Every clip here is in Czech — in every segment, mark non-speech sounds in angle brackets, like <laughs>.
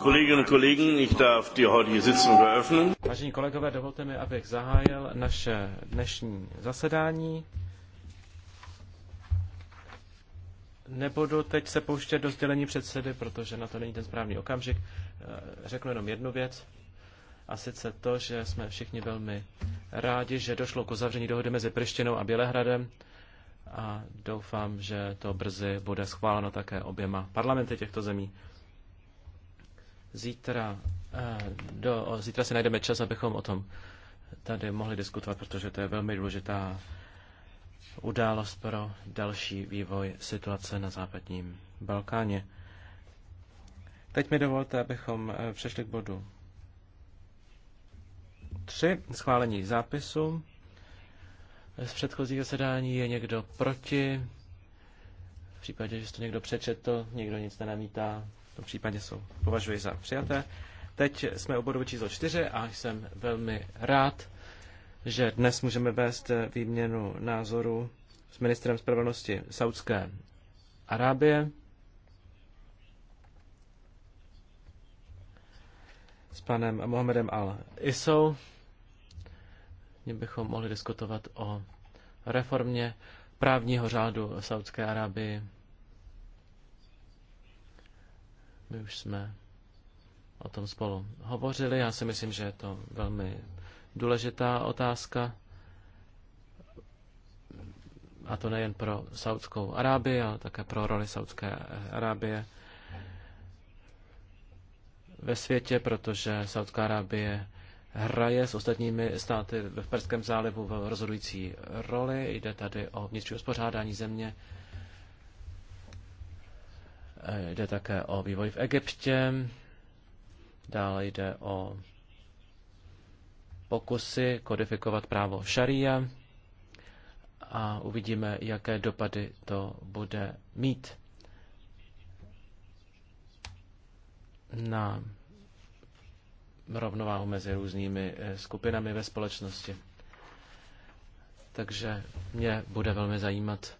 Kolleginnen Kollegen, ich darf die heutige Sitzung eröffnen. Vážení kolegové, dovolte mi, abych zahájil naše dnešní zasedání. Nebudu teď se pouštět do sdělení předsedy, protože na to není ten správný okamžik. Eh, řeknu jenom jednu věc, a sice to, že jsme všichni velmi rádi, že došlo k uzavření dohody mezi Prištinou a Bělehradem a doufám, že to brzy bude schváleno také oběma parlamenty těchto zemí. Zítra, eh, do, zítra si najdeme čas, abychom o tom tady mohli diskutovat, protože to je velmi důležitá událost pro další vývoj situace na západním Balkáně. Teď mi dovolte, abychom eh, přešli k bodu 3. Schválení zápisu. Z předchozího zasedání je někdo proti. V případě, že to někdo přečetl, někdo nic nenamítá, tom případě jsou, považuji za přijaté. Teď jsme u bodu číslo 4 a jsem velmi rád, že dnes můžeme vést výměnu názoru s ministrem spravedlnosti Saudské Arábie, s panem Mohamedem Al-Isou. Mě bychom mohli diskutovat o reformě právního řádu Saudské Arábie. My už jsme o tom spolu hovořili. Já si myslím, že je to velmi důležitá otázka. A to nejen pro Saudskou Arábii, ale také pro roli Saudské Arábie ve světě, protože Saudská Arábie hraje s ostatními státy v Perském zálivu v rozhodující roli. Jde tady o vnitřní uspořádání země, Eh, jde také o vývoj v Egyptě, dále jde o pokusy kodifikovat právo šaria a uvidíme, jaké dopady to bude mít na rovnováhu mezi různými eh, skupinami ve společnosti. Takže mě bude velmi zajímat,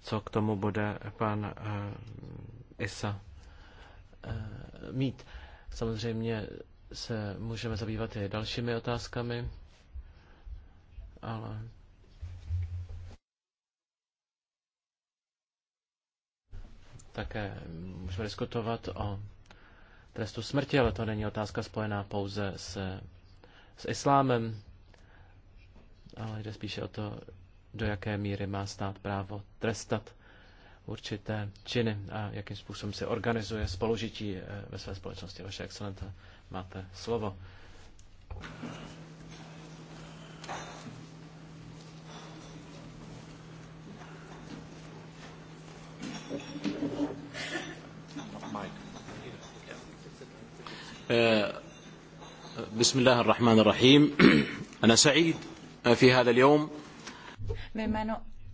co k tomu bude pan eh, ISA eh, mít. Samozřejmě se můžeme zabývat i dalšími otázkami, ale také můžeme diskutovat o trestu smrti, ale to není otázka spojená pouze s, s islámem, ale jde spíše o to, do jaké míry má stát právo trestat určité činy a jakým způsobem se organizuje spolužití eh, ve své společnosti. Vaše excelente, máte slovo. بسم الله الرحمن الرحيم أنا سعيد في هذا اليوم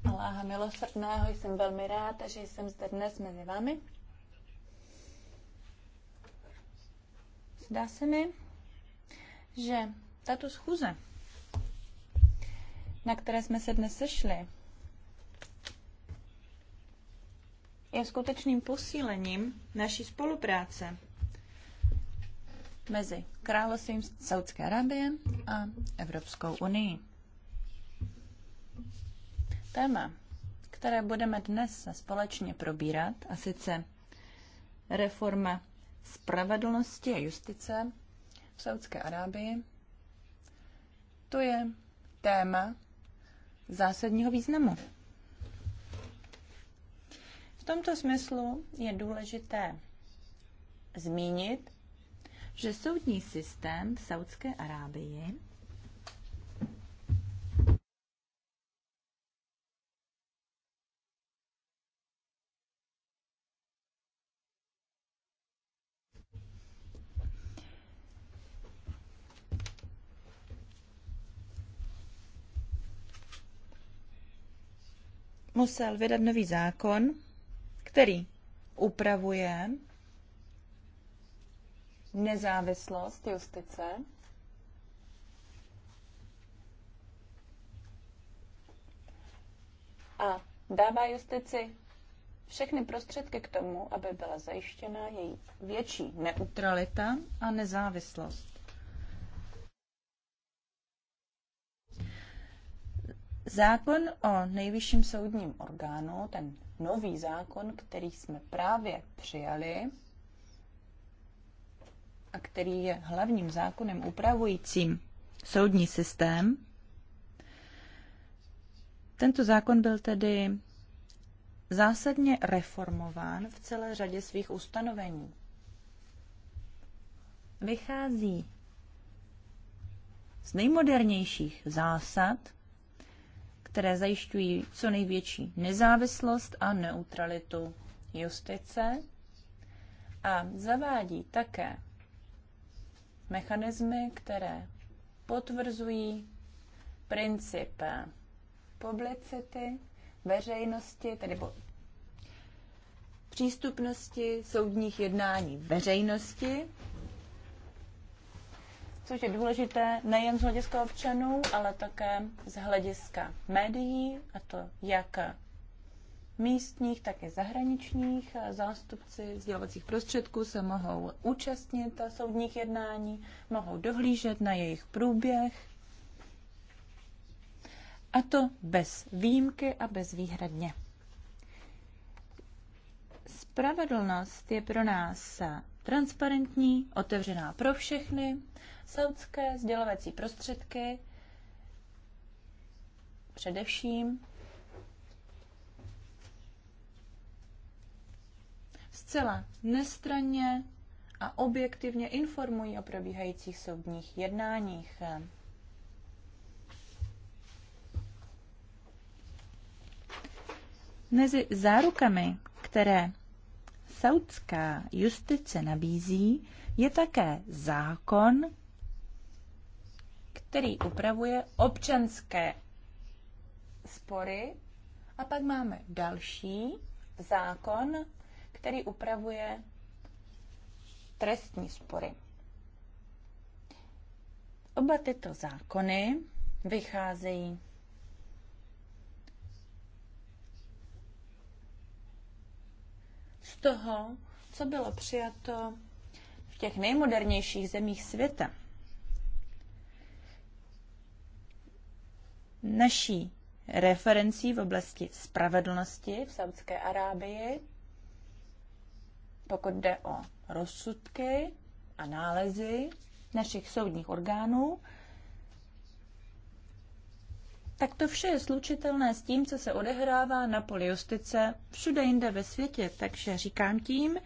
Aláha milosrdného, jsem velmi ráda, že jsem zde dnes mezi vámi. Zdá se mi, že tato schůze, na které jsme se dnes sešli, je skutečným posílením naší spolupráce mezi Královstvím Saudské Arábie a Evropskou unii téma, které budeme dnes společně probírat, a sice reforma spravedlnosti a justice v Saudské Arábii, to je téma zásadního významu. V tomto smyslu je důležité zmínit, že soudní systém v Saudské Arábii musel vydat nový zákon, který upravuje nezávislost justice. A dává justici všechny prostředky k tomu, aby byla zajištěna její větší neutralita a nezávislost. Zákon o nejvyšším soudním orgánu, ten nový zákon, který jsme právě přijali a který je hlavním zákonem upravujícím soudní systém, tento zákon byl tedy zásadně reformován v celé řadě svých ustanovení. Vychází z nejmodernějších zásad které zajišťují co největší nezávislost a neutralitu justice a zavádí také mechanismy, které potvrzují princip publicity, veřejnosti, tedy přístupnosti soudních jednání veřejnosti což je důležité nejen z hlediska občanů, ale také z hlediska médií, a to jak místních, tak i zahraničních. Zástupci sdělovacích prostředků se mohou účastnit soudních jednání, mohou dohlížet na jejich průběh. A to bez výjimky a výhradně. Spravedlnost je pro nás transparentní, otevřená pro všechny Saudské sdělovací prostředky především zcela nestranně a objektivně informují o probíhajících soudních jednáních. Mezi zárukami, které saudská justice nabízí, je také zákon, který upravuje občanské spory. A pak máme další zákon, který upravuje trestní spory. Oba tyto zákony vycházejí z toho, co bylo přijato v těch nejmodernějších zemích světa. naší referencí v oblasti spravedlnosti v Saudské Arábii, pokud jde o rozsudky a nálezy našich soudních orgánů, tak to vše je slučitelné s tím, co se odehrává na poli justice všude jinde ve světě. Takže říkám tím,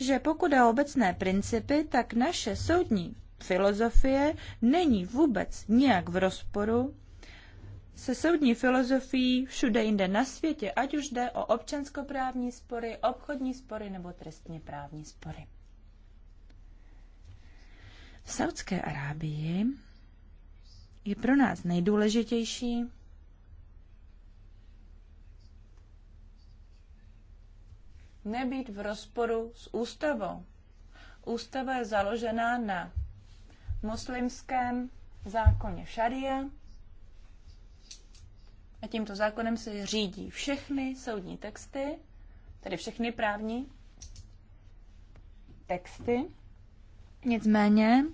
že pokud je obecné principy, tak naše soudní filozofie není vůbec nijak v rozporu se soudní filozofií všude jinde na světě, ať už jde o občanskoprávní spory, obchodní spory nebo trestně právní spory. V Saudské Arábii je pro nás nejdůležitější nebýt v rozporu s ústavou. Ústava je založená na muslimském zákoně šaria, a tímto zákonem se řídí všechny soudní texty, tedy všechny právní texty. Nicméně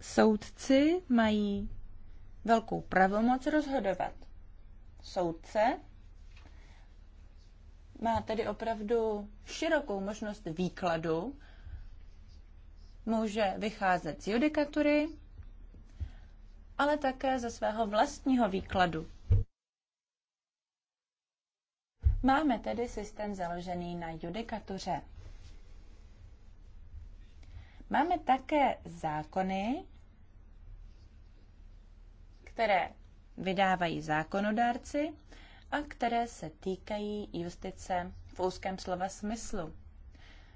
soudci mají velkou pravomoc rozhodovat. Soudce má tedy opravdu širokou možnost výkladu, může vycházet z judikatury ale také ze svého vlastního výkladu. Máme tedy systém založený na judikatuře. Máme také zákony, které vydávají zákonodárci a které se týkají justice v úzkém slova smyslu.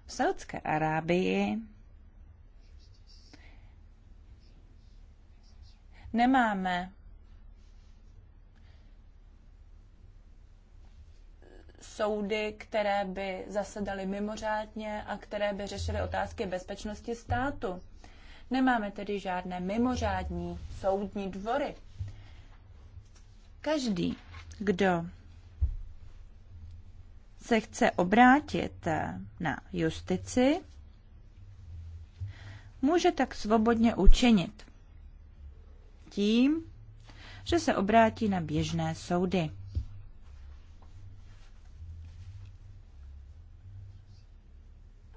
V Saudské Arábii nemáme soudy, které by zasedaly mimořádně a které by řešily otázky bezpečnosti státu. Nemáme tedy žádné mimořádní soudní dvory. Každý, kdo se chce obrátit na justici, může tak svobodně učinit tím, že se obrátí na běžné soudy.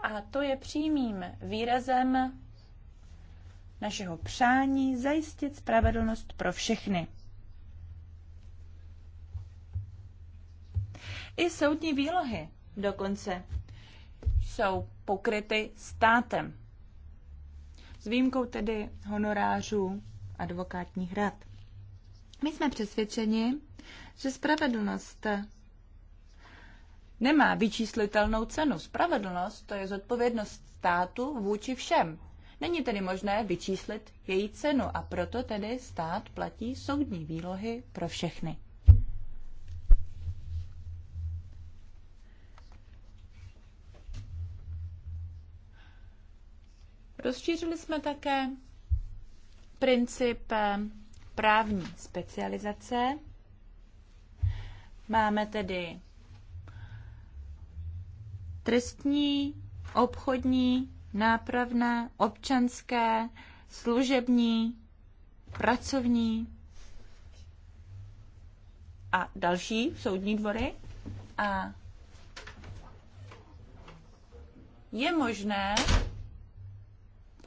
A to je přímým výrazem našeho přání zajistit spravedlnost pro všechny. I soudní výlohy dokonce jsou pokryty státem. S výjimkou tedy honorářů advokátních rad. My jsme přesvědčeni, že spravedlnost nemá vyčíslitelnou cenu. Spravedlnost to je zodpovědnost státu vůči všem. Není tedy možné vyčíslit její cenu a proto tedy stát platí soudní výlohy pro všechny. Rozšířili jsme také princip právní specializace. Máme tedy trestní, obchodní, nápravné, občanské, služební, pracovní a další soudní dvory. A je možné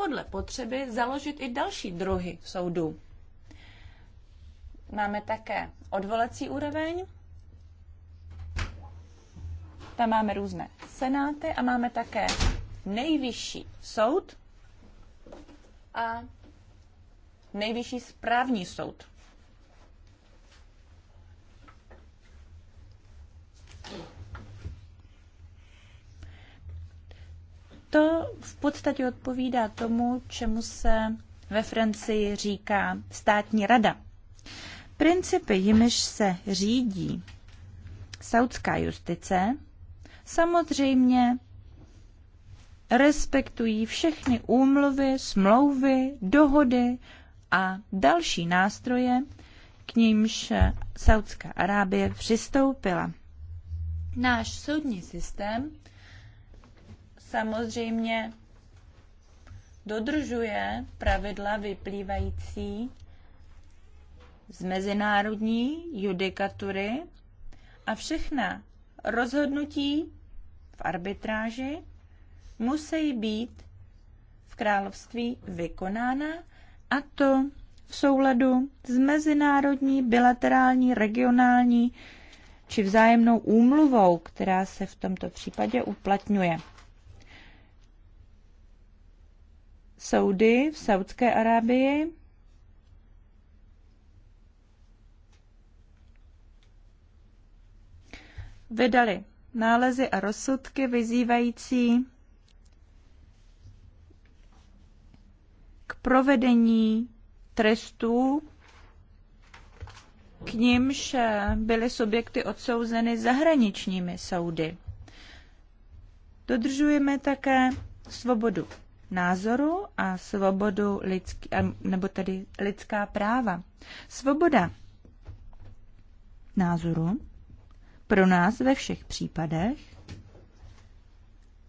podle potřeby založit i další druhy soudů. Máme také odvolací úroveň, tam máme různé senáty a máme také nejvyšší soud a nejvyšší správní soud. To v podstatě odpovídá tomu, čemu se ve Francii říká státní rada. Principy, jimiž se řídí saudská justice, samozřejmě respektují všechny úmluvy, smlouvy, dohody a další nástroje, k nímž Saudská Arábie přistoupila. Náš soudní systém samozřejmě dodržuje pravidla vyplývající z mezinárodní judikatury a všechna rozhodnutí v arbitráži musí být v království vykonána a to v souladu s mezinárodní, bilaterální, regionální či vzájemnou úmluvou, která se v tomto případě uplatňuje. soudy v Saudské Arábii. Vydali nálezy a rozsudky vyzývající k provedení trestů, k nimž byly subjekty odsouzeny zahraničními soudy. Dodržujeme také svobodu názoru a svobodu lidský, nebo tedy lidská práva. Svoboda názoru pro nás ve všech případech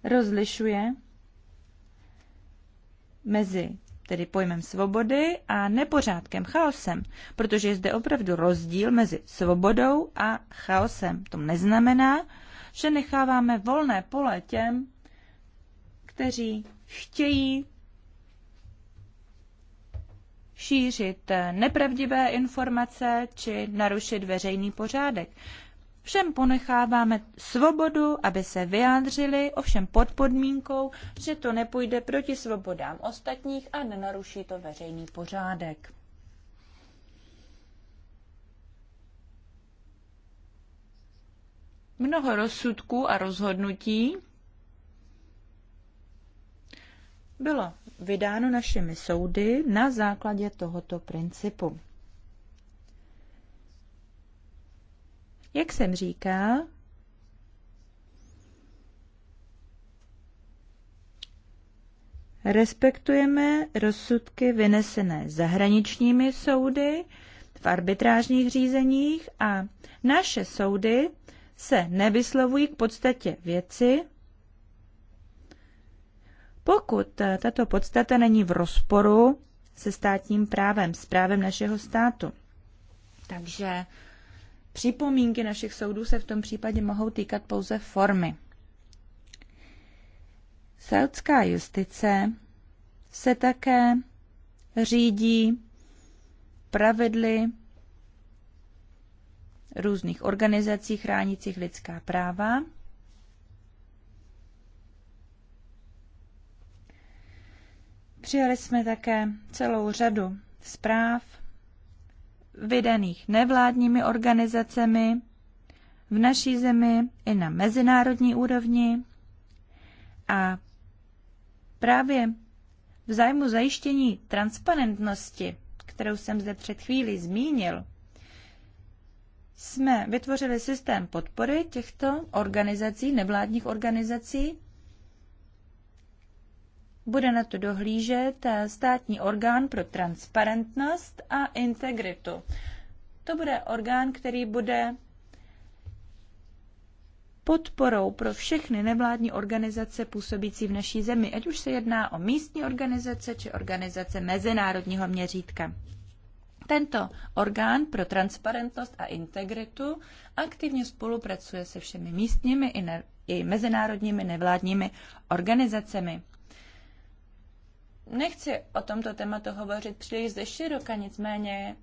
rozlišuje mezi tedy pojmem svobody a nepořádkem, chaosem, protože je zde opravdu rozdíl mezi svobodou a chaosem. To neznamená, že necháváme volné pole těm, kteří chtějí šířit nepravdivé informace či narušit veřejný pořádek. Všem ponecháváme svobodu, aby se vyjádřili, ovšem pod podmínkou, že to nepůjde proti svobodám ostatních a nenaruší to veřejný pořádek. Mnoho rozsudků a rozhodnutí bylo vydáno našimi soudy na základě tohoto principu. Jak jsem říká, respektujeme rozsudky vynesené zahraničními soudy v arbitrážních řízeních a naše soudy se nevyslovují k podstatě věci, pokud eh, tato podstata není v rozporu se státním právem, s právem našeho státu. Takže připomínky našich soudů se v tom případě mohou týkat pouze formy. Saudská justice se také řídí pravidly různých organizací chránících lidská práva Přijali jsme také celou řadu zpráv vydaných nevládními organizacemi v naší zemi i na mezinárodní úrovni a právě v zájmu zajištění transparentnosti, kterou jsem zde před chvílí zmínil, jsme vytvořili systém podpory těchto organizací, nevládních organizací, bude na to dohlížet eh, státní orgán pro transparentnost a integritu. To bude orgán, který bude podporou pro všechny nevládní organizace působící v naší zemi, ať už se jedná o místní organizace či organizace mezinárodního měřítka. Tento orgán pro transparentnost a integritu aktivně spolupracuje se všemi místními i, ne, i mezinárodními nevládními organizacemi. Nechci o tomto tématu hovořit příliš ze široka, nicméně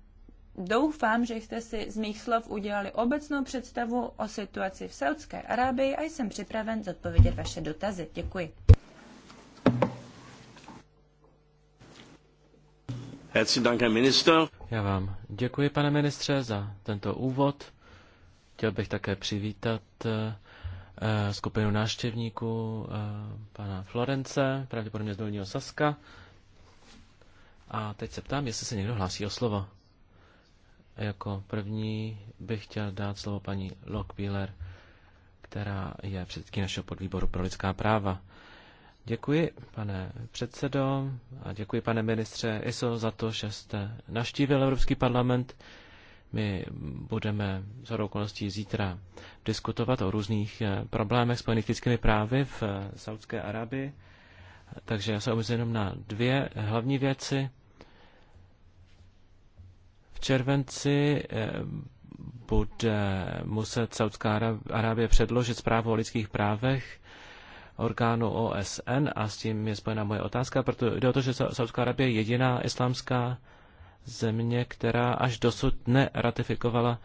doufám, že jste si z mých slov udělali obecnou představu o situaci v Saudské Arábii a jsem připraven zodpovědět vaše dotazy. Děkuji. Já vám děkuji, pane ministře, za tento úvod. Chtěl bych také přivítat eh, eh, skupinu návštěvníků eh, pana Florence, pravděpodobně z Dolního Saska. A teď se ptám, jestli se někdo hlásí o slovo. Jako první bych chtěl dát slovo paní Lockbiller, která je předsedkyní našeho podvýboru pro lidská práva. Děkuji, pane předsedo, a děkuji, pane ministře ISO, za to, že jste naštívil Evropský parlament. My budeme z okolností zítra diskutovat o různých eh, problémech spojených s lidskými právy v eh, Saudské Arabii. Takže já se omezím jenom na dvě hlavní věci červenci eh, bude muset Saudská Arábie předložit zprávu o lidských právech orgánu OSN a s tím je spojena moje otázka, protože jde o to, že Saudská Arábie je jediná islámská země, která až dosud neratifikovala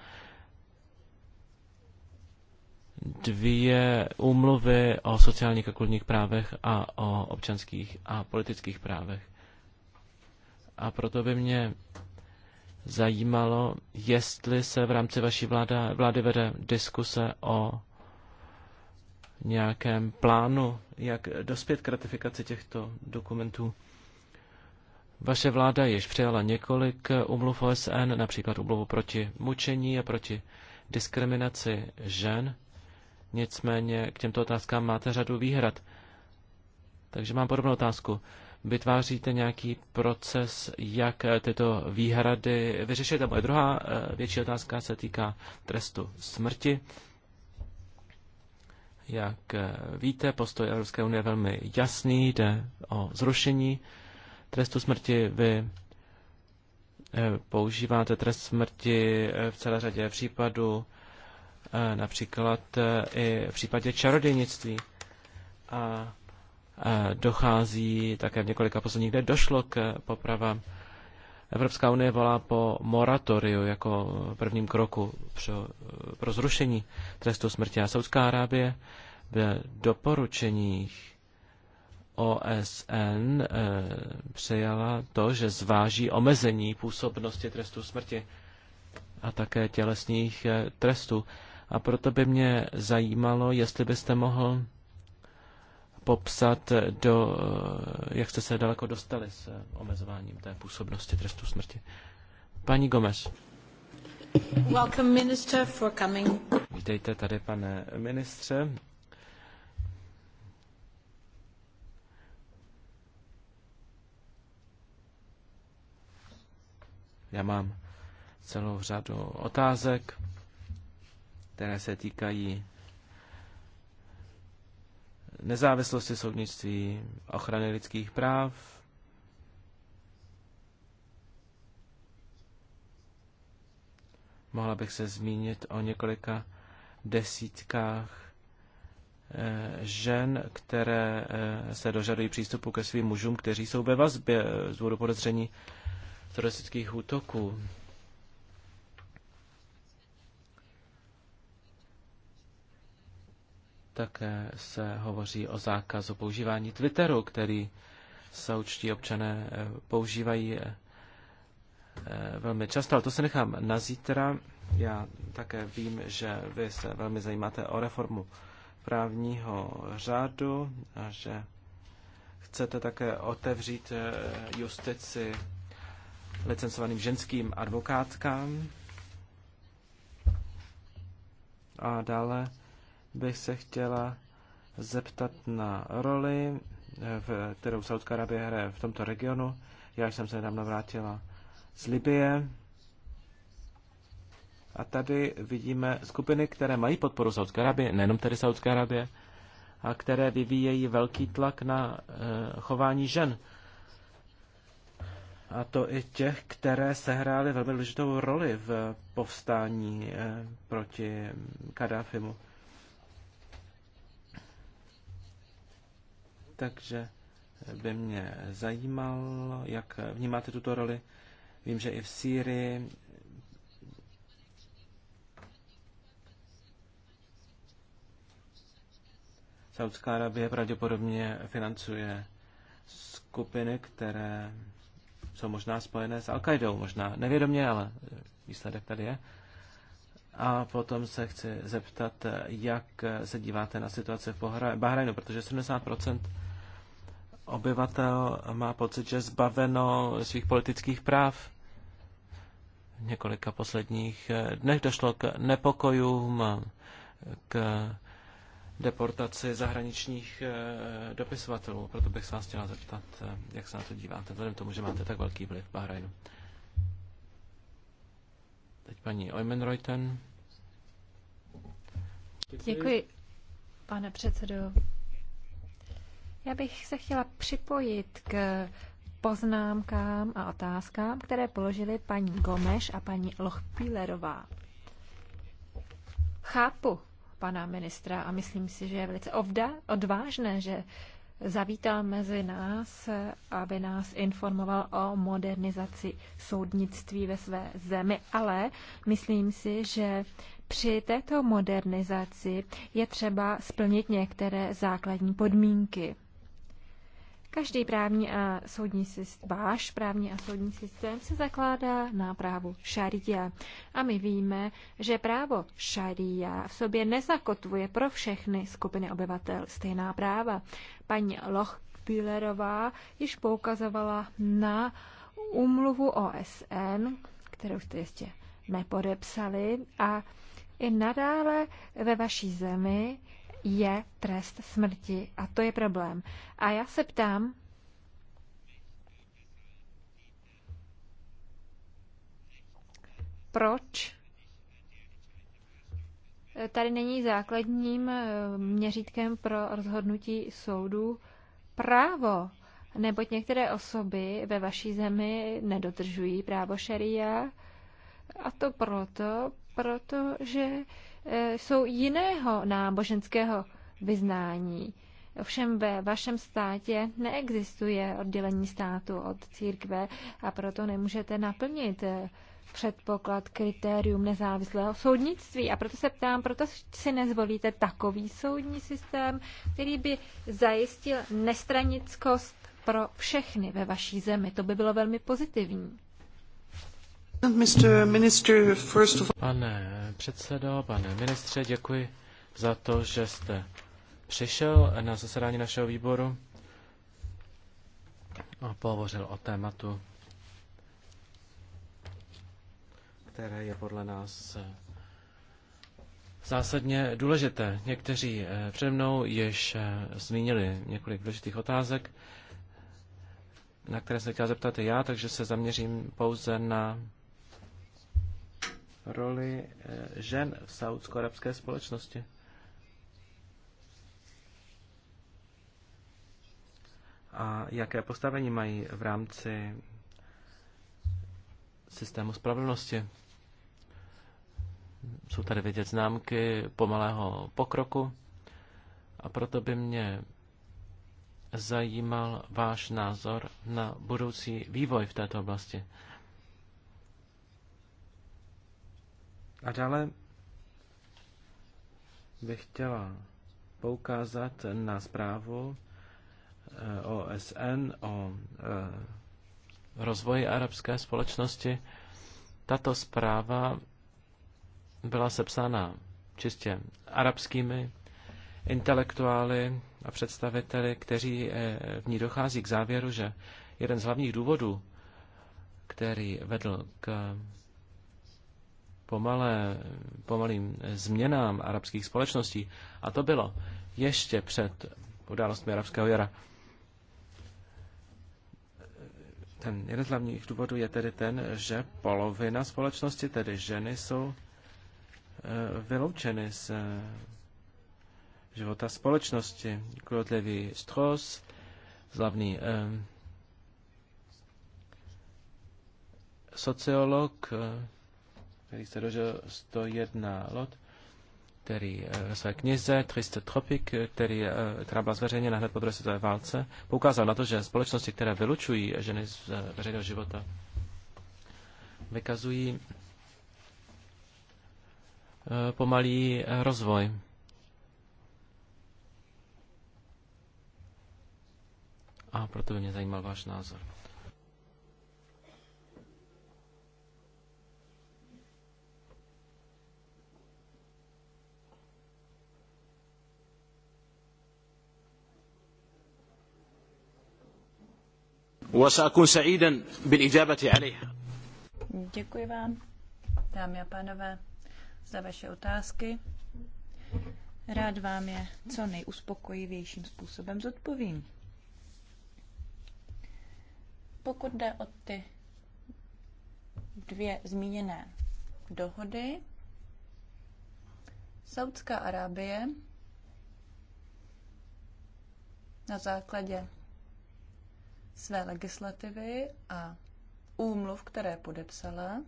dvě úmluvy o sociálních a kulturních právech a o občanských a politických právech. A proto by mě zajímalo, jestli se v rámci vaší vláda, vlády vede diskuse o nějakém plánu, jak dospět k ratifikaci těchto dokumentů. Vaše vláda již přijala několik umluv OSN, například umluvu proti mučení a proti diskriminaci žen. Nicméně k těmto otázkám máte řadu výhrad. Takže mám podobnou otázku vytváříte nějaký proces, jak eh, tyto výhrady vyřešit. A moje druhá eh, větší otázka se týká trestu smrti. Jak eh, víte, postoj Evropské unie je velmi jasný, jde o zrušení trestu smrti. Vy používáte trest smrti v celé řadě případů, například i v případě čarodějnictví. A dochází také v několika posledních dnech došlo k popravám. Evropská unie volá po moratoriu jako prvním kroku pro, pro zrušení trestu smrti. A Saudská Arábie v doporučeních OSN e, eh, přijala to, že zváží omezení působnosti trestu smrti a také tělesných e, trestů. A proto by mě zajímalo, jestli byste mohl popsat, do, eh, jak jste se daleko dostali s eh, omezováním té působnosti trestu smrti. Paní Gomez. Welcome, minister, for coming. Vítejte tady, pane ministře. Já mám celou řadu otázek, které se týkají nezávislosti soudnictví, ochrany lidských práv, Mohla bych se zmínit o několika desítkách eh, žen, které eh, se dožadují přístupu ke svým mužům, kteří jsou ve vazbě z důvodu podezření teroristických útoků. Také se hovoří o zákazu používání Twitteru, který saučtí občané eh, používají eh, eh, velmi často, ale to se nechám na zítra. Já také vím, že vy se velmi zajímáte o reformu právního řádu a že chcete také otevřít justici licencovaným ženským advokátkám. A dále bych se chtěla zeptat na roli, eh, v, kterou Saudská Arabie hraje v tomto regionu. Já jsem se nedávno vrátila z Libie. A tady vidíme skupiny, které mají podporu Saudské Arabie, nejenom tedy Saudské Arabie, a které vyvíjejí velký tlak na e, chování žen. A to i těch, které sehrály velmi důležitou roli v povstání e, proti Kadáfimu. takže by mě zajímalo, jak vnímáte tuto roli. Vím, že i v Sýrii Saudská Arabie pravděpodobně financuje skupiny, které jsou možná spojené s Al-Qaidou, možná nevědomě, ale výsledek tady je. A potom se chci zeptat, jak se díváte na situaci v Bahrajnu, protože 70 obyvatel má pocit, že je zbaveno svých politických práv. V několika posledních dnech došlo k nepokojům, k deportaci zahraničních eh, dopisovatelů. Proto bych se vás chtěla zeptat, eh, jak se na to díváte, vzhledem tomu, že máte tak velký vliv v Bahrajnu. Teď paní Oymenreuten. Děkuji, pane předsedo. Já bych se chtěla připojit k poznámkám a otázkám, které položili paní Gomeš a paní Lochpílerová. Chápu pana ministra a myslím si, že je velice ovda, odvážné, že zavítal mezi nás, aby nás informoval o modernizaci soudnictví ve své zemi, ale myslím si, že při této modernizaci je třeba splnit některé základní podmínky. Každý právní a soudní systém, váš právní a soudní systém se zakládá na právu šaria. A my víme, že právo šaria v sobě nezakotvuje pro všechny skupiny obyvatel stejná práva. Paní Loch Pilerová již poukazovala na umluvu OSN, kterou jste ještě nepodepsali a i nadále ve vaší zemi je trest smrti a to je problém. A já se ptám, proč tady není základním eh, měřítkem pro rozhodnutí soudu právo, neboť některé osoby ve vaší zemi nedodržují právo šaria a to proto, protože Eh, jsou jiného náboženského vyznání. Ovšem ve vašem státě neexistuje oddělení státu od církve a proto nemůžete naplnit eh, předpoklad kritérium nezávislého soudnictví. A proto se ptám, proto si nezvolíte takový soudní systém, který by zajistil nestranickost pro všechny ve vaší zemi. To by bylo velmi pozitivní. Pane předsedo, pane ministře, děkuji za to, že jste přišel na zasedání našeho výboru a pohovořil o tématu, které je podle nás eh, zásadně důležité. Někteří eh, přede mnou již eh, zmínili několik důležitých otázek, na které se chtěl zeptat i já, takže se zaměřím pouze na roli eh, žen v saudsko-arabské společnosti. A jaké postavení mají v rámci systému spravedlnosti? Jsou tady vidět známky pomalého pokroku a proto by mě zajímal váš názor na budoucí vývoj v této oblasti. A dále bych chtěla poukázat na zprávu OSN eh, o eh, rozvoji arabské společnosti. Tato zpráva byla sepsána čistě arabskými intelektuály a představiteli, kteří eh, v ní dochází k závěru, že jeden z hlavních důvodů, který vedl k pomalé, pomalým změnám arabských společností. A to bylo ještě před událostmi arabského jara. Ten jeden z hlavních důvodů je tedy ten, že polovina společnosti, tedy ženy, jsou e, vyloučeny z e, života společnosti. Claude Levi Strauss, slavný e, sociolog, který se dožil 101 lot, který eh, ve své knize 300 Tropic, který, eh, která byla zveřejněna hned po druhé světové válce, poukázal na to, že společnosti, které vylučují ženy z eh, veřejného života, vykazují pomalý rozvoj. A proto by mě zajímal váš názor. وسأكون سعيدا بالإجابة عليها Děkuji vám, dámy a pánové, za vaše otázky. Rád vám je co nejuspokojivějším způsobem zodpovím. Pokud jde o ty dvě zmíněné dohody, Saudská Arábie na základě své legislativy a úmluv, které podepsala.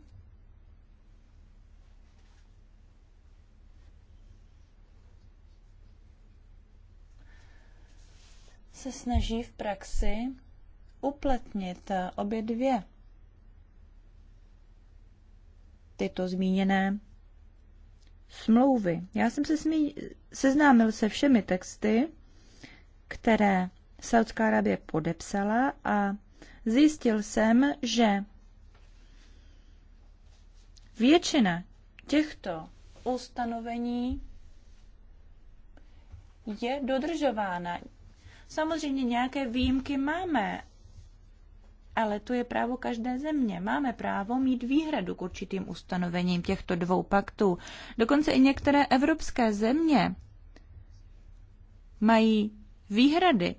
se snaží v praxi uplatnit eh, obě dvě tyto zmíněné smlouvy. Já jsem se smí- seznámil se všemi texty, které Saudská Arábie podepsala a zjistil jsem, že většina těchto ustanovení je dodržována. Samozřejmě nějaké výjimky máme, ale to je právo každé země. Máme právo mít výhradu k určitým ustanovením těchto dvou paktů. Dokonce i některé evropské země mají výhrady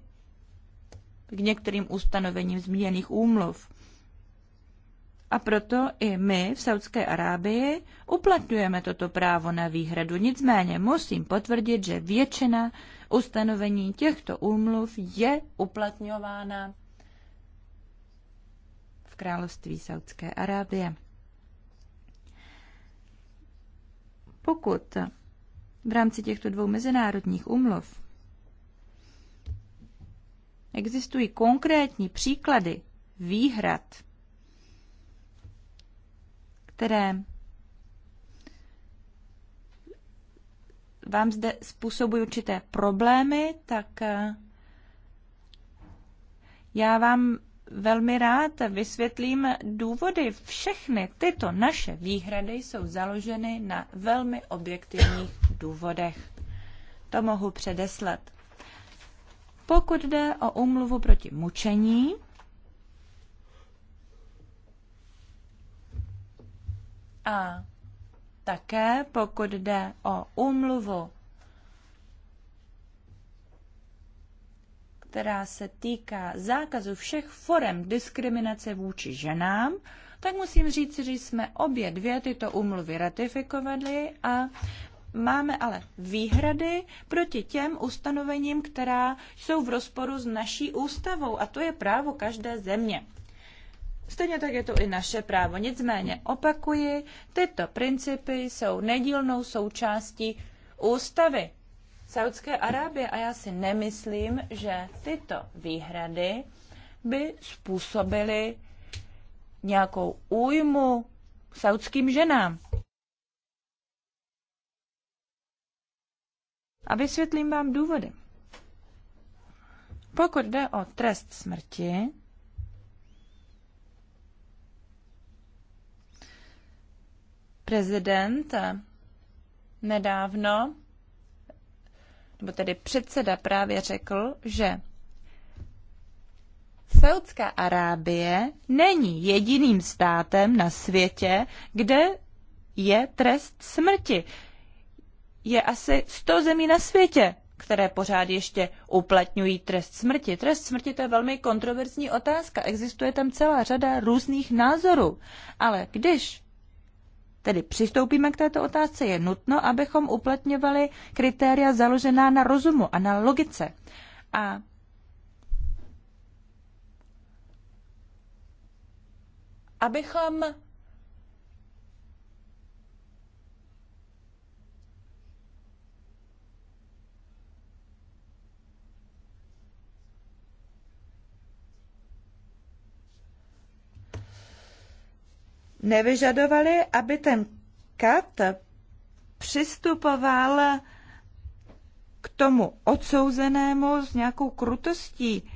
k některým ustanovením zmíněných úmluv. A proto i my v Saudské Arábii uplatňujeme toto právo na výhradu. Nicméně musím potvrdit, že většina ustanovení těchto úmluv je uplatňována v království Saudské Arábie. Pokud v rámci těchto dvou mezinárodních úmluv Existují konkrétní příklady výhrad, které vám zde způsobují určité problémy, tak eh, já vám velmi rád vysvětlím důvody. Všechny tyto naše výhrady jsou založeny na velmi objektivních důvodech. To mohu předeslat. Pokud jde o umluvu proti mučení, a také pokud jde o umluvu, která se týká zákazu všech forem diskriminace vůči ženám, tak musím říct, že jsme obě dvě tyto umluvy ratifikovali a Máme ale výhrady proti těm ustanovením, která jsou v rozporu s naší ústavou a to je právo každé země. Stejně tak je to i naše právo. Nicméně opakuji, tyto principy jsou nedílnou součástí ústavy Saudské Arábie a já si nemyslím, že tyto výhrady by způsobily nějakou újmu saudským ženám. A vysvětlím vám důvody. Pokud jde o trest smrti, prezident nedávno, nebo tedy předseda právě řekl, že Saudská Arábie není jediným státem na světě, kde je trest smrti je asi 100 zemí na světě, které pořád ještě uplatňují trest smrti. Trest smrti to je velmi kontroverzní otázka. Existuje tam celá řada různých názorů. Ale když tedy přistoupíme k této otázce, je nutno, abychom uplatňovali kritéria založená na rozumu a na logice. A abychom nevyžadovali, aby ten kat přistupoval k tomu odsouzenému s nějakou krutostí.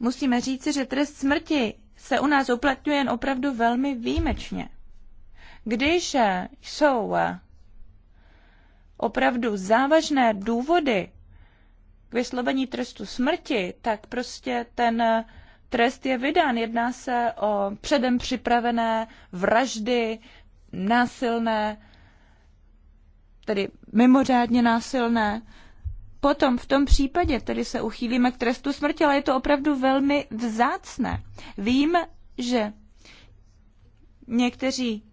Musíme říci, že trest smrti se u nás uplatňuje jen opravdu velmi výjimečně. Když jsou opravdu závažné důvody k vyslovení trestu smrti, tak prostě ten trest je vydán. Jedná se o předem připravené vraždy, násilné, tedy mimořádně násilné. Potom v tom případě tedy se uchýlíme k trestu smrti, ale je to opravdu velmi vzácné. Vím, že někteří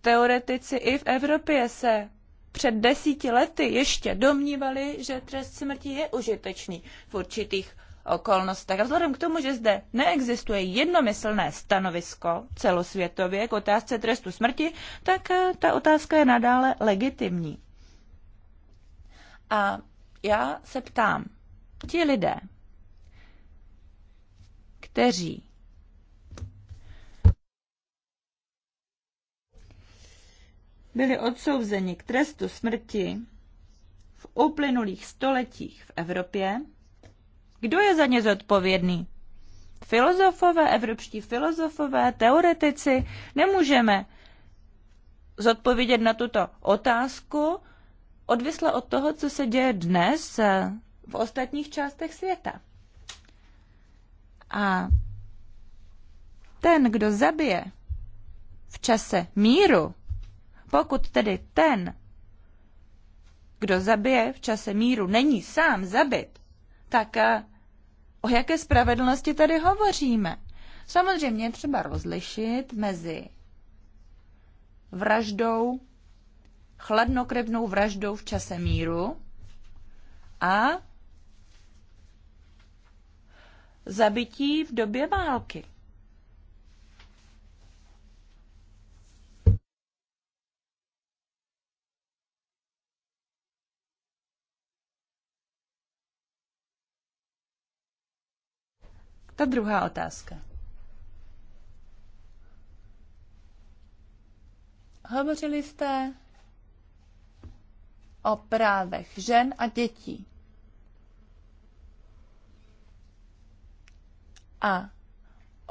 teoretici i v Evropě se před desíti lety ještě domnívali, že trest smrti je užitečný v určitých okolnostech. A vzhledem k tomu, že zde neexistuje jednomyslné stanovisko celosvětově k otázce trestu smrti, tak eh, ta otázka je nadále legitimní. A já se ptám, ti lidé, kteří byli odsouzeni k trestu smrti v uplynulých stoletích v Evropě, kdo je za ně zodpovědný? Filozofové, evropští filozofové, teoretici? Nemůžeme zodpovědět na tuto otázku odvisle od toho, co se děje dnes eh, v ostatních částech světa. A ten, kdo zabije v čase míru, pokud tedy ten, kdo zabije v čase míru, není sám zabit, tak eh, o jaké spravedlnosti tady hovoříme? Samozřejmě třeba rozlišit mezi vraždou, chladnokrevnou vraždou v čase míru a zabití v době války. Ta druhá otázka. Hovořili jste o právech žen a dětí. A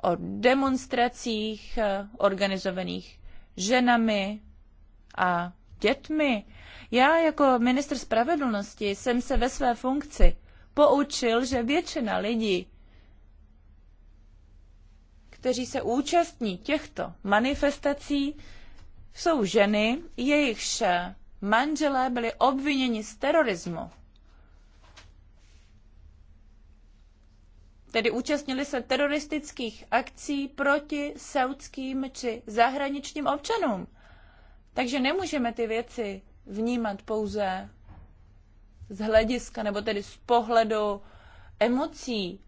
o demonstracích eh, organizovaných ženami a dětmi. Já jako minister spravedlnosti jsem se ve své funkci poučil, že většina lidí, kteří se účastní těchto manifestací, jsou ženy, jejichž manželé byli obviněni z terorismu. Tedy účastnili se teroristických akcí proti saudským či zahraničním občanům. Takže nemůžeme ty věci vnímat pouze z hlediska nebo tedy z pohledu emocí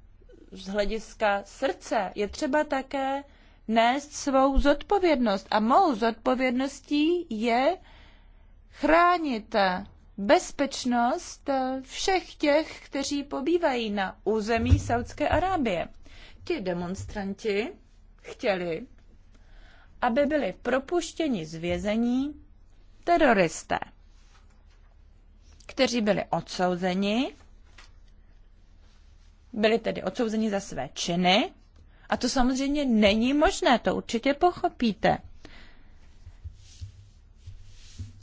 z hlediska srdce, je třeba také nést svou zodpovědnost. A mou zodpovědností je chránit bezpečnost všech těch, kteří pobývají na území Saudské Arábie. Ti demonstranti chtěli, aby byli propuštěni z vězení teroristé, kteří byli odsouzeni byli tedy odsouzeni za své činy a to samozřejmě není možné, to určitě pochopíte.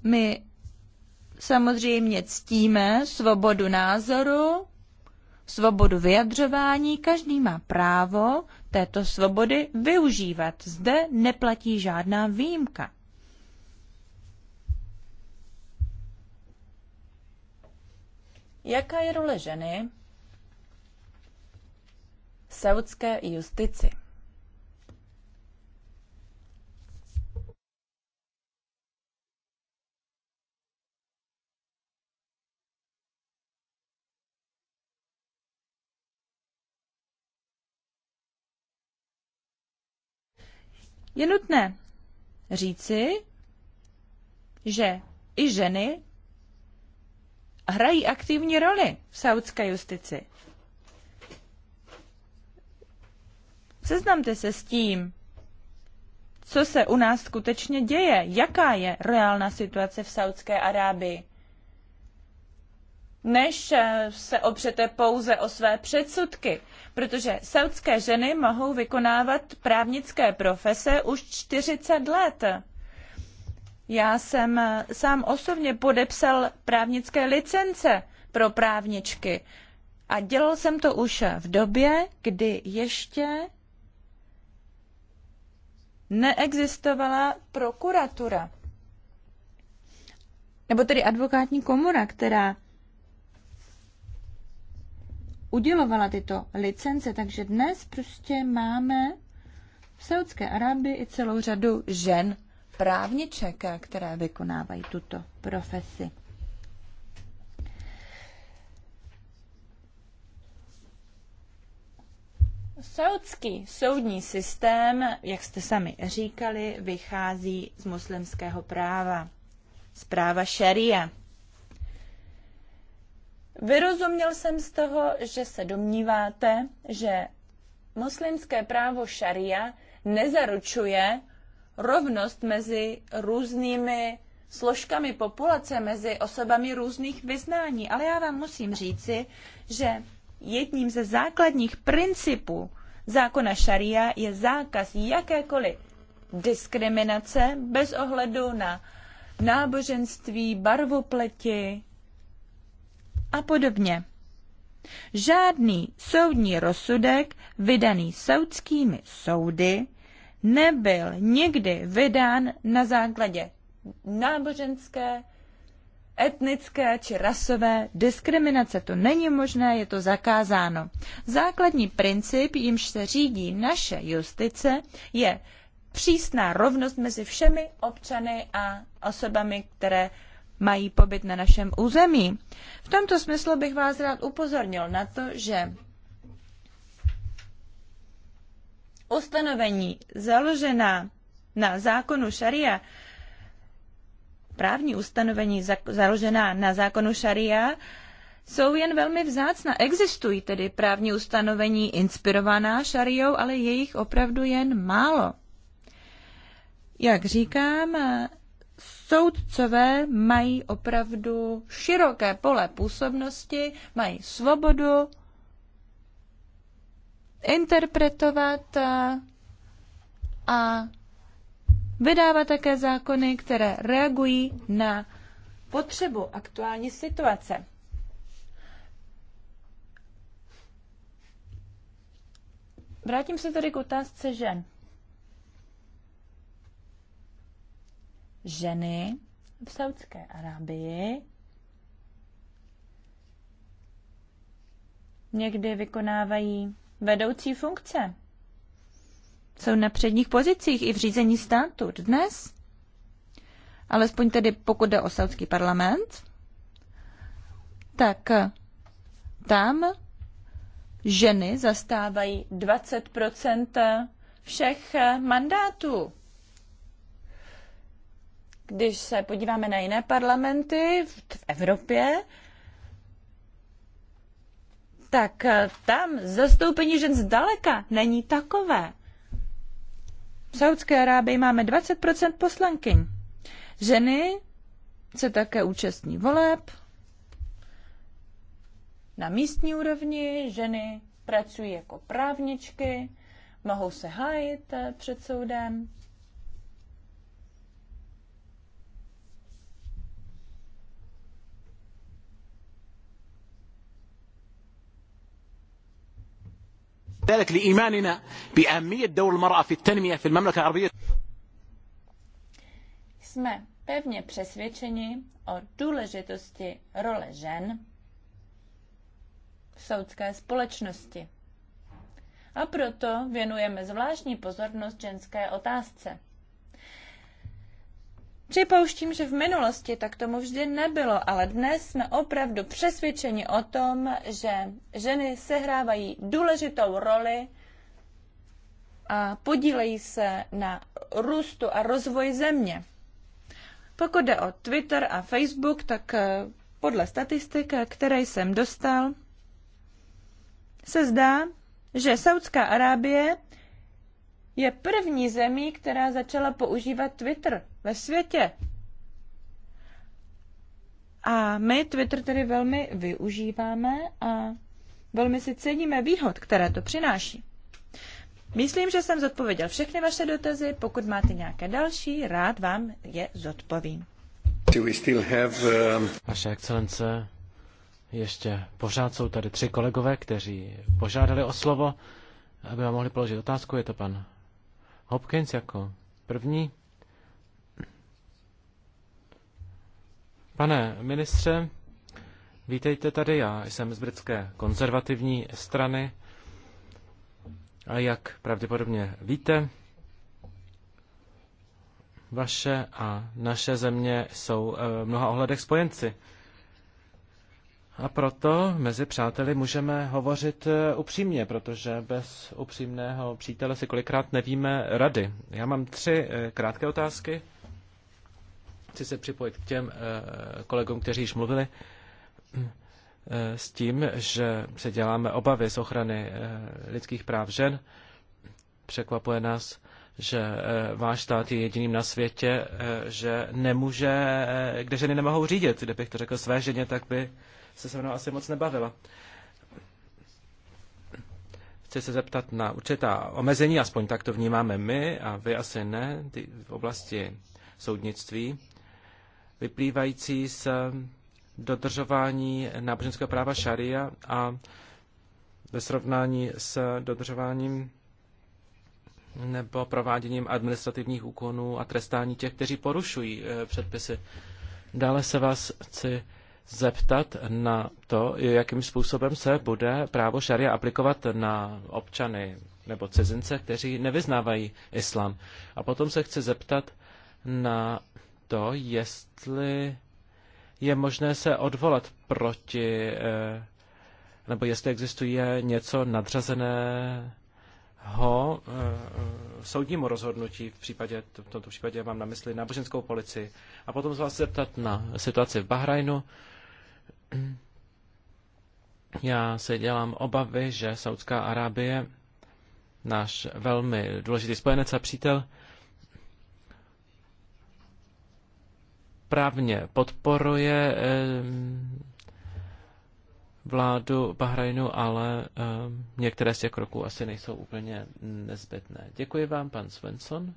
My samozřejmě ctíme svobodu názoru, svobodu vyjadřování, každý má právo této svobody využívat. Zde neplatí žádná výjimka. Jaká je role ženy saudské justici. Je nutné říci, že i ženy hrají aktivní roli v saudské justici. Seznamte se s tím, co se u nás skutečně děje, jaká je reálná situace v Saudské Arábii. Než eh, se opřete pouze o své předsudky, protože saudské ženy mohou vykonávat právnické profese už 40 let. Já jsem eh, sám osobně podepsal právnické licence pro právničky a dělal jsem to už v době, kdy ještě neexistovala prokuratura, nebo tedy advokátní komora, která udělovala tyto licence, takže dnes prostě máme v Saudské Arábii i celou řadu žen právniček, které vykonávají tuto profesi. Saudský soudní systém, jak jste sami říkali, vychází z muslimského práva, z práva šaria. Vyrozuměl jsem z toho, že se domníváte, že muslimské právo šaria nezaručuje rovnost mezi různými složkami populace, mezi osobami různých vyznání. Ale já vám musím říci, že jedním ze základních principů zákona šaria je zákaz jakékoliv diskriminace bez ohledu na náboženství, barvu pleti a podobně. Žádný soudní rozsudek vydaný soudskými soudy nebyl nikdy vydán na základě náboženské, etnické či rasové diskriminace. To není možné, je to zakázáno. Základní princip, jimž se řídí naše justice, je přísná rovnost mezi všemi občany a osobami, které mají pobyt na našem území. V tomto smyslu bych vás rád upozornil na to, že ustanovení založená na zákonu šaria právní ustanovení založená na zákonu šaria jsou jen velmi vzácná. Existují tedy právní ustanovení inspirovaná šariou, ale je jich opravdu jen málo. Jak říkám, soudcové mají opravdu široké pole působnosti, mají svobodu interpretovat a vydává také zákony, které reagují na potřebu aktuální situace. Vrátím se tedy k otázce žen. Ženy v Saudské Arábii někdy vykonávají vedoucí funkce jsou na předních pozicích i v řízení státu dnes, alespoň tedy pokud jde o saudský parlament, tak tam ženy zastávají 20 všech mandátů. Když se podíváme na jiné parlamenty v Evropě, tak tam zastoupení žen zdaleka není takové. Saudské Arábii máme 20% poslankyň. Ženy se také účastní voleb na místní úrovni, ženy pracují jako právničky, mohou se hájit eh, před soudem. ذلك لإيماننا بأهمية دور المرأة في التنمية في المملكة العربية jsme pevně přesvědčeni o důležitosti role žen v soudské společnosti. A proto věnujeme zvláštní pozornost ženské otázce. Připouštím, že v minulosti tak tomu vždy nebylo, ale dnes jsme opravdu přesvědčeni o tom, že ženy sehrávají důležitou roli a podílejí se na růstu a rozvoji země. Pokud jde o Twitter a Facebook, tak eh, podle statistik, eh, které jsem dostal, se zdá, že Saudská Arábie je první zemí, která začala používat Twitter ve světě. A my Twitter tedy velmi využíváme a velmi si ceníme výhod, které to přináší. Myslím, že jsem zodpověděl všechny vaše dotazy. Pokud máte nějaké další, rád vám je zodpovím. Um, vaše excelence, ještě pořád jsou tady tři kolegové, kteří požádali o slovo, aby vám mohli položit otázku. Je to pan Hopkins jako první. Pane ministře, vítejte tady. Já jsem z britské konzervativní strany. A jak pravděpodobně víte, vaše a naše země jsou eh, v mnoha ohledech spojenci. A proto mezi přáteli můžeme hovořit eh, upřímně, protože bez upřímného přítele si kolikrát nevíme rady. Já mám tři eh, krátké otázky. Chci se připojit k těm eh, kolegům, kteří již mluvili s tím, že se děláme obavy z ochrany lidských práv žen. Překvapuje nás, že váš stát je jediným na světě, že nemůže, kde ženy nemohou řídit. Kdybych to řekl své ženě, tak by se se mnou asi moc nebavila. Chci se zeptat na určitá omezení, aspoň tak to vnímáme my a vy asi ne, ty v oblasti soudnictví, vyplývající z dodržování náboženského práva šaria a ve srovnání s dodržováním nebo prováděním administrativních úkonů a trestání těch, kteří porušují eh, předpisy. Dále se vás chci zeptat na to, jakým způsobem se bude právo šaria aplikovat na občany nebo cizince, kteří nevyznávají islám. A potom se chci zeptat na to, jestli je možné se odvolat proti, eh, nebo jestli existuje něco nadřazeného eh, soudnímu rozhodnutí v případě, v tomto případě mám na mysli náboženskou policii. A potom se vás zeptat na situaci v Bahrajnu, já se dělám obavy, že Saudská Arábie, náš velmi důležitý spojenec a přítel, právně podporuje eh, vládu Bahrajnu, ale eh, některé z těch kroků asi nejsou úplně nezbytné. Děkuji vám, pan Svensson.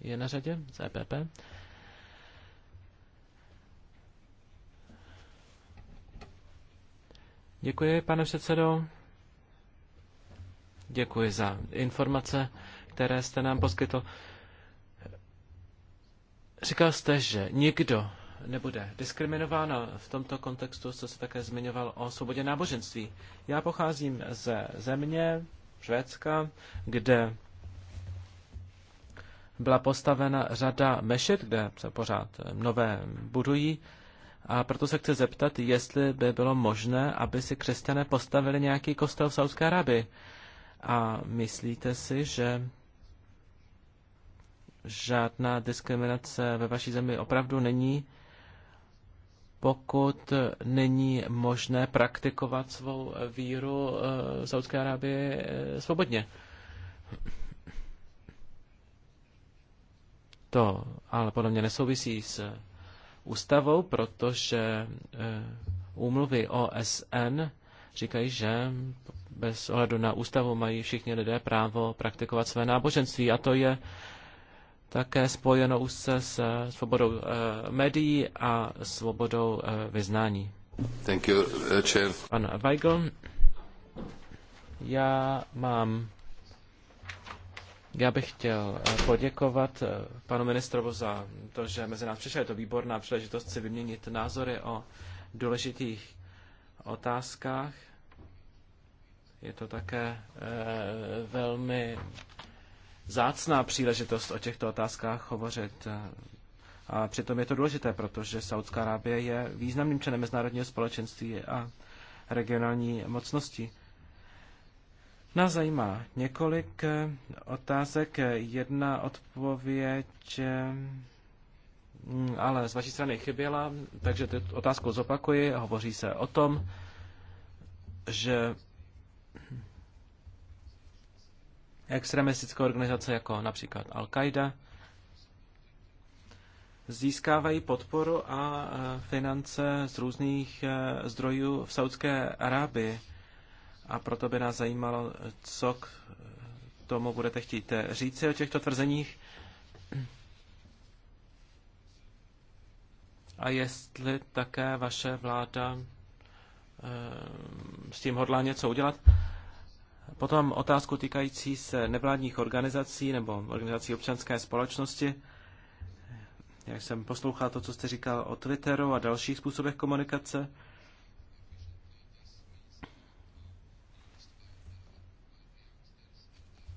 Je na řadě z EPP. Děkuji, pane předsedo. Děkuji za informace, které jste nám poskytl. Říkal jste, že nikdo nebude diskriminován v tomto kontextu co se také zmiňoval o svobodě náboženství. Já pocházím ze země Švédska, kde byla postavena řada mešit, kde se pořád nové budují. A proto se chci zeptat, jestli by bylo možné, aby si křesťané postavili nějaký kostel v Saudské Arabii. A myslíte si, že žádná diskriminace ve vaší zemi opravdu není, pokud není možné praktikovat svou víru eh, v Saudské Arabii eh, svobodně. To ale podle mě nesouvisí s ústavou, protože eh, úmluvy OSN říkají, že bez ohledu na ústavu mají všichni lidé právo praktikovat své náboženství a to je také spojeno už se s eh, svobodou eh, médií a svobodou vyznání. Thank you, chair. Pan Weigl, já mám já bych chtěl eh, poděkovat eh, panu ministrovu za to, že mezi nás přišel. Je to výborná příležitost si vyměnit názory o důležitých otázkách. Je to také eh, velmi zácná příležitost o těchto otázkách hovořit. A přitom je to důležité, protože Saudská Arábie je významným členem mezinárodního společenství a regionální mocnosti. Nás zajímá několik eh, otázek. Jedna odpověď eh, mm, ale z vaší strany chyběla, takže tu otázku zopakuji. Hovoří se o tom, že extremistické organizace jako například Al-Qaida získávají podporu a eh, finance z různých zdrojů v Saudské Arábii a proto by nás zajímalo, co k tomu budete chtít říci o těchto tvrzeních. A jestli také vaše vláda eh, s tím hodlá něco udělat. Potom otázku týkající se nevládních organizací nebo organizací občanské společnosti. Jak jsem poslouchal to, co jste říkal o Twitteru a dalších způsobech komunikace,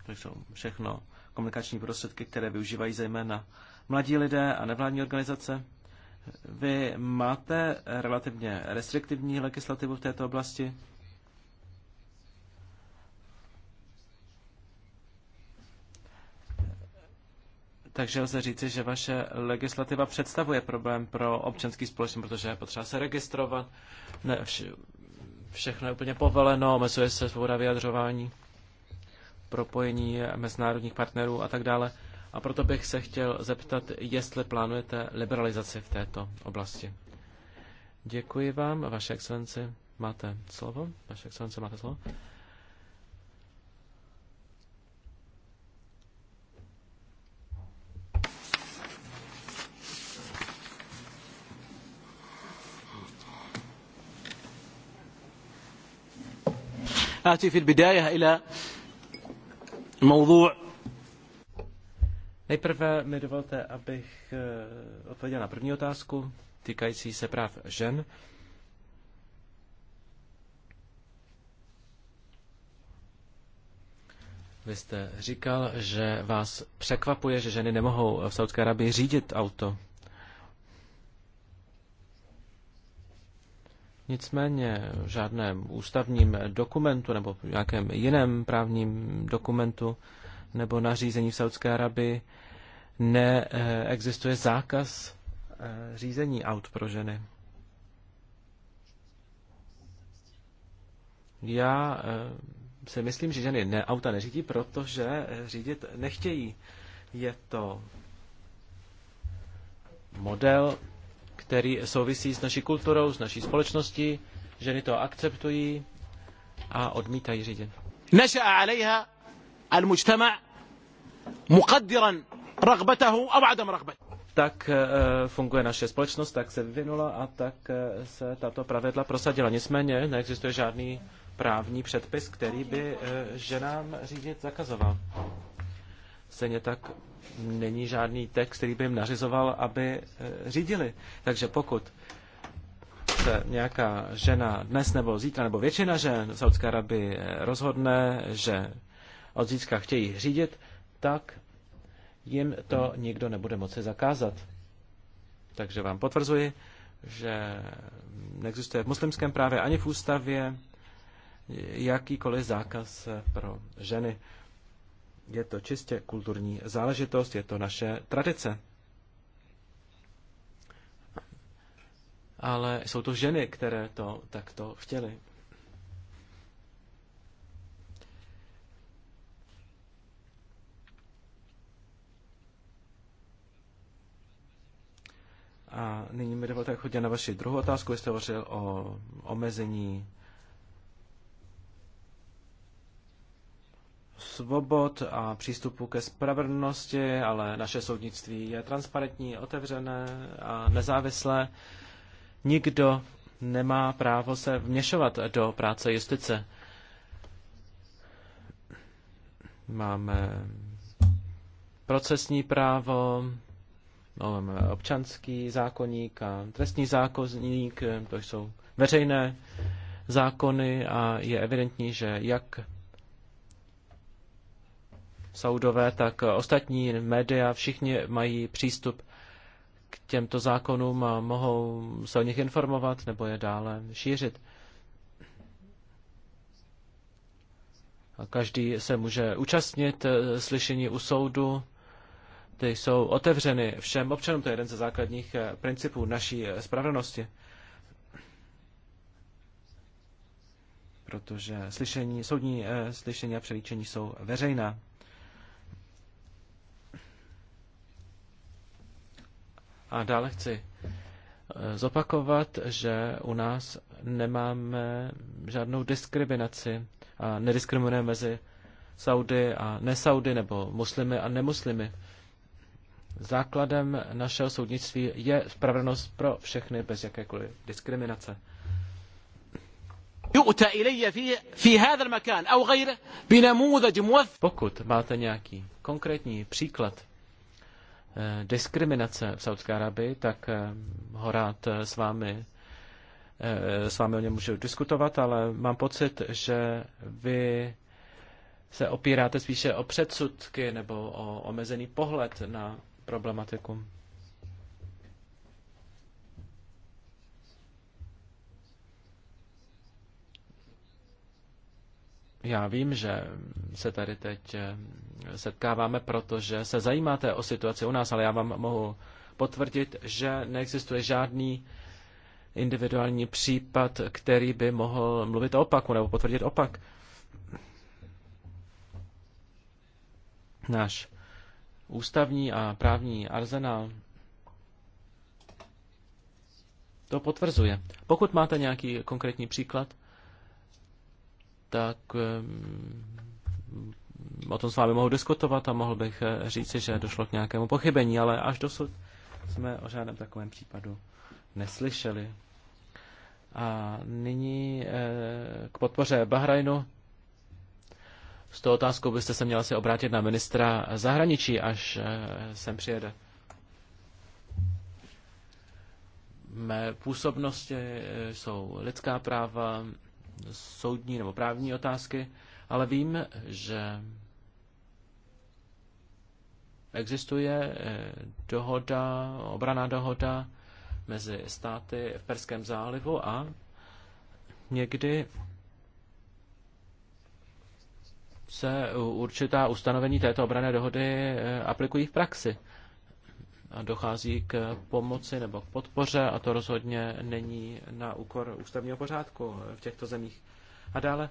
To jsou všechno komunikační prostředky, které využívají zejména mladí lidé a nevládní organizace. Vy máte relativně restriktivní legislativu v této oblasti. Takže lze říci, že vaše legislativa představuje problém pro občanský společnost, protože je potřeba se registrovat, ne, vše, všechno je úplně povoleno, omezuje se svoboda vyjadřování propojení mezinárodních partnerů a tak dále. A proto bych se chtěl zeptat, jestli plánujete liberalizaci v této oblasti. Děkuji vám, vaše excelenci. Máte slovo? Vaše excelence, máte slovo? آتي في البداية إلى Nejprve mi dovolte, abych eh, odpověděl na první otázku týkající se práv žen. Vy jste říkal, že vás překvapuje, že ženy nemohou v Saudské Arabii řídit auto. Nicméně v žádném ústavním dokumentu nebo nějakém jiném právním dokumentu nebo nařízení v Saudské Arabii neexistuje zákaz eh, řízení aut pro ženy. Já eh, si myslím, že ženy ne, auta neřídí, protože eh, řídit nechtějí. Je to model který souvisí s naší kulturou, s naší společností. Ženy to akceptují a odmítají řídit. نشأ عليها المجتمع muqaddiran رغبته a عدم رغبته tak eh, funguje naše společnost, tak se vyvinula a tak eh, se tato pravidla prosadila. Nicméně neexistuje žádný právní předpis, který by eh, ženám řídit zakazoval. Stejně tak není žádný text, který by jim nařizoval, aby eh, řídili. Takže pokud se nějaká žena dnes nebo zítra, nebo většina žen v Saudské Arabii eh, rozhodne, že od zítřka chtějí řídit, tak jim to nikdo nebude moci zakázat. Takže vám potvrzuji, že neexistuje v muslimském právě ani v ústavě jakýkoliv zákaz eh, pro ženy. Je to čistě kulturní záležitost, je to naše tradice. Ale jsou to ženy, které to takto chtěly. A nyní mi dovolte chodit na vaši druhou otázku. jste hovořil o omezení svobod a přístupu ke spravedlnosti, ale naše soudnictví je transparentní, otevřené a nezávislé. Nikdo nemá právo se vměšovat do práce justice. Máme procesní právo, máme občanský zákonník a trestní zákonník, to jsou veřejné zákony a je evidentní, že jak Saudové, tak eh, ostatní média, všichni mají přístup k těmto zákonům a mohou se o nich informovat nebo je dále šířit. A každý se může účastnit eh, slyšení u soudu. Ty jsou otevřeny všem občanům. To je jeden ze základních eh, principů naší spravedlnosti. Protože slyšení, soudní slyšení a přelíčení jsou veřejná. A dále chci eh, zopakovat, že u nás nemáme žádnou diskriminaci a nediskriminujeme mezi Saudy a nesaudy nebo muslimy a nemuslimy. Základem našeho soudnictví je spravedlnost pro všechny bez jakékoliv diskriminace. Pokud máte nějaký konkrétní příklad Eh, diskriminace v Saudské Arabii, tak eh, ho rád eh, s vámi, s vámi o něm můžu diskutovat, ale mám pocit, že vy se opíráte spíše o předsudky nebo o omezený pohled na problematiku. Já vím, že se tady teď eh, setkáváme, protože se zajímáte o situaci u nás, ale já vám mohu potvrdit, že neexistuje žádný individuální případ, který by mohl mluvit o opaku nebo potvrdit opak. Náš ústavní a právní arzenál to potvrzuje. Pokud máte nějaký konkrétní příklad, tak eh, o tom s vámi mohu diskutovat a mohl bych eh, říci, že došlo k nějakému pochybení, ale až dosud jsme o žádném takovém případu neslyšeli. A nyní eh, k podpoře Bahrajnu. S tou otázkou byste se měl asi obrátit na ministra zahraničí, až sem přijede. Mé působnosti jsou lidská práva, soudní nebo právní otázky, ale vím, že existuje eh, dohoda, obraná dohoda mezi státy v Perském zálivu a někdy se určitá ustanovení této obrané dohody eh, aplikují v praxi dochází k pomoci nebo k podpoře a to rozhodně není na úkor ústavního pořádku v těchto zemích. A dále,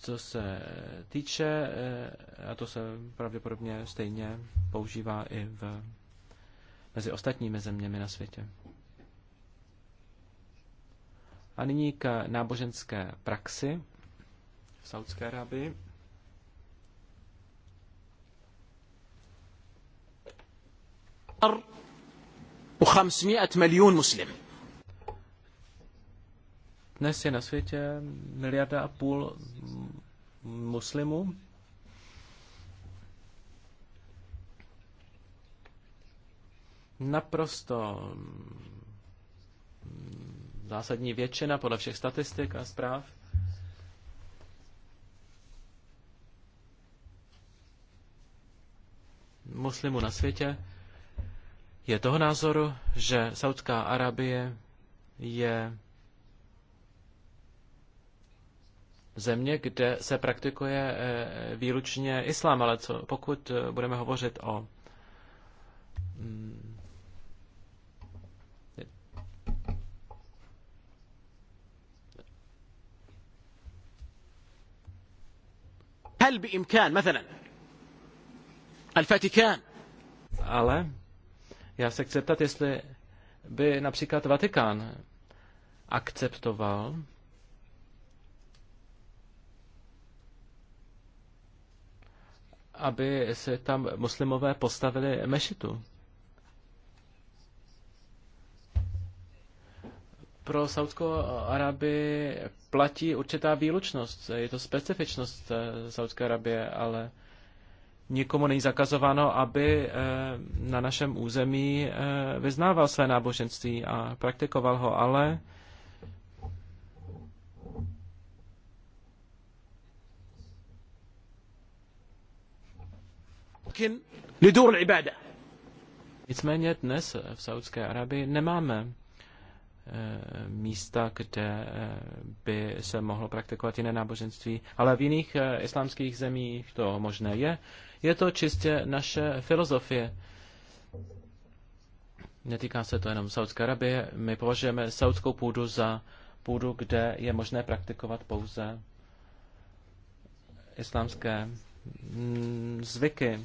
co se týče, eh, a to se pravděpodobně stejně používá i v, mezi ostatními zeměmi na světě. A nyní k náboženské praxi v Saudské Arábii. 500 milionů مسلم Dnes je na světě miliarda a půl muslimů. Naprosto zásadní většina podle všech statistik a zpráv. Muslimů na světě je toho názoru, že Saudská Arabie je země, kde se praktikuje eh, výlučně islám, ale co, pokud eh, budeme hovořit o mm, هل بإمكان مثلا الفاتيكان ale já se chci zeptat, jestli by například Vatikán akceptoval aby se tam muslimové postavili mešitu. Pro Saudskou Arabii platí určitá výlučnost, je to specifičnost eh, Saudské Arabie, ale nikomu není zakazováno, aby eh, na našem území eh, vyznával své náboženství a praktikoval ho, ale Nicméně dnes v Saudské Arabii nemáme eh, místa, kde by se mohlo praktikovat jiné náboženství, ale v jiných islámských zemích to možné je. Je to čistě naše filozofie. Netýká se to jenom Saudské Arabie. My považujeme saudskou půdu za půdu, kde je možné praktikovat pouze islámské mm, zvyky.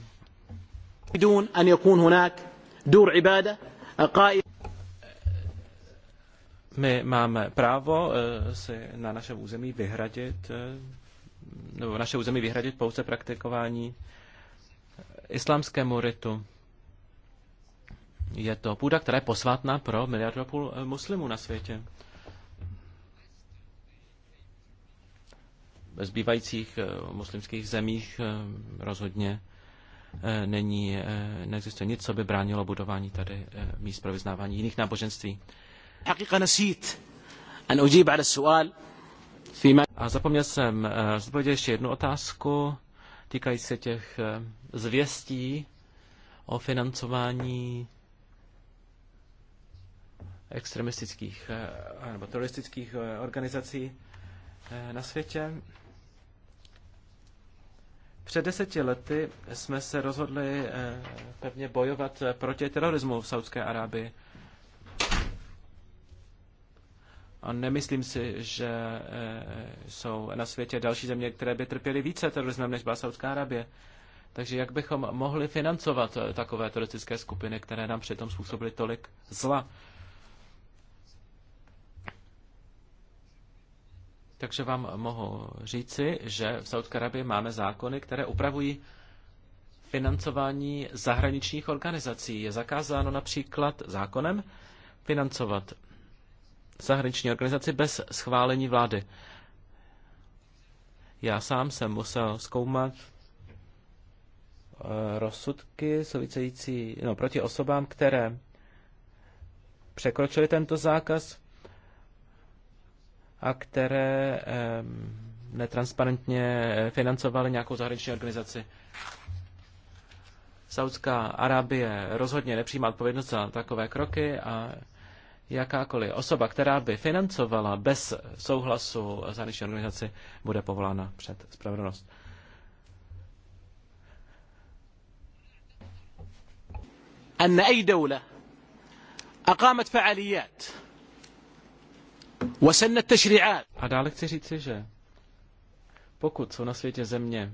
My máme právo eh, si na našem území vyhradit, eh, nebo naše území vyhradit pouze praktikování islamskému ritu. Je to půda, která je posvátná pro miliardu a půl eh, muslimů na světě. Ve zbývajících eh, muslimských zemích eh, rozhodně není, neexistuje nic, co by bránilo budování tady míst pro vyznávání jiných náboženství. A zapomněl jsem zpovědět ještě jednu otázku Týkají se těch eh, zvěstí o financování extremistických eh, nebo teroristických eh, organizací na světě. Před deseti lety jsme se rozhodli pevně bojovat proti terorismu v Saudské Arábii. A nemyslím si, že eh, jsou na světě další země, které by trpěly více terorismem než byla Saudská Arabie. Takže jak bychom mohli financovat eh, takové teroristické skupiny, které nám přitom způsobily tolik zla? Takže vám mohu říci, že v Saudské Arabii máme zákony, které upravují financování zahraničních organizací. Je zakázáno například zákonem financovat zahraniční organizaci bez schválení vlády. Já sám jsem musel zkoumat eh, rozsudky související no, proti osobám, které překročily tento zákaz a které eh, netransparentně financovaly nějakou zahraniční organizaci. Saudská Arábie rozhodně nepřijímá odpovědnost za takové kroky a jakákoliv osoba, která by financovala bez souhlasu zahraniční organizaci, bude povolána před spravedlnost. أن أي دولة أقامت فعاليات وسنت تشريعات A dále chci říci, že pokud jsou na světě země,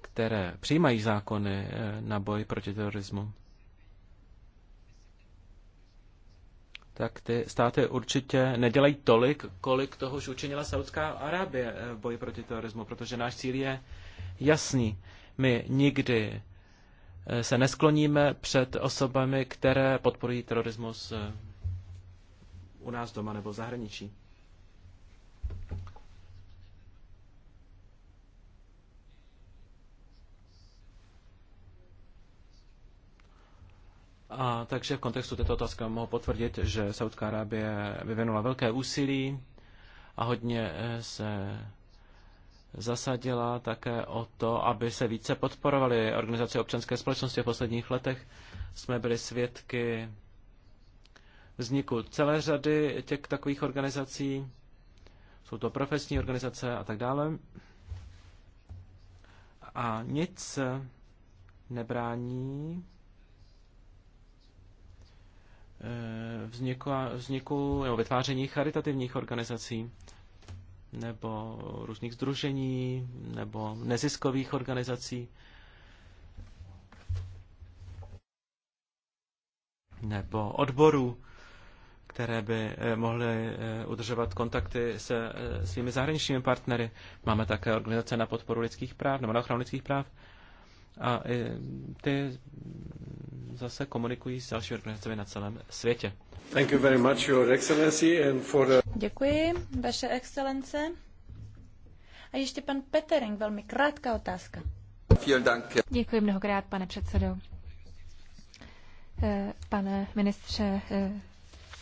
které přijímají zákony eh, na boj proti terorismu, tak ty státy určitě nedělají tolik, kolik toho už učinila Saudská Arábie eh, v boji proti terorismu, protože náš cíl je jasný. My nikdy eh, se neskloníme před osobami, které podporují terorismus eh, u nás doma nebo v zahraničí. A takže v kontextu této otázky mohu potvrdit, že Saudská Arábie vyvinula velké úsilí a hodně eh, se zasadila také o to, aby se více podporovaly organizace občanské společnosti. V posledních letech jsme byli svědky vzniku celé řady těch takových organizací. Jsou to profesní organizace a tak dále. A nic nebrání Eh, vzniku, vzniku nebo vytváření charitativních organizací nebo různých združení nebo neziskových organizací nebo odborů, které by eh, mohly eh, udržovat kontakty se svými zahraničními partnery. Máme také organizace na podporu lidských práv nebo na ochranu lidských práv. A ty zase komunikují s dalšími organizacemi na celém světě. Thank you very much, Your Excellency, and for the... Děkuji, Vaše excelence. A ještě pan Petering, velmi krátká otázka. Děkuji mnohokrát, pane předsedo. Eh, pane ministře eh,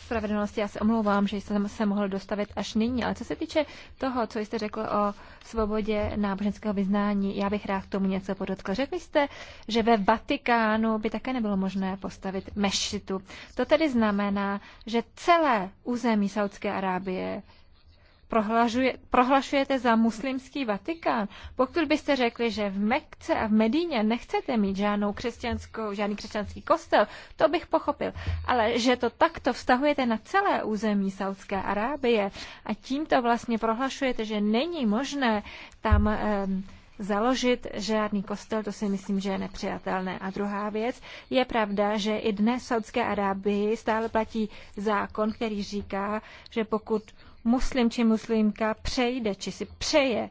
spravedlnosti, já se omlouvám, že jsem se mohl dostavit až nyní, ale co se týče toho, co jste řekl o svobodě náboženského vyznání, já bych rád k tomu něco podotkl. Řekli jste, že ve Vatikánu by také nebylo možné postavit mešitu. To tedy znamená, že celé území Saudské Arábie prohlašujete za muslimský Vatikán, pokud byste řekli, že v Mekce a v Medíně nechcete mít žádnou křesťanskou, žádný křesťanský kostel, to bych pochopil. Ale že to takto vztahujete na celé území Saudské Arábie a tímto vlastně prohlašujete, že není možné tam eh, založit žádný kostel, to si myslím, že je nepřijatelné. A druhá věc, je pravda, že i dnes v Saudské Arábii stále platí zákon, který říká, že pokud muslim či muslimka přejde, či si přeje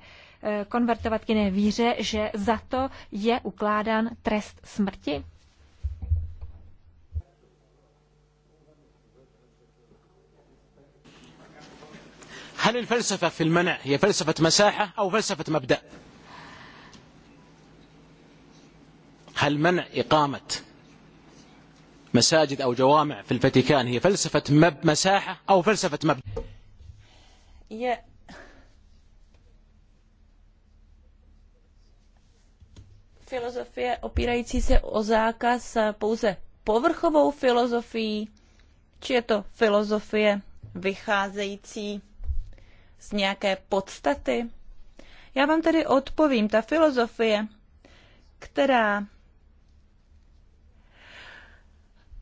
konvertovat k jiné víře, že za to je ukládán trest smrti? هل الفلسفة في المنع هي فلسفة مساحة أو فلسفة مبدأ هل منع إقامة مساجد أو جوامع في الفاتيكان هي فلسفة مب مساحة أو فلسفة مبدأ je filozofie opírající se o zákaz pouze povrchovou filozofií, či je to filozofie vycházející z nějaké podstaty? Já vám tedy odpovím. Ta filozofie, která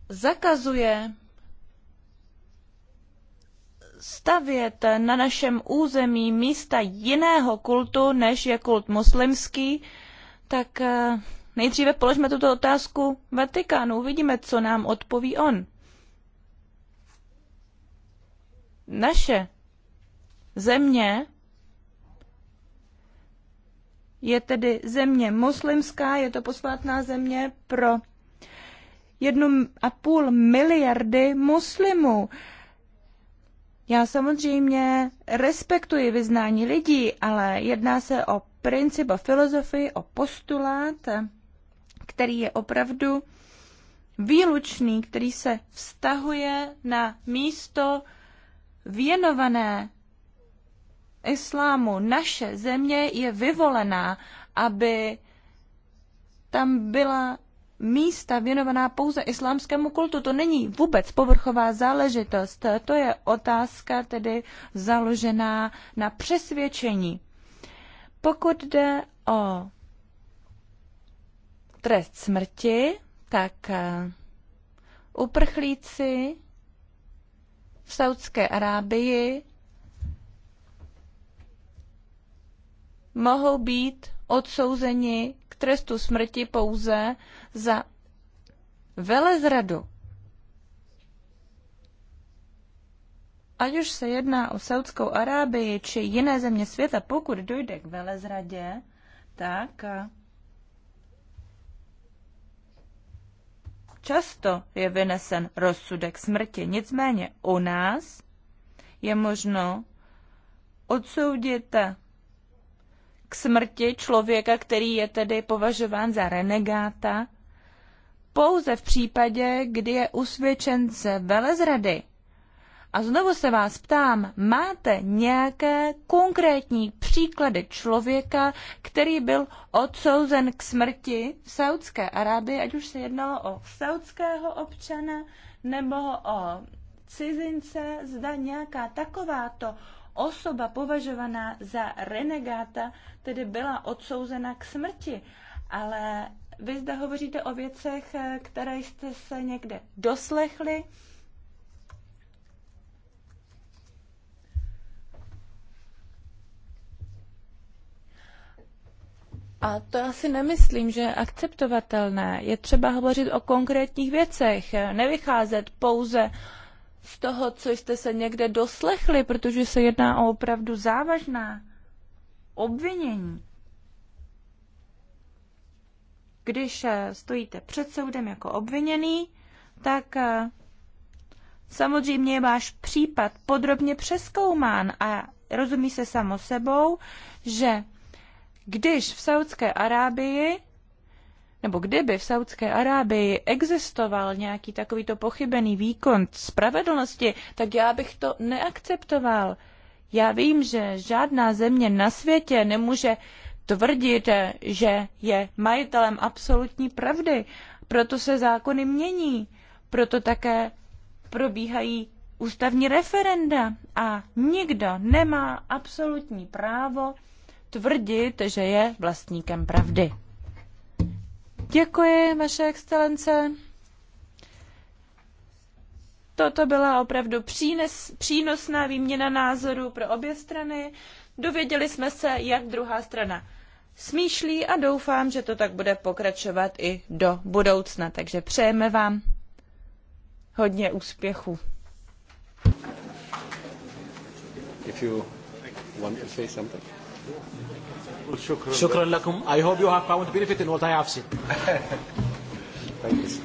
zakazuje stavět na našem území místa jiného kultu, než je kult muslimský, tak eh, nejdříve položme tuto otázku Vatikánu. Uvidíme, co nám odpoví on. Naše země je tedy země muslimská, je to posvátná země pro jednu a půl miliardy muslimů. Já samozřejmě respektuji vyznání lidí, ale jedná se o princip, o filozofii, o postulát, který je opravdu výlučný, který se vztahuje na místo věnované islámu. Naše země je vyvolená, aby tam byla místa věnovaná pouze islámskému kultu. To není vůbec povrchová záležitost. To je otázka tedy založená na přesvědčení. Pokud jde o trest smrti, tak eh, uprchlíci v Saudské Arábii mohou být odsouzeni trestu smrti pouze za velezradu. Ať už se jedná o Saudskou Arábii či jiné země světa, pokud dojde k velezradě, tak eh, často je vynesen rozsudek smrti. Nicméně u nás je možno odsoudit eh, k smrti člověka, který je tedy považován za renegáta, pouze v případě, kdy je ze velezrady. A znovu se vás ptám, máte nějaké konkrétní příklady člověka, který byl odsouzen k smrti v Saudské Arábii, ať už se jednalo o saudského občana nebo o cizince, zda nějaká takováto osoba považovaná za renegáta tedy byla odsouzena k smrti. Ale vy zde hovoříte o věcech, eh, které jste se někde doslechli. A to já si nemyslím, že je akceptovatelné. Je třeba hovořit o konkrétních věcech, eh, nevycházet pouze uh, z toho, co jste se někde doslechli, protože se jedná o opravdu závažná obvinění. Když eh, stojíte před soudem jako obviněný, tak eh, samozřejmě je váš případ podrobně přeskoumán a rozumí se samo sebou, že když v Saudské Arábii nebo kdyby v Saudské Arábii existoval nějaký takovýto pochybený výkon spravedlnosti, tak já bych to neakceptoval. Já vím, že žádná země na světě nemůže tvrdit, že je majitelem absolutní pravdy. Proto se zákony mění. Proto také probíhají ústavní referenda a nikdo nemá absolutní právo tvrdit, že je vlastníkem pravdy. Děkuji, vaše excelence. Toto byla opravdu přínes, přínosná výměna názorů pro obě strany. Dověděli jsme se, jak druhá strana smýšlí a doufám, že to tak bude pokračovat i do budoucna. Takže přejeme vám hodně úspěchů. If you want to say something. Shukran شكرا لكم I hope you have found benefit in what I have said <laughs> Thank you.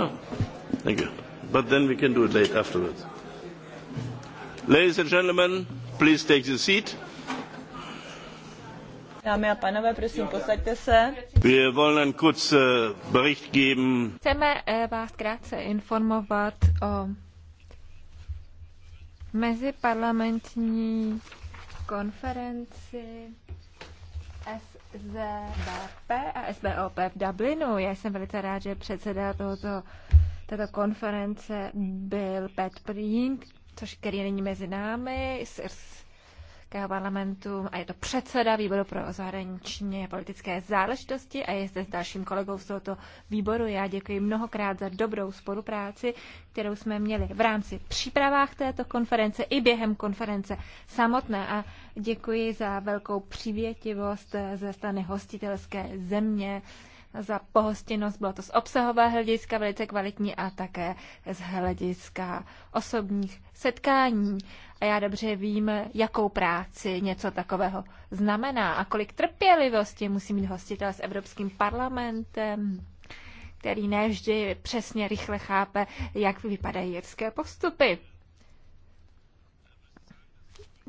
Oh, thank you. But then we can do it late afterwards. Ladies and gentlemen, please take the seat. Dámy a pánové, prosím, posaďte se. Wir wollen einen äh, Bericht geben. Chceme äh, vás krátce informovat o meziparlamentní konferenci SZBP a SBOP v Dublinu. Já jsem velice rád, že předseda tohoto, této konference byl Pat Prink, což který není mezi námi, Evropského parlamentu a je to předseda výboru pro zahraničně politické záležitosti a je zde s dalším kolegou z tohoto výboru. Já děkuji mnohokrát za dobrou spolupráci, kterou jsme měli v rámci přípravách této konference i během konference samotné a děkuji za velkou přivětivost ze strany hostitelské země, za pohostinnost. Bylo to z obsahového hlediska velice kvalitní a také z hlediska osobních setkání. A já dobře vím, jakou práci něco takového znamená a kolik trpělivosti musí mít hostitel s Evropským parlamentem který ne vždy přesně rychle chápe, jak vypadají jirské postupy.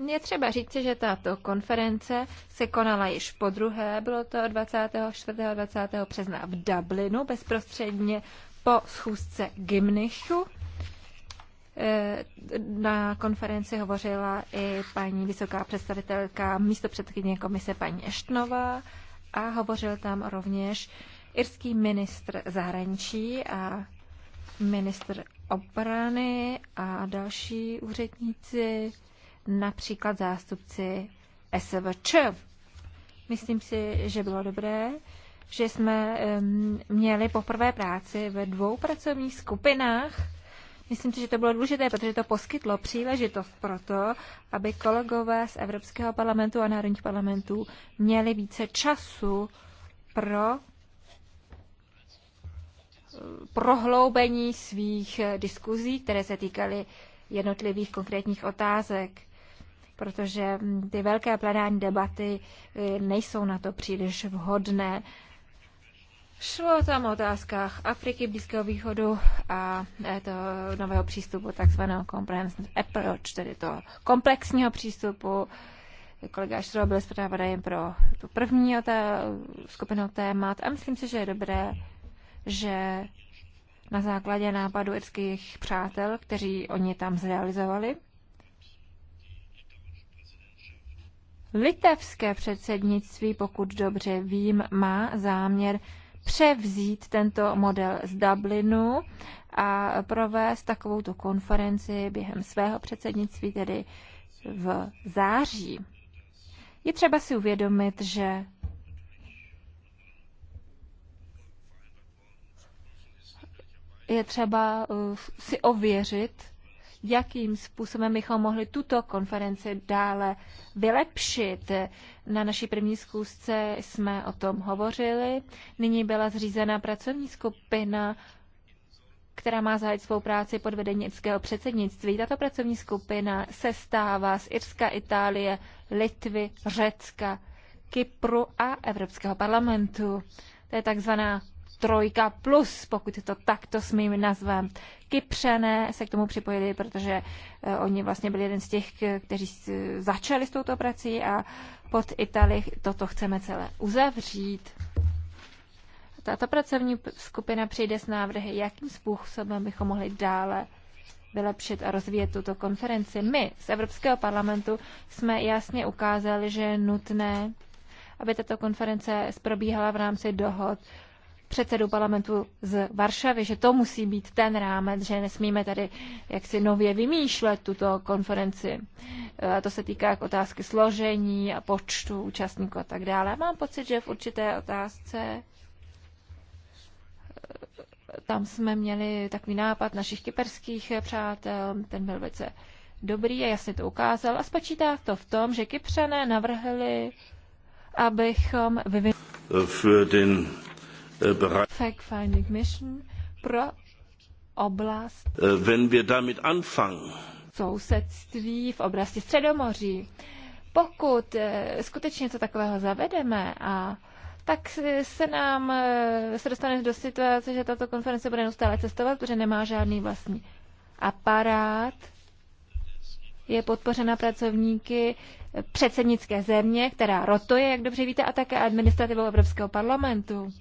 Je třeba říci, že tato konference se konala již po druhé, bylo to 24. a 20. března v Dublinu, bezprostředně po schůzce Gymnichu. Eh, na konferenci hovořila i paní vysoká představitelka místopředsedkyně komise paní Eštnová a hovořil tam rovněž irský ministr zahraničí a ministr obrany a další úředníci například zástupci SVČ. Myslím si, že bylo dobré, že jsme měli poprvé práci ve dvou pracovních skupinách. Myslím si, že to bylo důležité, protože to poskytlo příležitost pro to, aby kolegové z Evropského parlamentu a národních parlamentů měli více času pro eh, prohloubení svých eh, diskuzí, které se týkaly jednotlivých konkrétních otázek protože hm, ty velké plenární debaty eh, nejsou na to příliš vhodné. Šlo tam o otázkách Afriky, Blízkého východu a eh, to nového přístupu, takzvaného comprehensive approach, tedy toho komplexního přístupu. Kolega Šro byl zpravodajem pro tu první skupinu témat a myslím si, že je dobré, že na základě nápadu irských přátel, kteří oni tam zrealizovali, Litevské předsednictví, pokud dobře vím, má záměr převzít tento model z Dublinu a provést takovou tu konferenci během svého předsednictví, tedy v září. Je třeba si uvědomit, že je třeba uh, si ověřit jakým způsobem bychom mohli tuto konferenci dále vylepšit. Na naší první zkoušce jsme o tom hovořili. Nyní byla zřízena pracovní skupina která má zahájit svou práci pod vedením irského předsednictví. Tato pracovní skupina se stává z Irska, Itálie, Litvy, Řecka, Kypru a Evropského parlamentu. To je takzvaná Trojka plus, pokud to takto smím nazvat. Kypřené se k tomu připojili, protože eh, oni vlastně byli jeden z těch, kteří začali s touto prací a pod Itali toto chceme celé uzavřít. Tato pracovní skupina přijde s návrhy, jakým způsobem bychom mohli dále vylepšit a rozvíjet tuto konferenci. My z Evropského parlamentu jsme jasně ukázali, že je nutné, aby tato konference probíhala v rámci dohod předsedu parlamentu z Varšavy, že to musí být ten rámec, že nesmíme tady jaksi nově vymýšlet tuto konferenci. E, a to se týká jak otázky složení a počtu účastníků a tak dále. Mám pocit, že v určité otázce e, tam jsme měli takový nápad našich kyperských přátel, ten byl velice dobrý a jasně to ukázal a spočítá to v tom, že kypřané navrhli, abychom vyvinuli pro oblast. Äh, wenn wir damit anfangen. Sousedství v oblasti Středomoří. Pokud äh, skutečně něco takového zavedeme a tak se nám äh, se dostane do situace, že tato konference bude neustále cestovat, protože nemá žádný vlastní aparát, je podpořena pracovníky předsednické země, která rotuje, jak dobře víte, a také administrativou Evropského parlamentu.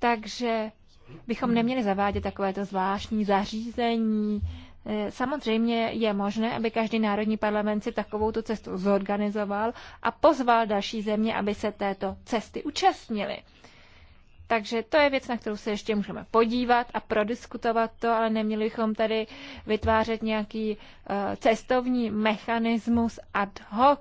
Takže bychom neměli zavádět takovéto zvláštní zařízení. Eh, samozřejmě je možné, aby každý národní parlament si takovou tu cestu zorganizoval a pozval další země, aby se této cesty účastnili. Takže to je věc, na kterou se ještě můžeme podívat a prodiskutovat to, ale neměli bychom tady vytvářet nějaký eh, cestovní mechanismus ad hoc,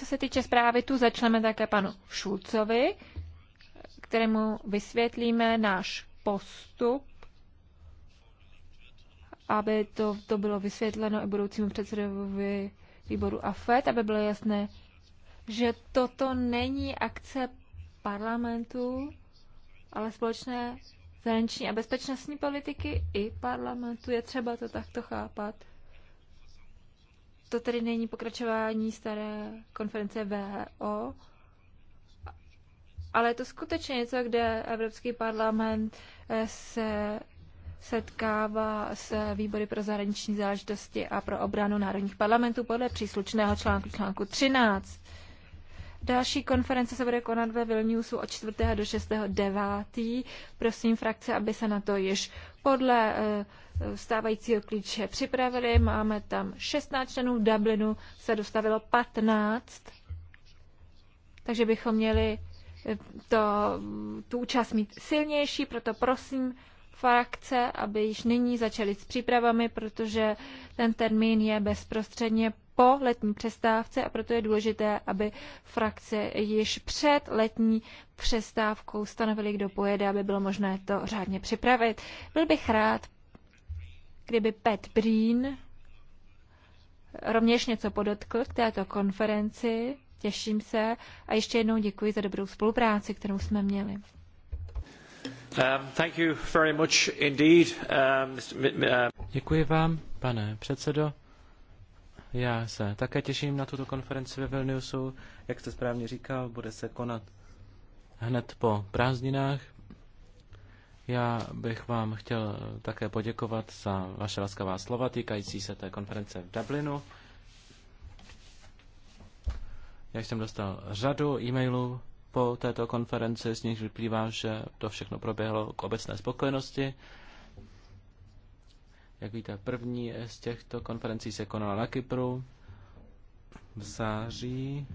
Co se týče zprávy, tu začneme také panu Šulcovi, kterému vysvětlíme náš postup, aby to, to bylo vysvětleno i budoucímu předsedovi výboru AFET, aby bylo jasné, že toto není akce parlamentu, ale společné zahraniční a bezpečnostní politiky i parlamentu. Je třeba to takto chápat to tedy není pokračování staré konference VHO, ale je to skutečně něco, kde Evropský parlament eh, se setkává s výbory pro zahraniční záležitosti a pro obranu národních parlamentů podle příslušného článku článku 13. Další konference se bude konat ve Vilniusu od 4. do 6. 9. Prosím frakce, aby se na to již podle eh, stávajícího klíče připravili. Máme tam 16 členů, v Dublinu se dostavilo 15, takže bychom měli eh, to, tu účast mít silnější, proto prosím frakce, aby již nyní začali s přípravami, protože ten termín je bezprostředně po letní přestávce a proto je důležité, aby frakce již před letní přestávkou stanovili, kdo pojede, aby bylo možné to řádně připravit. Byl bych rád, kdyby Pat Breen rovněž něco podotkl k této konferenci. Těším se a ještě jednou děkuji za dobrou spolupráci, kterou jsme měli. Um, um... Děkuji vám, pane předsedo. Já se také těším na tuto konferenci ve Vilniusu. Jak jste správně říkal, bude se konat hned po prázdninách. Já bych vám chtěl také poděkovat za vaše laskavá slova týkající se té konference v Dublinu. Já jsem dostal řadu e-mailů po této konferenci, z nich vyplývá, že to všechno proběhlo k obecné spokojenosti. Jak víte, první z těchto konferencí se konala na Kypru v září.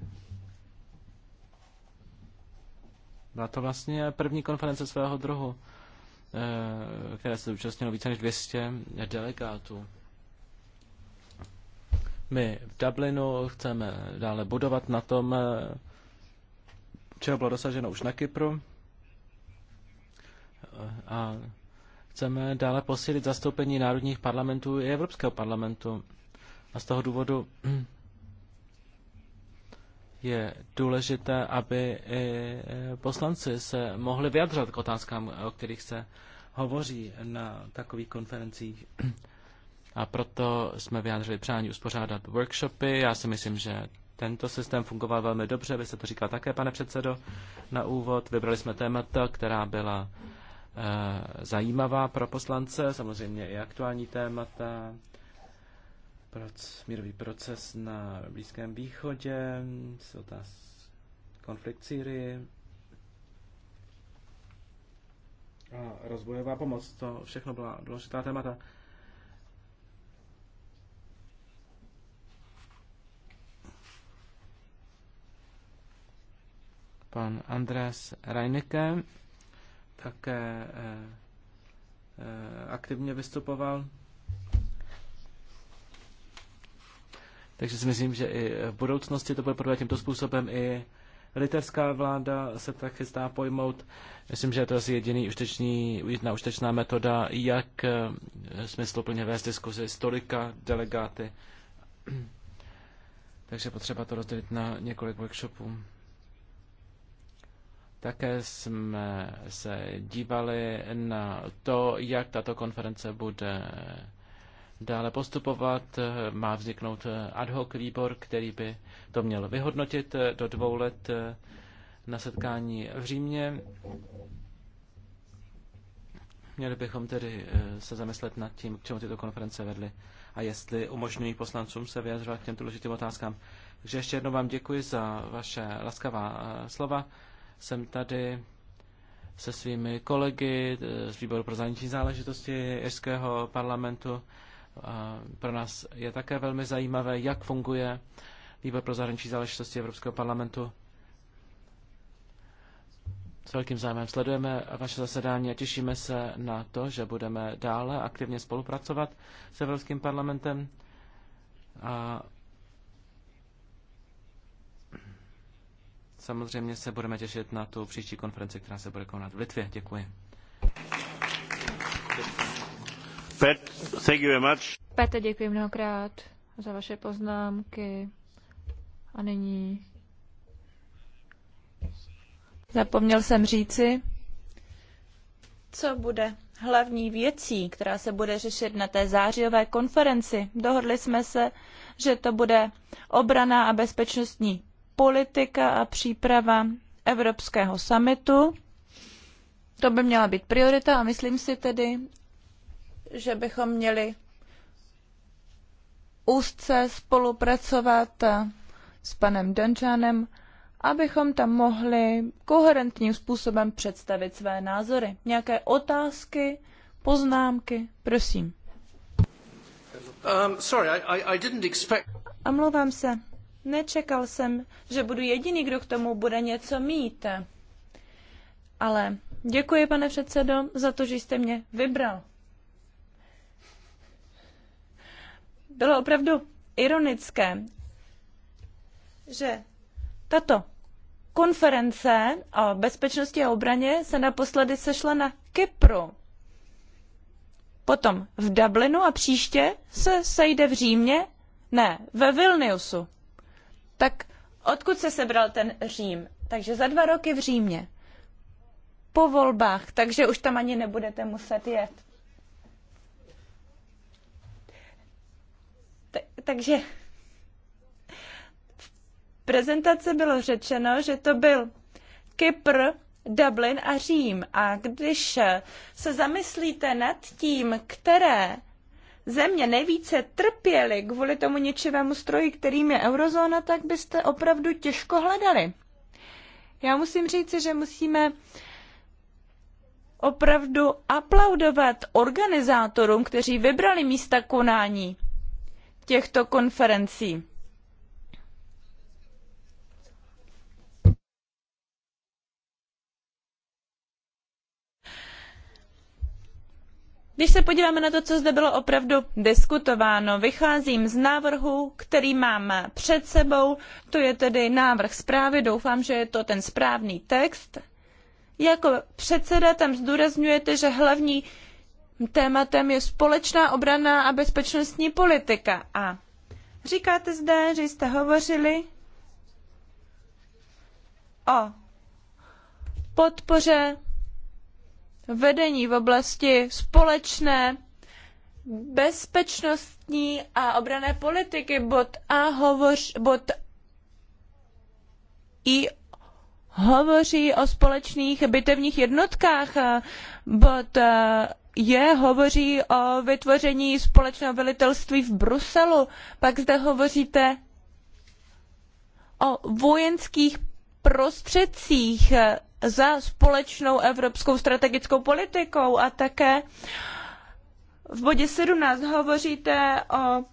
Byla to vlastně první konference svého druhu, eh, které se zúčastnilo více než 200 delegátů. My v Dublinu chceme dále budovat na tom, eh, čeho bylo dosaženo už na Kypru. A Chceme dále posílit zastoupení národních parlamentů i Evropského parlamentu. A z toho důvodu <clears throat> je důležité, aby i poslanci se mohli vyjadřovat k otázkám, o kterých se hovoří na takových konferencích. <clears throat> A proto jsme vyjádřili přání uspořádat workshopy. Já si myslím, že tento systém fungoval velmi dobře, vy jste to říkal také, pane předsedo, na úvod. Vybrali jsme témata, která byla Eh, zajímavá pro poslance, samozřejmě i aktuální témata, proc, mírový proces na Blízkém východě, jsou ta konflikt Syrii a rozvojová pomoc, to všechno byla důležitá témata. Pan Andreas Reinecke také eh, eh, aktivně vystupoval. Takže si myslím, že i v budoucnosti to bude podle tímto způsobem. I litevská vláda se tak chystá pojmout. Myslím, že je to asi jediný užtečný, jedna užtečná metoda, jak eh, smysluplně vést diskuzi s tolika delegáty. <clears throat> Takže potřeba to rozdělit na několik workshopů. Také jsme se dívali na to, jak tato konference bude dále postupovat. Má vzniknout ad hoc výbor, který by to měl vyhodnotit do dvou let na setkání v Římě. Měli bychom tedy eh, se zamyslet nad tím, k čemu tyto konference vedly a jestli umožňují poslancům se vyjadřovat k těmto důležitým otázkám. Takže ještě jednou vám děkuji za vaše laskavá eh, slova jsem tady se svými kolegy eh, z výboru pro zahraniční záležitosti irského parlamentu. pro nás je také velmi zajímavé, jak funguje výbor pro zahraniční záležitosti Evropského parlamentu. S velkým zájmem sledujeme vaše zasedání a těšíme se na to, že budeme dále aktivně spolupracovat s Evropským parlamentem. A samozřejmě se budeme těšit na tu příští konferenci, která se bude konat v Litvě. Děkuji. Pet, thank you very much. Pete, děkuji mnohokrát za vaše poznámky. A nyní... Zapomněl jsem říci, co bude hlavní věcí, která se bude řešit na té zářijové konferenci. Dohodli jsme se, že to bude obrana a bezpečnostní politika a příprava Evropského summitu To by měla být priorita a myslím si tedy, že bychom měli úzce spolupracovat s panem Dančánem, abychom tam mohli koherentním způsobem představit své názory. Nějaké otázky, poznámky, prosím. Um, sorry, I, I, didn't expect... mluvám se, Nečekal jsem, že budu jediný, kdo k tomu bude něco mít. Ale děkuji, pane předsedo, za to, že jste mě vybral. Bylo opravdu ironické, že tato konference o bezpečnosti a obraně se naposledy sešla na Kypru. Potom v Dublinu a příště se sejde v Římě? Ne, ve Vilniusu tak odkud se sebral ten Řím? Takže za dva roky v Římě. Po volbách, takže už tam ani nebudete muset jet. takže v prezentaci bylo řečeno, že to byl Kypr, Dublin a Řím. A když se zamyslíte nad tím, které země nejvíce trpěly kvůli tomu ničivému stroji, kterým je eurozóna, tak byste opravdu těžko hledali. Já musím říci, že musíme opravdu aplaudovat organizátorům, kteří vybrali místa konání těchto konferencí Když se podíváme na to, co zde bylo opravdu diskutováno, vycházím z návrhu, který mám před sebou, to je tedy návrh zprávy, doufám, že je to ten správný text. Jako předseda tam zdůrazňujete, že hlavní tématem je společná obrana a bezpečnostní politika. A říkáte zde, že jste hovořili o podpoře vedení v oblasti společné bezpečnostní a obrané politiky bod A hovoř, bod I hovoří o společných bitevních jednotkách, bod je, hovoří o vytvoření společného velitelství v Bruselu, pak zde hovoříte o vojenských prostředcích za společnou evropskou strategickou politikou a také v bodě 17 hovoříte o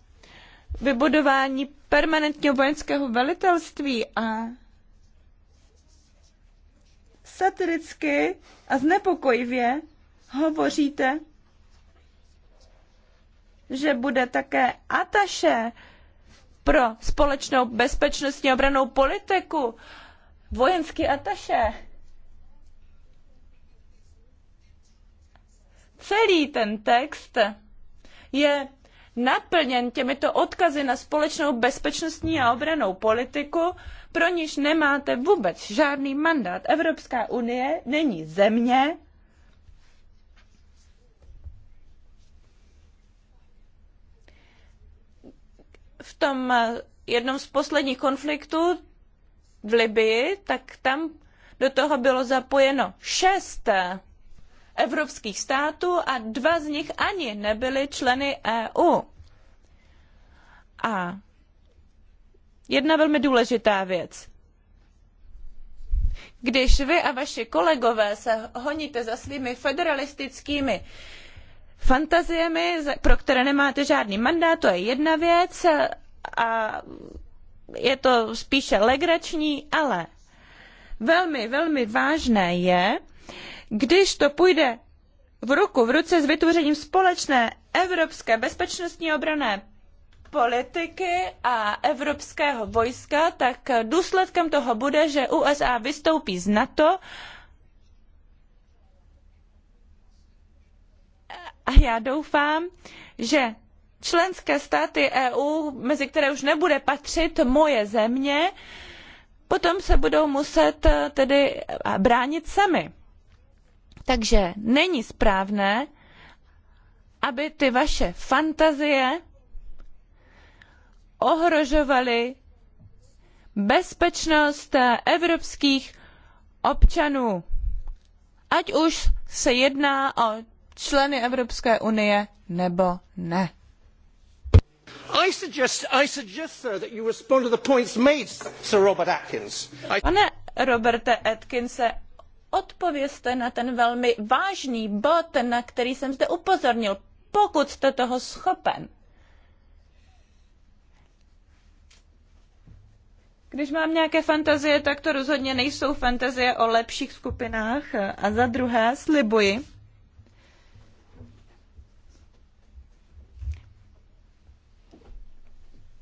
vybudování permanentního vojenského velitelství a satiricky a znepokojivě hovoříte, že bude také ataše pro společnou bezpečnostní obranou politiku, vojenský ataše celý ten text je naplněn těmito odkazy na společnou bezpečnostní a obranou politiku, pro niž nemáte vůbec žádný mandát. Evropská unie není země, v tom eh, jednom z posledních konfliktů v Libii, tak tam do toho bylo zapojeno šest eh, evropských států a dva z nich ani nebyly členy EU. A jedna velmi důležitá věc. Když vy a vaši kolegové se honíte za svými federalistickými fantaziemi, pro které nemáte žádný mandát, to je jedna věc a je to spíše legrační, ale velmi, velmi vážné je, když to půjde v ruku v ruce s vytvořením společné evropské bezpečnostní obrané politiky a evropského vojska, tak důsledkem toho bude, že USA vystoupí z NATO a já doufám, že členské státy EU, mezi které už nebude patřit moje země, potom se budou muset tedy bránit sami takže není správné, aby ty vaše fantazie ohrožovaly bezpečnost evropských občanů ať už se jedná o členy evropské unie nebo ne. Pane Roberte Atkinse, odpovězte na ten velmi vážný bod, na který jsem zde upozornil, pokud jste toho schopen. Když mám nějaké fantazie, tak to rozhodně nejsou fantazie o lepších skupinách. A za druhé, slibuji,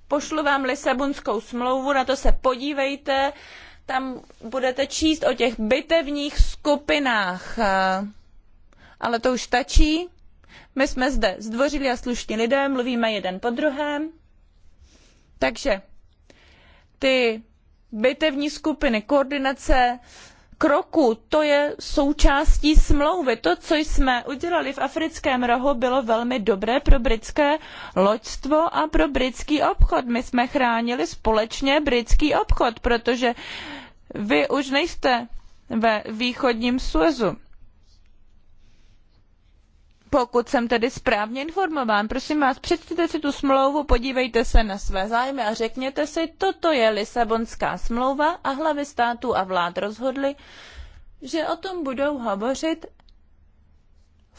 pošlu vám Lisabonskou smlouvu, na to se podívejte. Uh, tam budete číst o těch bitevních skupinách. Ale to už stačí. My jsme zde zdvořili a slušní lidé, mluvíme jeden po druhém. Takže ty bitevní skupiny, koordinace kroků, to je součástí smlouvy. To, co jsme udělali v africkém rohu, bylo velmi dobré pro britské loďstvo a pro britský obchod. My jsme chránili společně britský obchod, protože uh, vy už nejste ve východním Suezu. Pokud jsem tedy správně informován, prosím vás, přečtěte si tu smlouvu, podívejte se na své zájmy a řekněte si, toto je Lisabonská smlouva a hlavy států a vlád rozhodly, že o tom budou hovořit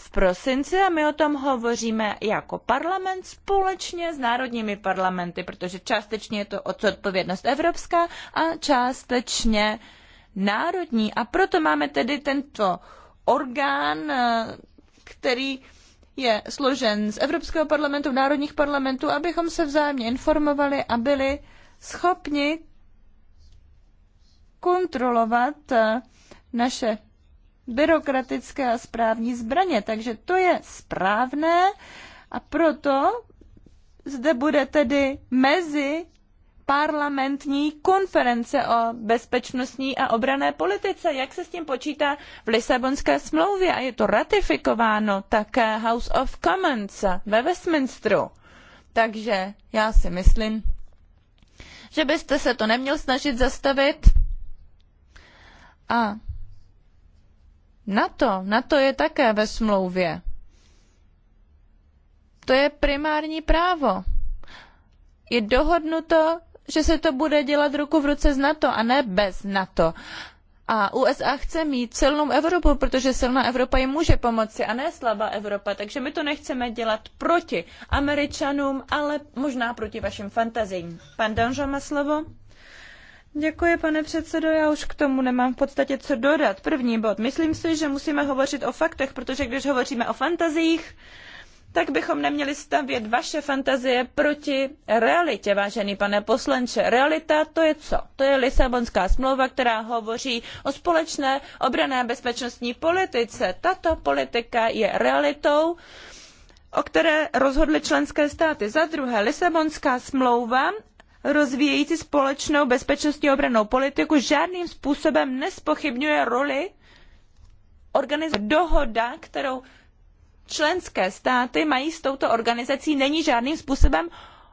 v prosinci a my o tom hovoříme jako parlament společně s národními parlamenty, protože částečně je to odpovědnost evropská a částečně národní. A proto máme tedy tento orgán, eh, který je složen z Evropského parlamentu, národních parlamentů, abychom se vzájemně informovali a byli schopni kontrolovat eh, naše byrokratické a správní zbraně. Takže to je správné a proto zde bude tedy mezi parlamentní konference o bezpečnostní a obrané politice. Jak se s tím počítá v Lisabonské smlouvě a je to ratifikováno také House of Commons ve Westminsteru. Takže já si myslím, že byste se to neměl snažit zastavit a NATO, NATO je také ve smlouvě. To je primární právo. Je dohodnuto, že se to bude dělat ruku v ruce s NATO a ne bez NATO. A USA chce mít silnou Evropu, protože silná Evropa jim může pomoci a ne slabá Evropa. Takže my to nechceme dělat proti Američanům, ale možná proti vašim fantazím. Pan Danžo má slovo. Děkuji, pane předsedo. Já už k tomu nemám v podstatě co dodat. První bod. Myslím si, že musíme hovořit o faktech, protože když hovoříme o fantaziích, tak bychom neměli stavět vaše fantazie proti realitě, vážený pane poslanče. Realita to je co? To je Lisabonská smlouva, která hovoří o společné obrané bezpečnostní politice. Tato politika je realitou o které rozhodly členské státy. Za druhé, Lisabonská smlouva rozvíjející společnou bezpečnostní a obrannou politiku žádným způsobem nespochybňuje roli organizace. Dohoda, kterou členské státy mají s touto organizací, není žádným způsobem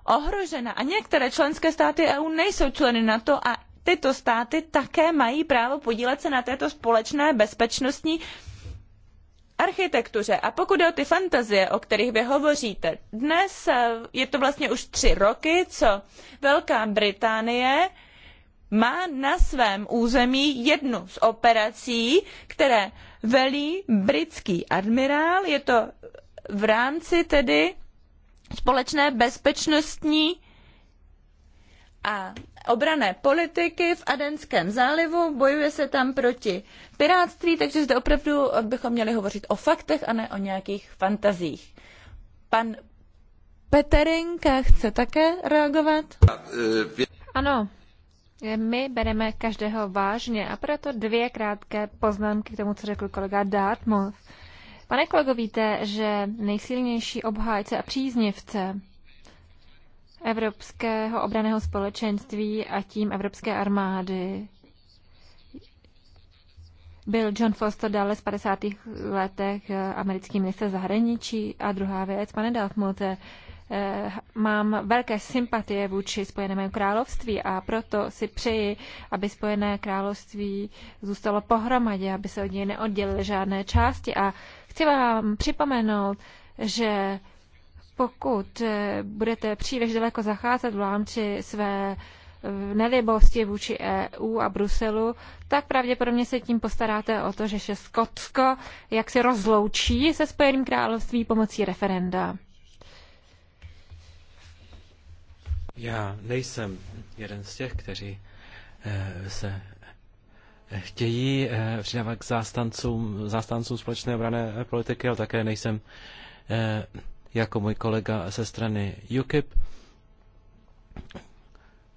ohrožena. A některé členské státy EU nejsou členy NATO a tyto státy také mají právo podílet se na této společné bezpečnostní architektuře. A pokud jde o ty fantazie, o kterých vy hovoříte, dnes eh, je to vlastně už tři roky, co Velká Británie má na svém území jednu z operací, které velí britský admirál. Je to v rámci tedy společné bezpečnostní a obrané politiky v Adenském zálivu, bojuje se tam proti pirátství, takže zde opravdu bychom měli hovořit o faktech a ne o nějakých fantazích. Pan Peterinka chce také reagovat? Ano, my bereme každého vážně a proto dvě krátké poznámky k tomu, co řekl kolega Dartmouth. Pane kolego, víte, že nejsilnější obhájce a příznivce Evropského obraného společenství a tím Evropské armády byl John Foster dále z 50. letech americký minister zahraničí. A druhá věc, pane Dalfmote, eh, mám velké sympatie vůči Spojenému království a proto si přeji, aby Spojené království zůstalo pohromadě, aby se od něj neoddělily žádné části. A chci vám připomenout, že pokud eh, budete příliš daleko zacházet v rámci své eh, nelibosti vůči EU a Bruselu, tak pravděpodobně se tím postaráte o to, že se Skotsko jak se rozloučí se Spojeným království pomocí referenda. Já nejsem jeden z těch, kteří eh, se chtějí přidávat k zástancům, zástancům společné obrané politiky, ale také nejsem jako můj kolega ze strany UKIP,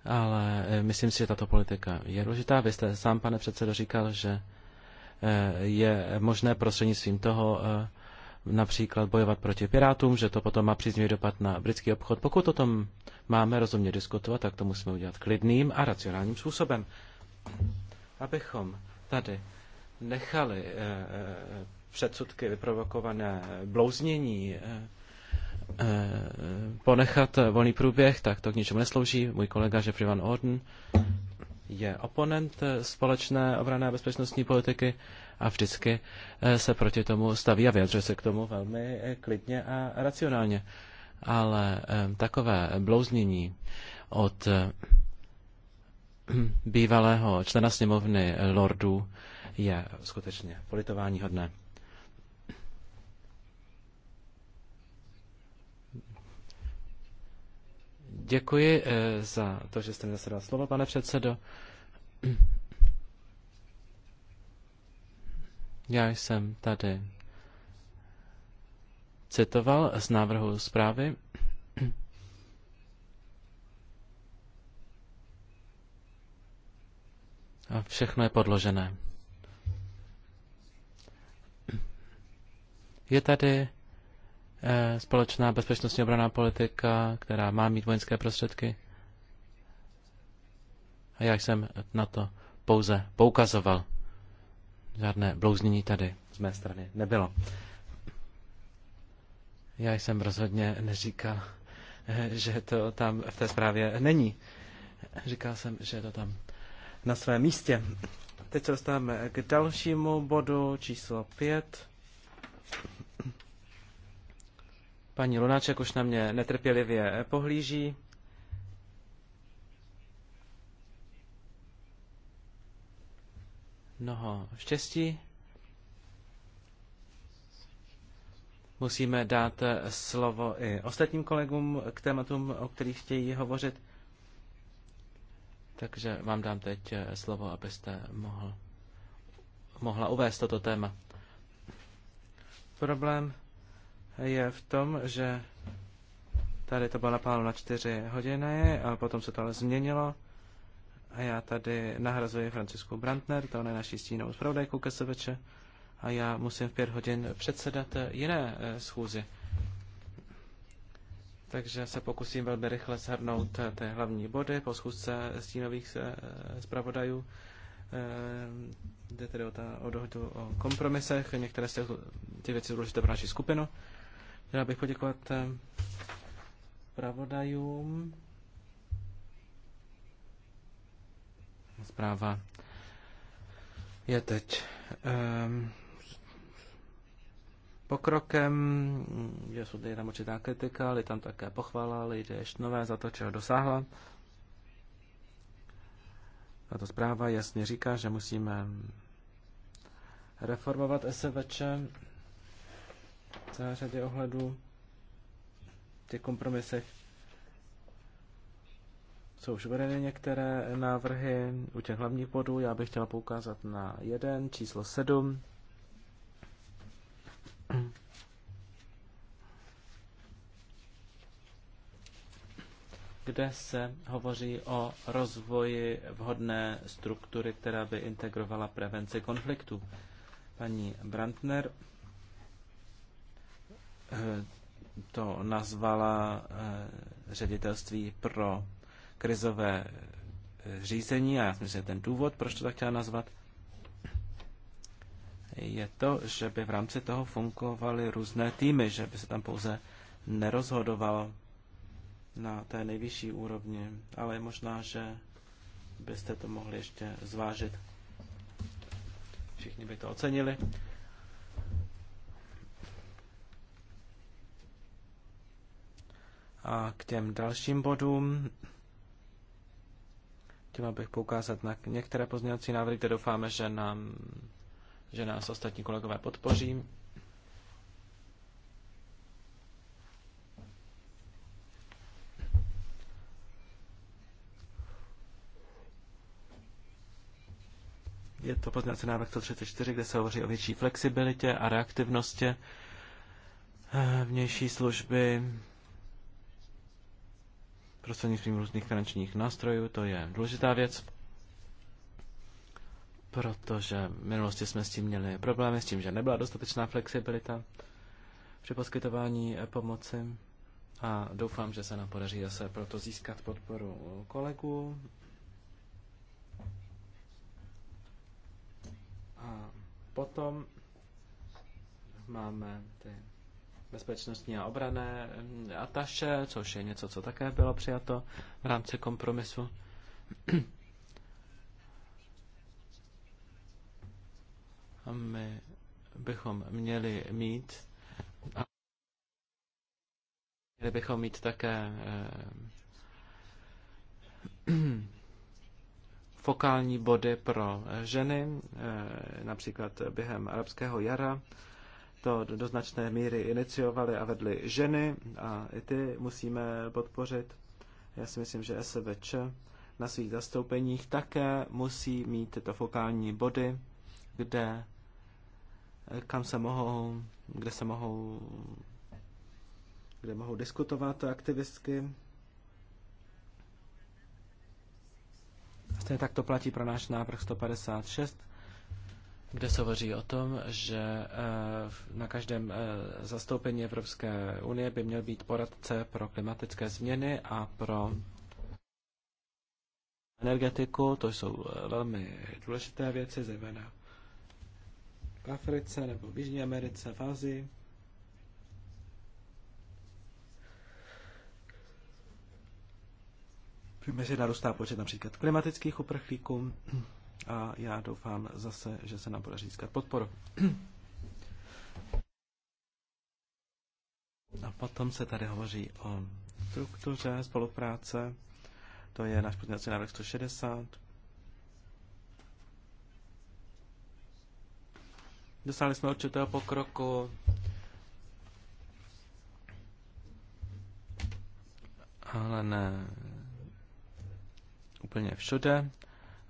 ale eh, myslím si, že tato politika je důležitá. Vy jste sám, pane předsedo, říkal, že eh, je možné prostřednictvím toho eh, například bojovat proti pirátům, že to potom má příznivý dopad na britský obchod. Pokud o tom máme rozumně diskutovat, tak to musíme udělat klidným a racionálním způsobem. Abychom tady nechali předsudky vyprovokované blouznění Eh, ponechat volný průběh, tak to k ničemu neslouží. Můj kolega Jeffrey Van Orden je oponent společné obrané a bezpečnostní politiky a vždycky eh, se proti tomu staví a vyjadřuje se k tomu velmi eh, klidně a racionálně. Ale takové blouznění od <clears throat> bývalého člena sněmovny lordů je skutečně politování hodné. Děkuji eh, za to, že jste mi zase dal slovo, pane předsedo. Já jsem tady citoval z návrhu zprávy. A všechno je podložené. Je tady Eh, společná bezpečnostní obraná politika, která má mít vojenské prostředky. A já jsem na to pouze poukazoval. Žádné blouznění tady z mé strany nebylo. Já jsem rozhodně neříkal, eh, že to tam v té zprávě není. Říkal jsem, že je to tam na svém místě. Teď se dostáváme k dalšímu bodu číslo 5. Paní Lunáček už na mě netrpělivě pohlíží. Mnoho štěstí. Musíme dát slovo i ostatním kolegům k tématům, o kterých chtějí hovořit. Takže vám dám teď slovo, abyste mohl, mohla uvést toto téma. Problém je v tom, že tady to bylo napáleno na čtyři hodiny a potom se to ale změnilo. A já tady nahrazuji Francisku Brandner, to je naší stínou zpravodajku Kaseveče. A já musím v pět hodin předsedat jiné eh, schůzi. Takže se pokusím velmi rychle shrnout eh, ty hlavní body po schůzce stínových eh, zpravodajů. Jde tedy o, ta, o dohodu o kompromisech. Některé z těch, ty věci důležité pro naši skupinu. Chtěla bych poděkovat eh, pravodajům. Zpráva je teď um, pokrokem, že jsou tady tam určitá kritika, ale tam také pochvala, lidé ještě nové za to, čeho dosáhla. Tato zpráva jasně říká, že musíme reformovat SVČ, v celé řadě ohledů, v těch kompromisech. Jsou už uvedeny některé návrhy u těch hlavních bodů. Já bych chtěla poukázat na jeden, číslo sedm. kde se hovoří o rozvoji vhodné struktury, která by integrovala prevenci konfliktu, Paní Brandner to nazvala eh, ředitelství pro krizové eh, řízení a já si myslím, že ten důvod, proč to tak chtěla nazvat, je to, že by v rámci toho fungovaly různé týmy, že by se tam pouze nerozhodovalo na té nejvyšší úrovni, ale možná, že byste to mohli ještě zvážit. Všichni by to ocenili. A k těm dalším bodům chtěl bych poukázat na některé pozměňovací návrhy, které doufáme, že, nám, že nás ostatní kolegové podpoří. Je to pozměňovací návrh 134, kde se hovoří o větší flexibilitě a reaktivnosti vnější služby prostřednictvím různých finančních nástrojů. To je důležitá věc, protože v minulosti jsme s tím měli problémy, s tím, že nebyla dostatečná flexibilita při poskytování eh, pomoci. A doufám, že se nám podaří zase proto získat podporu kolegů. A potom máme ty bezpečnostní a obrané mm, ataše, což je něco, co také bylo přijato v rámci kompromisu. A my bychom měli mít a měli bychom mít také eh, <clears throat> fokální body pro ženy, eh, například během arabského jara. Eh, to do značné míry iniciovali a vedli ženy a i ty musíme podpořit. Já si myslím, že SVČ na svých zastoupeních také musí mít tyto fokální body, kde kam se mohou, kde se mohou, kde mohou diskutovat aktivistky. Stejně tak to platí pro náš návrh 156, kde se hovoří o tom, že eh, na každém eh, zastoupení Evropské unie by měl být poradce pro klimatické změny a pro energetiku. To jsou eh, velmi důležité věci, zejména v Africe nebo v Jižní Americe, v Azii. Víme, že narůstá počet například klimatických uprchlíků a já doufám zase, že se nám podaří získat podporu. A potom se tady hovoří o struktuře spolupráce. To je náš pozměňovací návrh 160. Dosáhli jsme určitého pokroku. Ale ne úplně všude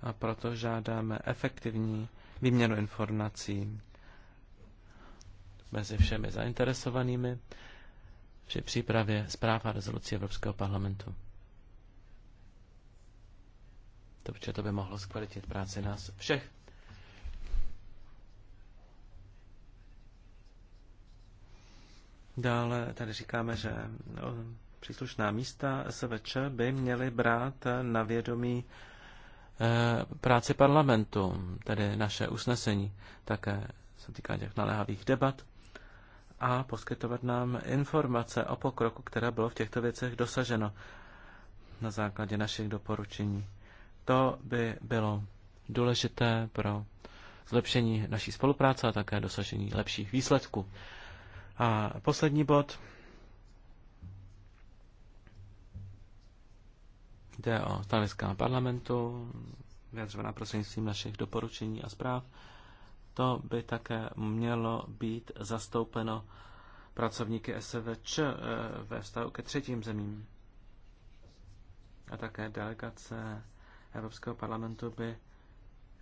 a proto žádáme efektivní výměnu informací mezi všemi zainteresovanými při přípravě zpráv a rezolucí Evropského parlamentu. To, protože to by mohlo zkvalitit práci nás všech. Dále tady říkáme, že příslušná místa SVČ by měly brát na vědomí Eh, práci parlamentu, tedy naše usnesení, také se týká těch naléhavých debat a poskytovat nám informace o pokroku, které bylo v těchto věcech dosaženo na základě našich doporučení. To by bylo důležité pro zlepšení naší spolupráce a také dosažení lepších výsledků. A poslední bod Jde o stanoviska parlamentu, vyjadřovaná prostřednictvím našich doporučení a zpráv. To by také mělo být zastoupeno pracovníky SVČ eh, ve vztahu ke třetím zemím. A také delegace Evropského parlamentu by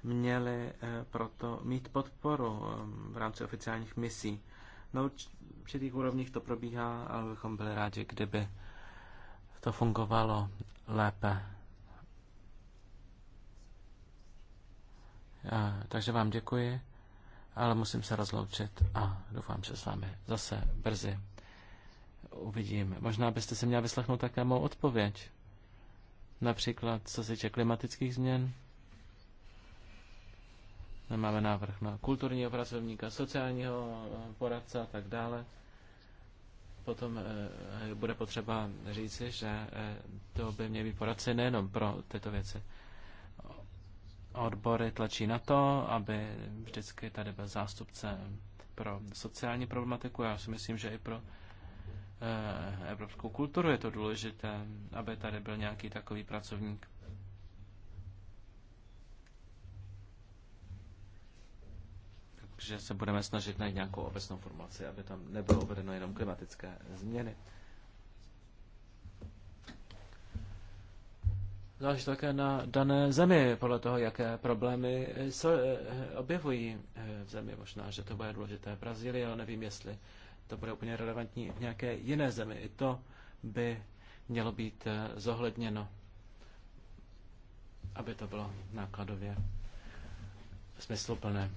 měly eh, proto mít podporu eh, v rámci oficiálních misí. Na určitých úrovních to probíhá, ale bychom byli rádi, kdyby to fungovalo lépe. Takže vám děkuji, ale musím se rozloučit a doufám, že s vámi zase brzy uvidím. Možná byste si měla vyslechnout také mou odpověď. Například, co se týče klimatických změn. Nemáme návrh na kulturního pracovníka, sociálního poradce a tak dále potom eh, bude potřeba říci, že eh, to by měly být poradci nejenom pro tyto věci. Odbory tlačí na to, aby vždycky tady byl zástupce pro sociální problematiku. Já si myslím, že i pro eh, evropskou kulturu je to důležité, aby tady byl nějaký takový pracovník. Takže se budeme snažit najít nějakou obecnou formulaci, aby tam nebylo uvedeno jenom klimatické změny. Záleží také na dané zemi, podle toho, jaké problémy se eh, objevují eh, v zemi. Možná, že to bude důležité v Brazílii, ale nevím, jestli to bude úplně relevantní v nějaké jiné zemi. I to by mělo být eh, zohledněno, aby to bylo nákladově smysluplné.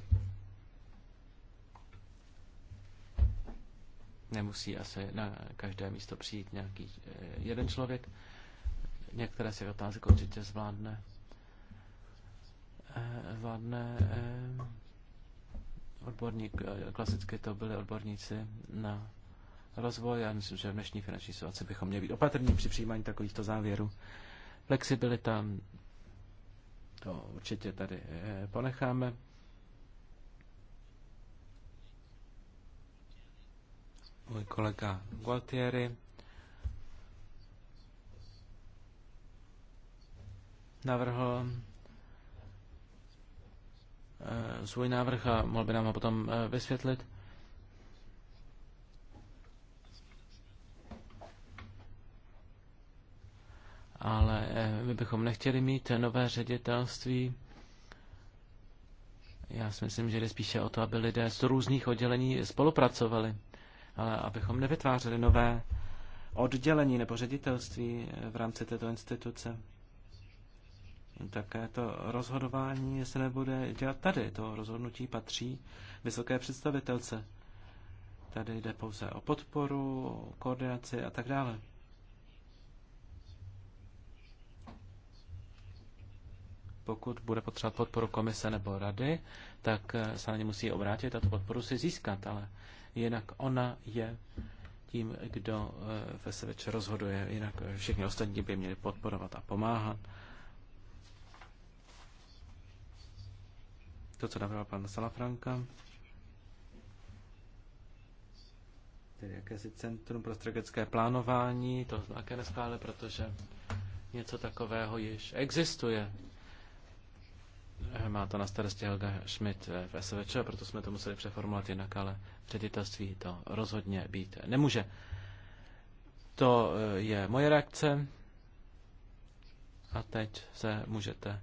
Nemusí asi na každé místo přijít nějaký eh, jeden člověk. Některé si otázky určitě zvládne. Eh, zvládne eh, odborník, klasicky to byli odborníci na rozvoj. Já myslím, že v dnešní finanční situaci bychom měli být opatrní při přijímání takovýchto závěrů. Flexibilita, to určitě tady ponecháme. můj kolega Gualtieri. Navrhl eh, svůj návrh a mohl by nám ho potom eh, vysvětlit. Ale eh, my bychom nechtěli mít nové ředitelství. Já si myslím, že jde spíše o to, aby lidé z různých oddělení spolupracovali ale abychom nevytvářeli nové oddělení nebo ředitelství v rámci této instituce. Také to rozhodování se nebude dělat tady. To rozhodnutí patří vysoké představitelce. Tady jde pouze o podporu, o koordinaci a tak dále. Pokud bude potřebovat podporu komise nebo rady, tak se na ně musí obrátit a tu podporu si získat, ale jinak ona je tím, kdo eh, ve SVČ rozhoduje, jinak všichni ostatní by měli podporovat a pomáhat. To, co navrhl pan Salafranka, tedy jakési Centrum pro strategické plánování, to také neschválili, protože něco takového již existuje. Má to na starosti Helga Schmidt v SVČ, proto jsme to museli přeformulovat jinak, ale ředitelství to rozhodně být nemůže. To eh, je moje reakce a teď se můžete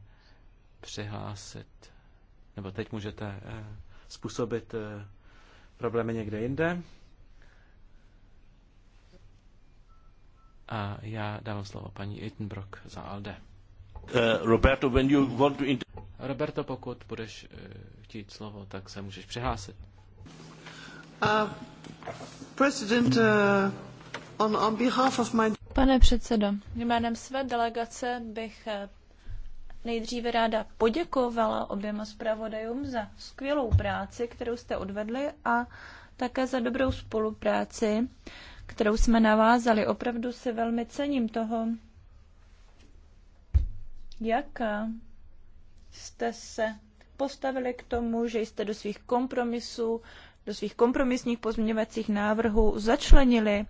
přihlásit, nebo teď můžete eh, způsobit eh, problémy někde jinde. A já dávám slovo paní Ittenbrock za ALDE. Uh, Roberto, when you want to... Roberto, pokud budeš eh, chtít slovo, tak se můžeš přihlásit. Uh, president, uh, on, on behalf of my... Pane předsedo, jménem své delegace bych eh, nejdříve ráda poděkovala oběma zpravodajům za skvělou práci, kterou jste odvedli a také za dobrou spolupráci, kterou jsme navázali. Opravdu si velmi cením toho, jak eh, jste se postavili k tomu, že jste do svých kompromisů, do svých kompromisních pozměňovacích návrhů začlenili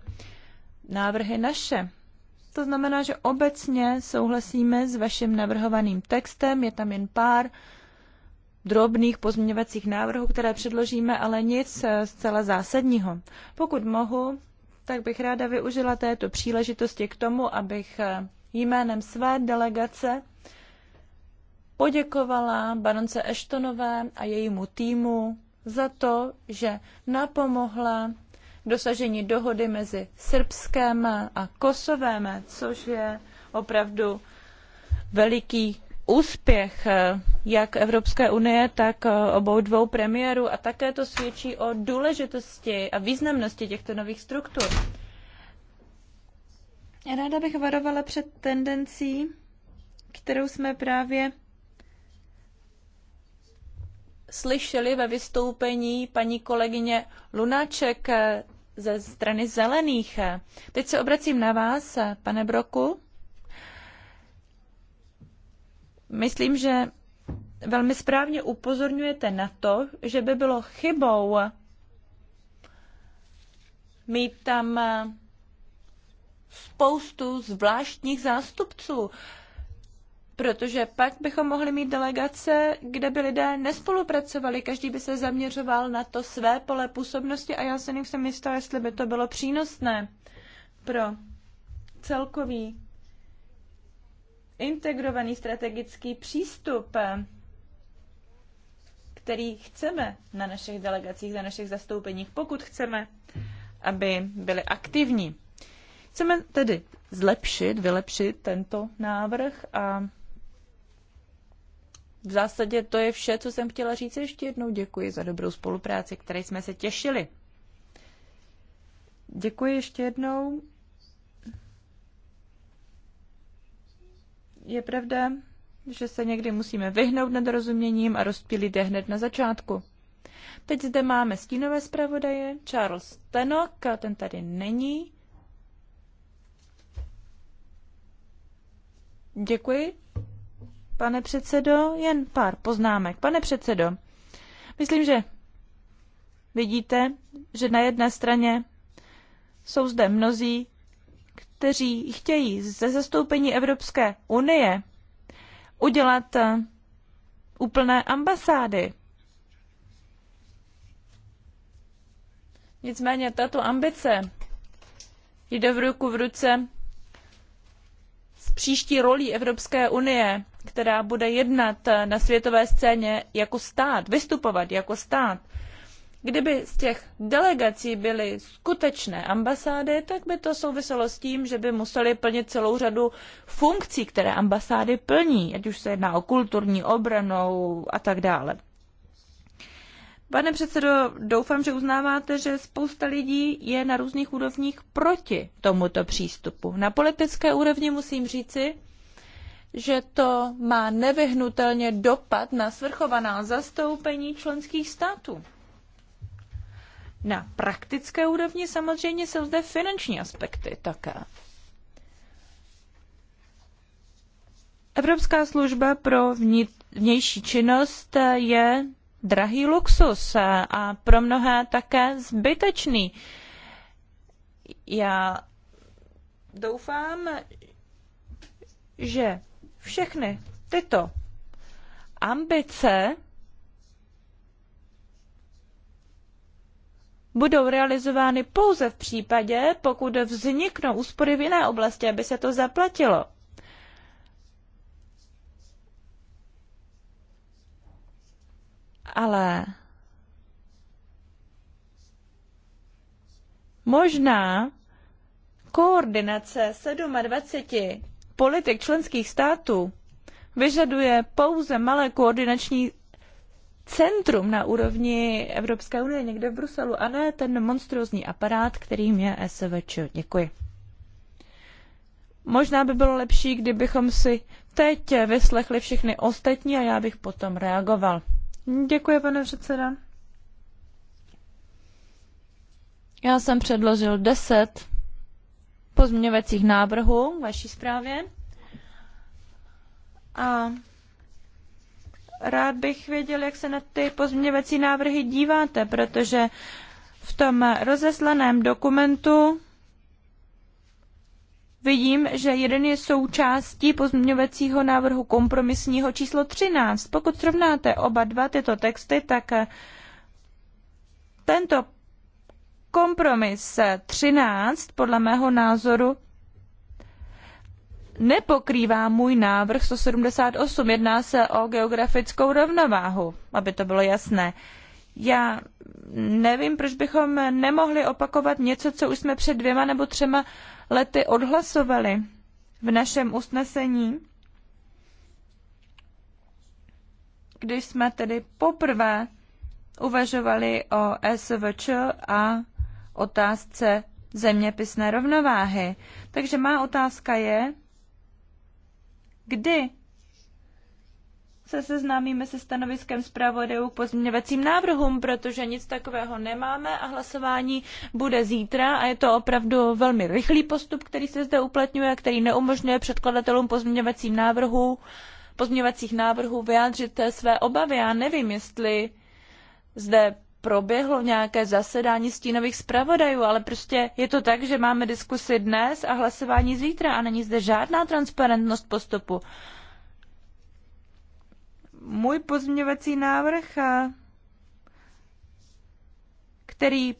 návrhy naše. To znamená, že obecně souhlasíme s vaším navrhovaným textem, je tam jen pár drobných pozměňovacích návrhů, které předložíme, ale nic eh, zcela zásadního. Pokud mohu, tak bych ráda využila této příležitosti k tomu, abych eh, jménem své delegace poděkovala baronce Eštonové a jejímu týmu za to, že napomohla dosažení dohody mezi Srbském a Kosovem, což je opravdu veliký úspěch jak Evropské unie, tak obou dvou premiérů a také to svědčí o důležitosti a významnosti těchto nových struktur. Ráda bych varovala před tendencí, kterou jsme právě slyšeli ve vystoupení paní kolegyně Lunáček eh, ze strany zelených. Teď se obracím na vás, eh, pane Broku. Myslím, že velmi správně upozorňujete na to, že by bylo chybou mít tam eh, spoustu zvláštních zástupců protože pak bychom mohli mít delegace, kde by lidé nespolupracovali, každý by se zaměřoval na to své pole působnosti a já se nejsem jistá, jestli by to bylo přínosné pro celkový integrovaný strategický přístup, který chceme na našich delegacích, na našich zastoupeních, pokud chceme, aby byli aktivní. Chceme tedy zlepšit, vylepšit tento návrh a v zásadě to je vše, co jsem chtěla říct. Ještě jednou děkuji za dobrou spolupráci, které jsme se těšili. Děkuji ještě jednou. Je pravda, že se někdy musíme vyhnout nedorozuměním a rozpílit je hned na začátku. Teď zde máme stínové zpravodaje, Charles Tenok, ten tady není. Děkuji. Pane předsedo, jen pár poznámek. Pane předsedo, myslím, že vidíte, že na jedné straně jsou zde mnozí, kteří chtějí ze zastoupení Evropské unie udělat eh, úplné ambasády. Nicméně tato ambice jde v ruku v ruce příští rolí Evropské unie, která bude jednat eh, na světové scéně jako stát, vystupovat jako stát. Kdyby z těch delegací byly skutečné ambasády, tak by to souviselo s tím, že by museli plnit celou řadu funkcí, které ambasády plní, ať už se jedná o kulturní, obranou a tak dále. Pane předsedo, doufám, že uznáváte, že spousta lidí je na různých úrovních proti tomuto přístupu. Na politické úrovni musím říci, že to má nevyhnutelně dopad na svrchovaná zastoupení členských států. Na praktické úrovni samozřejmě jsou zde finanční aspekty také. Evropská služba pro vnitř vnější činnost je drahý luxus a pro mnohé také zbytečný. Já doufám, že všechny tyto ambice budou realizovány pouze v případě, pokud vzniknou úspory v jiné oblasti, aby se to zaplatilo. ale možná koordinace 27 politik členských států vyžaduje pouze malé koordinační centrum na úrovni Evropské unie někde v Bruselu a ne ten monstrózní aparát, kterým je SVČ. Děkuji. Možná by bylo lepší, kdybychom si teď vyslechli všechny ostatní a já bych potom reagoval. Děkuji, pane předseda. Já jsem předložil deset pozměňovacích návrhů k vaší zprávě a rád bych věděl, jak se na ty pozměňovací návrhy díváte, protože v tom rozeslaném dokumentu Vidím, že jeden je součástí pozměňovacího návrhu kompromisního číslo 13. Pokud srovnáte oba dva tyto texty, tak eh, tento kompromis 13 eh, podle mého názoru nepokrývá můj návrh 178. Jedná se o geografickou rovnováhu, aby to bylo jasné. Já nevím, proč bychom nemohli opakovat něco, co už jsme před dvěma nebo třema lety odhlasovali v našem usnesení, když jsme tedy poprvé uvažovali o SVČ a otázce zeměpisné rovnováhy. Takže má otázka je, kdy se seznámíme se stanoviskem zpravodajů k pozměňovacím návrhům, protože nic takového nemáme a hlasování bude zítra a je to opravdu velmi rychlý postup, který se zde uplatňuje a který neumožňuje předkladatelům pozměňovacím návrhů, pozměňovacích návrhů vyjádřit své obavy. Já nevím, jestli zde proběhlo nějaké zasedání stínových zpravodajů, ale prostě je to tak, že máme diskusi dnes a hlasování zítra a není zde žádná transparentnost postupu můj pozměňovací návrh, který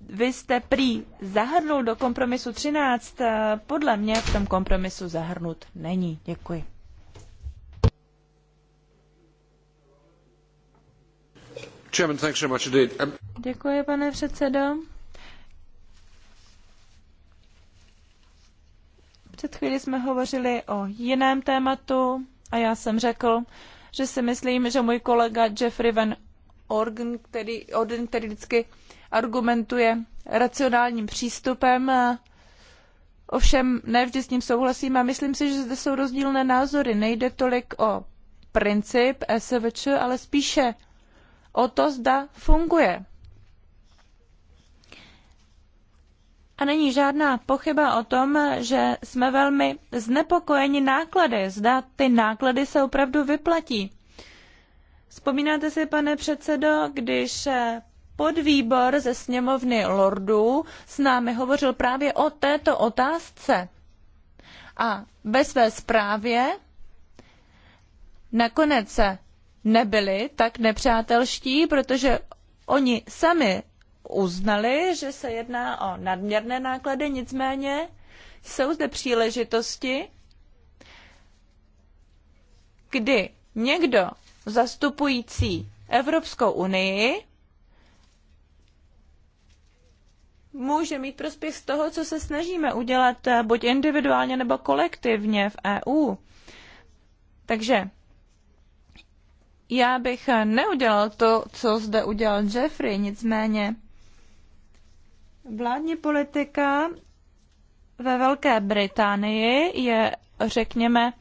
vy jste prý zahrnul do kompromisu 13, podle mě v tom kompromisu zahrnut není. Děkuji. Um, Děkuji, pane předsedo. Před chvíli jsme hovořili o jiném tématu, a já jsem řekl, že si myslím, že můj kolega Jeffrey Van Orden, který, Orden, který vždycky argumentuje racionálním přístupem, ovšem ne vždy s ním souhlasím a myslím si, že zde jsou rozdílné názory. Nejde tolik o princip SVČ, ale spíše o to, zda funguje. A není žádná pochyba o tom, že jsme velmi znepokojeni náklady. Zda ty náklady se opravdu vyplatí. Vzpomínáte si, pane předsedo, když podvýbor ze sněmovny lordů s námi hovořil právě o této otázce. A ve své zprávě nakonec nebyli tak nepřátelští, protože oni sami uznali, že se jedná o nadměrné náklady, nicméně jsou zde příležitosti, kdy někdo zastupující Evropskou unii může mít prospěch z toho, co se snažíme udělat eh, buď individuálně nebo kolektivně v EU. Takže já bych eh, neudělal to, co zde udělal Jeffrey, nicméně Vládní politika ve Velké Británii je, řekněme,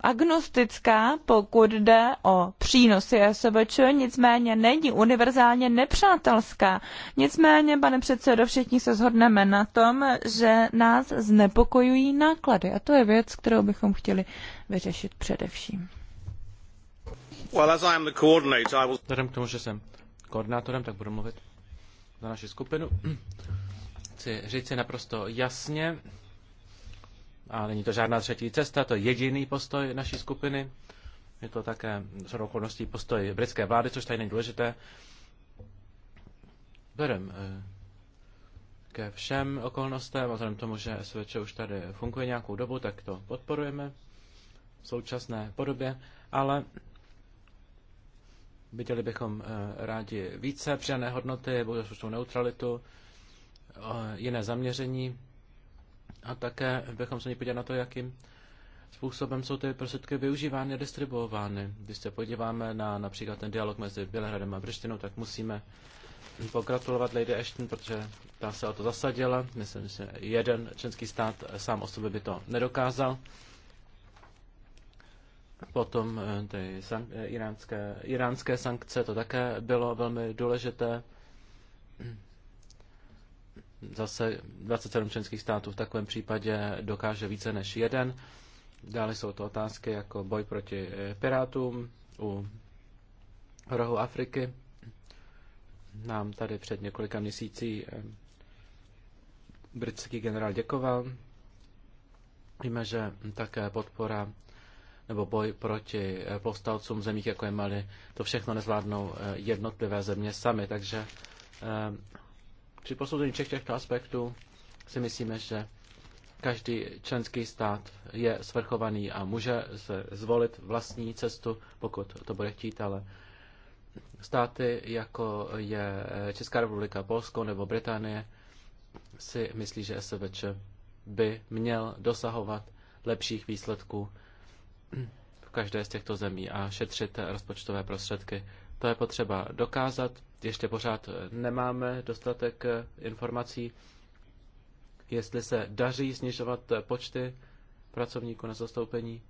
agnostická, pokud jde o přínosy SVČ, nicméně není univerzálně nepřátelská. Nicméně, pane předsedo, všichni se shodneme na tom, že nás znepokojují náklady. A to je věc, kterou bychom chtěli vyřešit především. Vzhledem k tomu, že jsem koordinátorem, tak budu mluvit za naši skupinu. <clears throat> Chci říct si naprosto jasně, a není to žádná třetí cesta, to je jediný postoj naší skupiny. Je to také z okolností postoj britské vlády, což tady není důležité. Berem eh, ke všem okolnostem, a vzhledem tomu, že SVČ už tady funguje nějakou dobu, tak to podporujeme v současné podobě, ale Viděli bychom eh, rádi více přidané hodnoty, bohužel neutralitu, eh, jiné zaměření a také bychom se měli podívat na to, jakým způsobem jsou ty prostředky využívány a distribuovány. Když se podíváme na například ten dialog mezi Bělehradem a Brištinou, tak musíme pokratulovat Lady Ashton, protože ta se o to zasadila. Myslím, že jeden členský stát sám o sobě by to nedokázal. Potom eh, ty san- eh, iránské, iránské sankce, to také bylo velmi důležité. Zase 27 členských států v takovém případě dokáže více než jeden. Dále jsou to otázky jako boj proti eh, pirátům u rohu Afriky. Nám tady před několika měsící britský generál děkoval. Víme, že také podpora nebo boj proti eh, povstalcům v zemích, jako je Mali, to všechno nezvládnou eh, jednotlivé země sami. Takže eh, při posouzení všech těchto aspektů si myslíme, že každý členský stát je svrchovaný a může se zvolit vlastní cestu, pokud to bude chtít, ale státy, jako je Česká republika, Polsko nebo Británie, si myslí, že SVČ by měl dosahovat lepších výsledků v každé z těchto zemí a šetřit rozpočtové prostředky. To je potřeba dokázat. Ještě pořád nemáme dostatek eh, informací, jestli se daří snižovat počty pracovníků na zastoupení.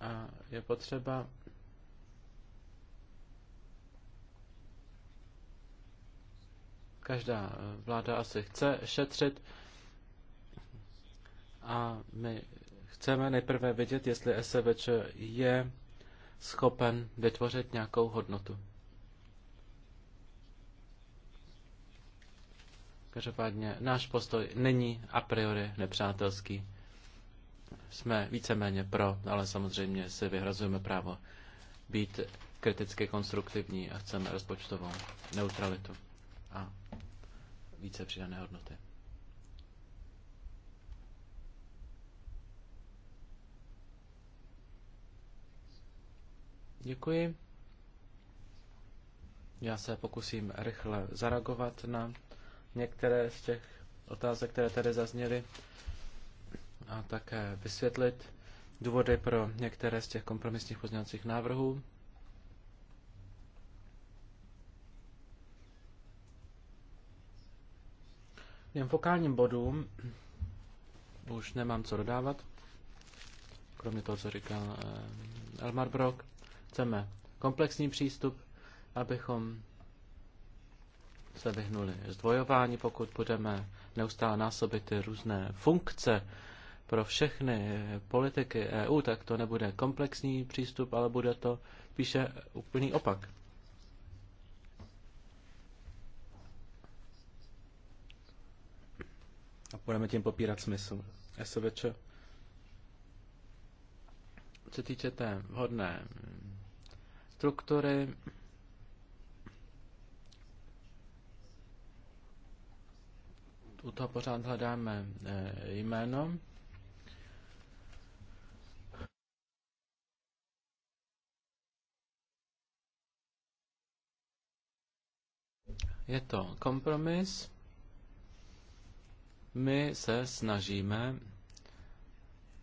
A je potřeba každá vláda asi chce šetřit, a my chceme nejprve vidět, jestli SVČ je schopen vytvořit nějakou hodnotu. Každopádně náš postoj není a priori nepřátelský. Jsme víceméně pro, ale samozřejmě si vyhrazujeme právo být kriticky konstruktivní a chceme rozpočtovou neutralitu a více přidané hodnoty. Děkuji. Já se pokusím rychle zareagovat na některé z těch otázek, které tady zazněly a také vysvětlit důvody pro některé z těch kompromisních pozměňovacích návrhů. Těm fokálním bodům už nemám co dodávat, kromě toho, co říkal eh, Elmar Brock. Chceme komplexní přístup, abychom se vyhnuli zdvojování, pokud budeme neustále násobit ty různé funkce pro všechny politiky EU, tak to nebude komplexní přístup, ale bude to spíše úplný opak. A budeme tím popírat smysl. SVČ. Co se týče té vhodné struktury. U toho pořád hledáme eh, jméno. Je to kompromis. My se snažíme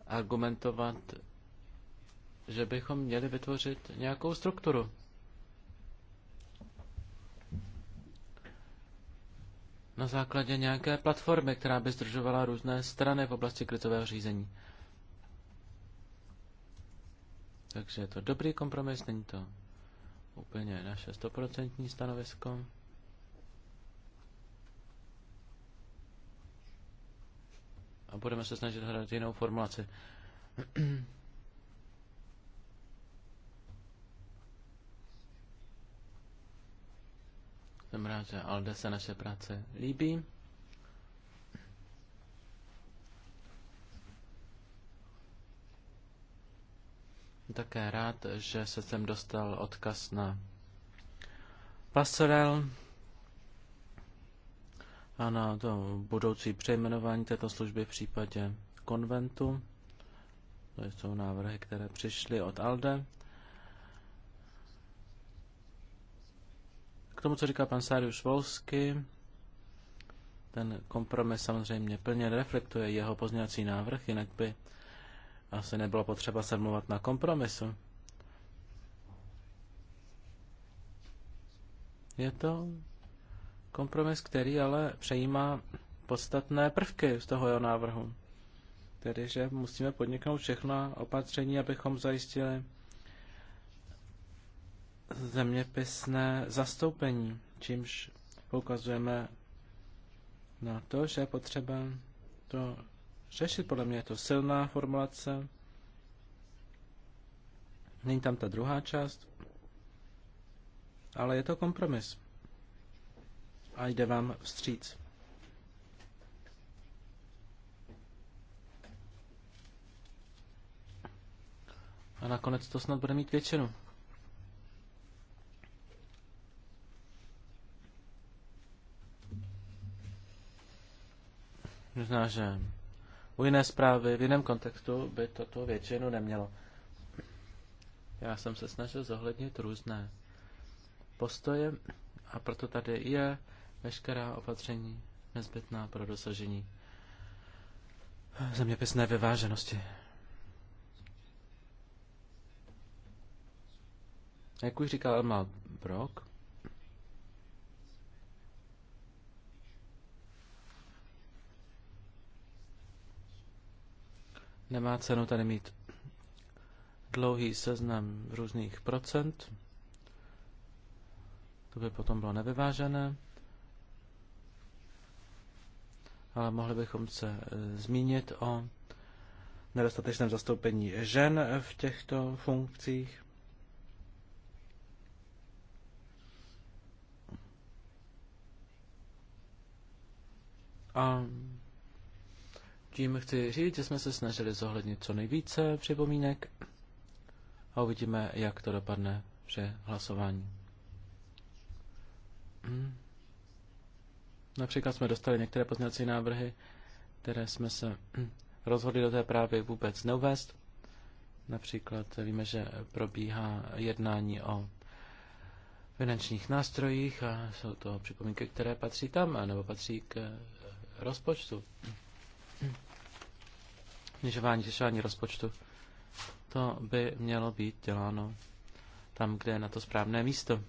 argumentovat že bychom měli vytvořit nějakou strukturu. Na základě nějaké platformy, která by združovala různé strany v oblasti krizového řízení. Takže je to dobrý kompromis, není to úplně naše stoprocentní stanovisko. A budeme se snažit hledat jinou formulaci. <clears throat> Jsem rád, že Alde se naše práce líbí. Také rád, že se sem dostal odkaz na Pastorel. A na to budoucí přejmenování této služby v případě konventu. To jsou návrhy, které přišly od ALDE. K tomu, co říká pan Sáriu Švolsky, ten kompromis samozřejmě plně reflektuje jeho pozměňovací návrh, jinak by asi nebylo potřeba se mluvat na kompromisu. Je to kompromis, který ale přejímá podstatné prvky z toho jeho návrhu. Tedy, že musíme podniknout všechna opatření, abychom zajistili zeměpisné zastoupení, čímž poukazujeme na to, že je potřeba to řešit. Podle mě je to silná formulace. Není tam ta druhá část, ale je to kompromis. A jde vám vstříc. A nakonec to snad bude mít většinu. Možná, že u jiné zprávy, v jiném kontextu by to tu většinu nemělo. Já jsem se snažil zohlednit různé postoje a proto tady je veškerá opatření nezbytná pro dosažení zeměpisné vyváženosti. Jak už říkal Elmar Brock, Nemá cenu tady mít dlouhý seznam různých procent. To by potom bylo nevyvážené. Ale mohli bychom se e, zmínit o nedostatečném zastoupení žen v těchto funkcích. A tím chci říct, že jsme se snažili zohlednit co nejvíce připomínek a uvidíme, jak to dopadne při hlasování. Například jsme dostali některé pozměňovací návrhy, které jsme se rozhodli do té právě vůbec neuvést. Například víme, že probíhá jednání o finančních nástrojích a jsou to připomínky, které patří tam, nebo patří k rozpočtu snižování, zvyšování rozpočtu. To by mělo být děláno tam, kde je na to správné místo.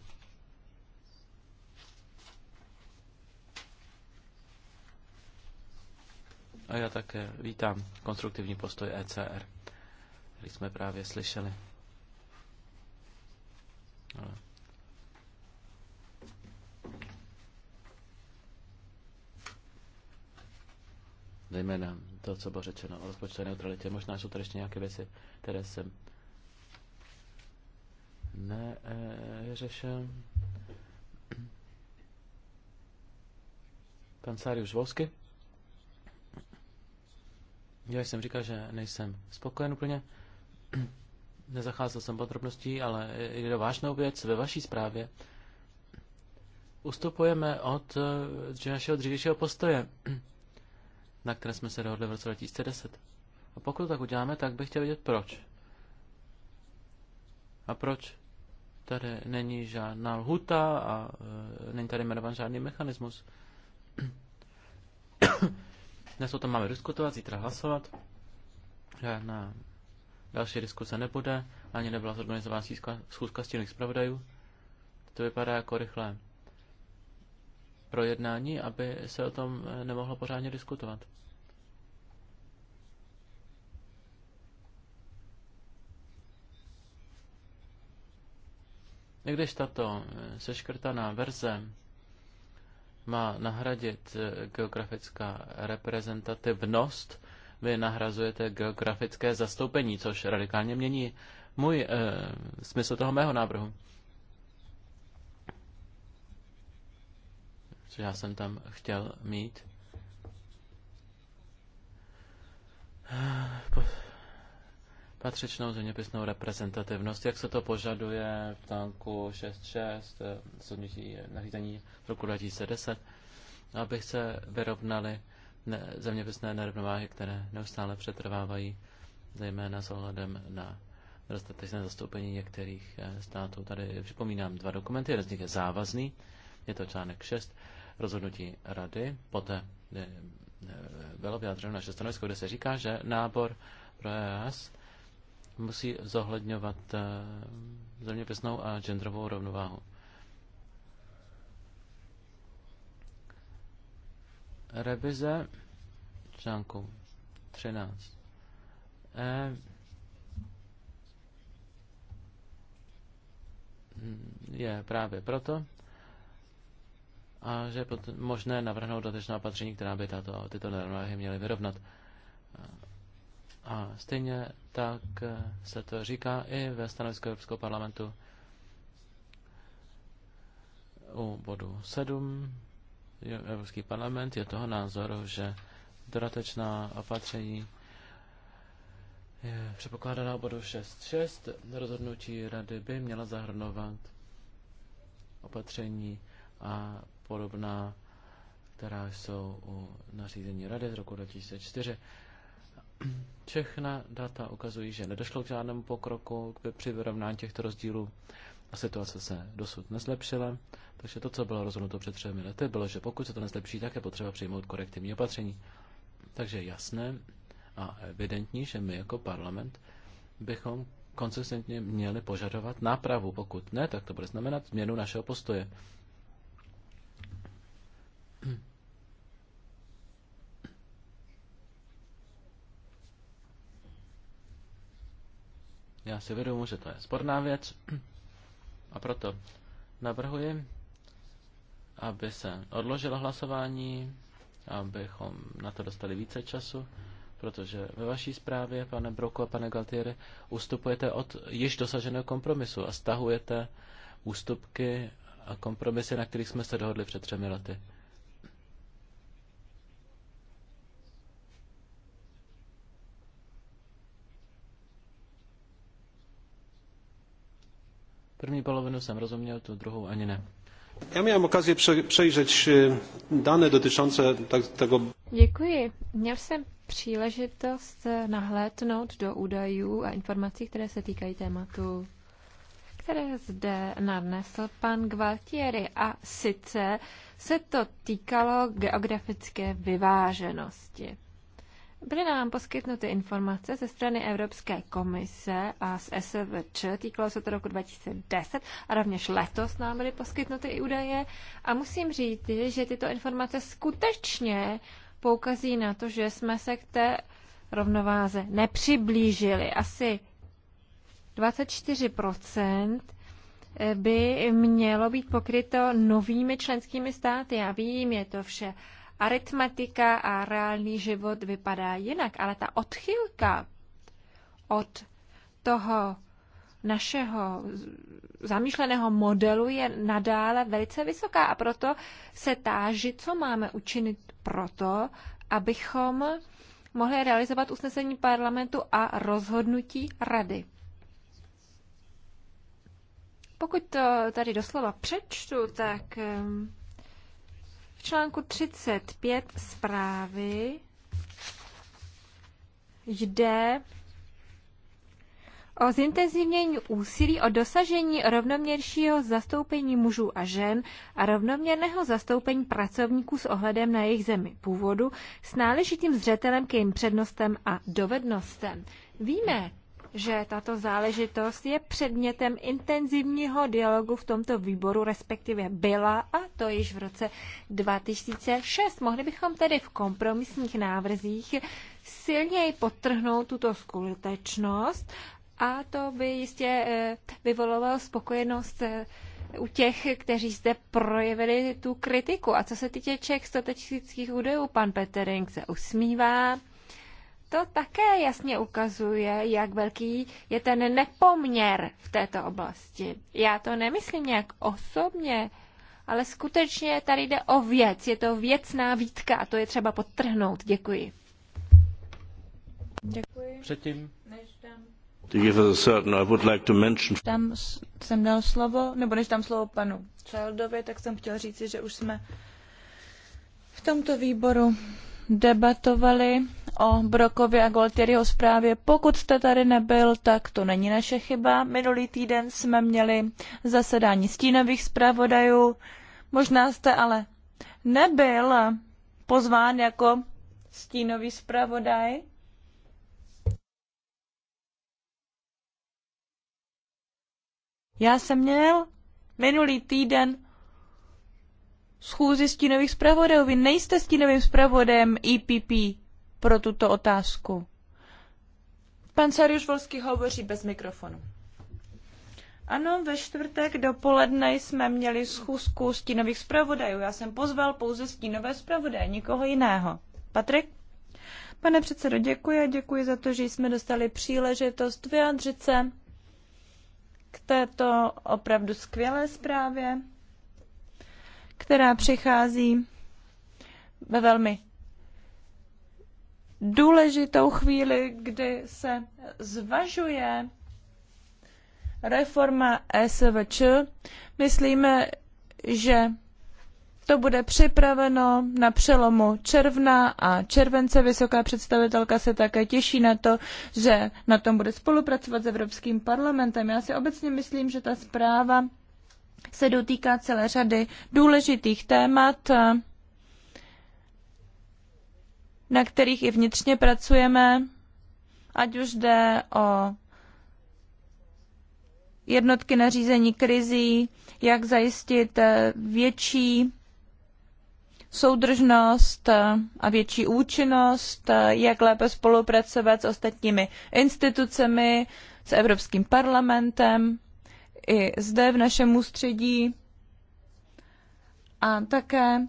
A já také vítám konstruktivní postoj ECR, který jsme právě slyšeli. Ale... Zejména to, co bylo řečeno o rozpočtové neutralitě. Možná jsou tady ještě nějaké věci, které jsem neřešil. Pan Sáriuš Volsky. Já jsem říkal, že nejsem spokojen úplně. Nezacházel jsem podrobností, ale je to vážnou věc ve vaší zprávě. Ustupujeme od eh, našeho dřívějšího postoje na které jsme se dohodli v roce 2010. A pokud tak uděláme, tak bych chtěl vědět proč. A proč tady není žádná lhuta a e, není tady jmenován žádný mechanismus. <coughs> Dnes o tom máme diskutovat, zítra hlasovat. Žádná další diskuse nebude, ani nebyla zorganizována schůzka stínových zpravodajů. To vypadá jako rychlé pro jednání, aby se o tom eh, nemohlo pořádně diskutovat. I když tato eh, seškrtaná verze má nahradit eh, geografická reprezentativnost, vy nahrazujete geografické zastoupení, což radikálně mění můj e, smysl toho mého návrhu. co já jsem tam chtěl mít. Patřičnou zeměpisnou reprezentativnost, jak se to požaduje v tanku 66, soudnější nařízení z roku 2010, aby se vyrovnaly ne, zeměpisné nerovnováhy, které neustále přetrvávají, zejména s ohledem na dostatečné zastoupení některých eh, států. Tady připomínám dva dokumenty, jeden z nich je závazný, je to článek 6 rozhodnutí rady. Poté eh, eh, bylo vyjádřeno naše stanovisko, kde se říká, že nábor pro EAS musí zohledňovat eh, zeměpisnou a genderovou rovnováhu. Revize článku 13. E, hm, je právě proto, a že je možné navrhnout dotečná opatření, která by tato, tyto nerovnováhy měly vyrovnat. A stejně tak se to říká i ve stanovisku Evropského parlamentu u bodu 7. Evropský parlament je toho názoru, že dodatečná opatření je předpokládaná bodu 6.6. Rozhodnutí rady by měla zahrnovat opatření a podobná, která jsou u nařízení Rady z roku 2004. Všechna data ukazují, že nedošlo k žádnému pokroku při vyrovnání těchto rozdílů a situace se dosud nezlepšila. Takže to, co bylo rozhodnuto před třemi lety, bylo, že pokud se to nezlepší, tak je potřeba přijmout korektivní opatření. Takže jasné a evidentní, že my jako parlament bychom konsistentně měli požadovat nápravu. Pokud ne, tak to bude znamenat změnu našeho postoje. Já si vědomu, že to je sporná věc a proto navrhuji, aby se odložilo hlasování, abychom na to dostali více času, protože ve vaší zprávě, pane Broko a pane Galtieri, ustupujete od již dosaženého kompromisu a stahujete ústupky a kompromisy, na kterých jsme se dohodli před třemi lety. První polovinu jsem rozuměl, tu druhou ani ne. Já měl okazji pře- dané dotyčance tego... Děkuji. Měl jsem příležitost nahlédnout do údajů a informací, které se týkají tématu, které zde nadnesl pan Gvaltieri. A sice se to týkalo geografické vyváženosti. Byly nám poskytnuty informace ze strany Evropské komise a z SVČ, týkalo se to roku 2010 a rovněž letos nám byly poskytnuty i údaje a musím říct, že tyto informace skutečně poukazí na to, že jsme se k té rovnováze nepřiblížili. Asi 24% by mělo být pokryto novými členskými státy. Já vím, je to vše aritmetika a reálný život vypadá jinak, ale ta odchylka od toho našeho zamýšleného modelu je nadále velice vysoká a proto se táží, co máme učinit proto, abychom mohli realizovat usnesení parlamentu a rozhodnutí rady. Pokud to tady doslova přečtu, tak v článku 35 zprávy jde o zintenzivnění úsilí o dosažení rovnoměršího zastoupení mužů a žen a rovnoměrného zastoupení pracovníků s ohledem na jejich zemi původu s náležitým zřetelem k jejím přednostem a dovednostem. Víme, že tato záležitost je předmětem intenzivního dialogu v tomto výboru, respektive byla, a to již v roce 2006. Mohli bychom tedy v kompromisních návrzích silněji potrhnout tuto skutečnost a to by jistě eh, vyvolovalo spokojenost eh, u těch, kteří zde projevili tu kritiku. A co se týče těch statečnických údajů, pan Petering se usmívá, to také jasně ukazuje, jak velký je ten nepoměr v této oblasti. Já to nemyslím nějak osobně, ale skutečně tady jde o věc. Je to věcná výtka a to je třeba podtrhnout. Děkuji. Děkuji. Předtím. Než tam jsem dal slovo, nebo než dám slovo panu Childovi, tak jsem chtěl říci, že už jsme v tomto výboru debatovali o Brokovi a Goltieriho zprávě. Pokud jste tady nebyl, tak to není naše chyba. Minulý týden jsme měli zasedání stínových zpravodajů. Možná jste ale nebyl pozván jako stínový zpravodaj. Já jsem měl minulý týden schůzi stínových zpravodajů. Vy nejste stínovým zpravodajem EPP pro tuto otázku. Pan Sariuš Volský hovoří bez mikrofonu. Ano, ve čtvrtek dopoledne jsme měli schůzku stínových zpravodajů. Já jsem pozval pouze stínové zpravodaje, nikoho jiného. Patrik? Pane předsedo, děkuji a děkuji za to, že jsme dostali příležitost vyjádřit se k této opravdu skvělé zprávě, která přichází ve velmi důležitou chvíli, kdy se zvažuje reforma SVČ. Myslíme, že to bude připraveno na přelomu června a července. Vysoká představitelka se také těší na to, že na tom bude spolupracovat s Evropským parlamentem. Já si obecně myslím, že ta zpráva se dotýká celé řady důležitých témat na kterých i vnitřně pracujeme, ať už jde o jednotky na řízení krizí, jak zajistit eh, větší soudržnost eh, a větší účinnost, eh, jak lépe spolupracovat s ostatními institucemi, s Evropským parlamentem, i zde v našem ústředí a také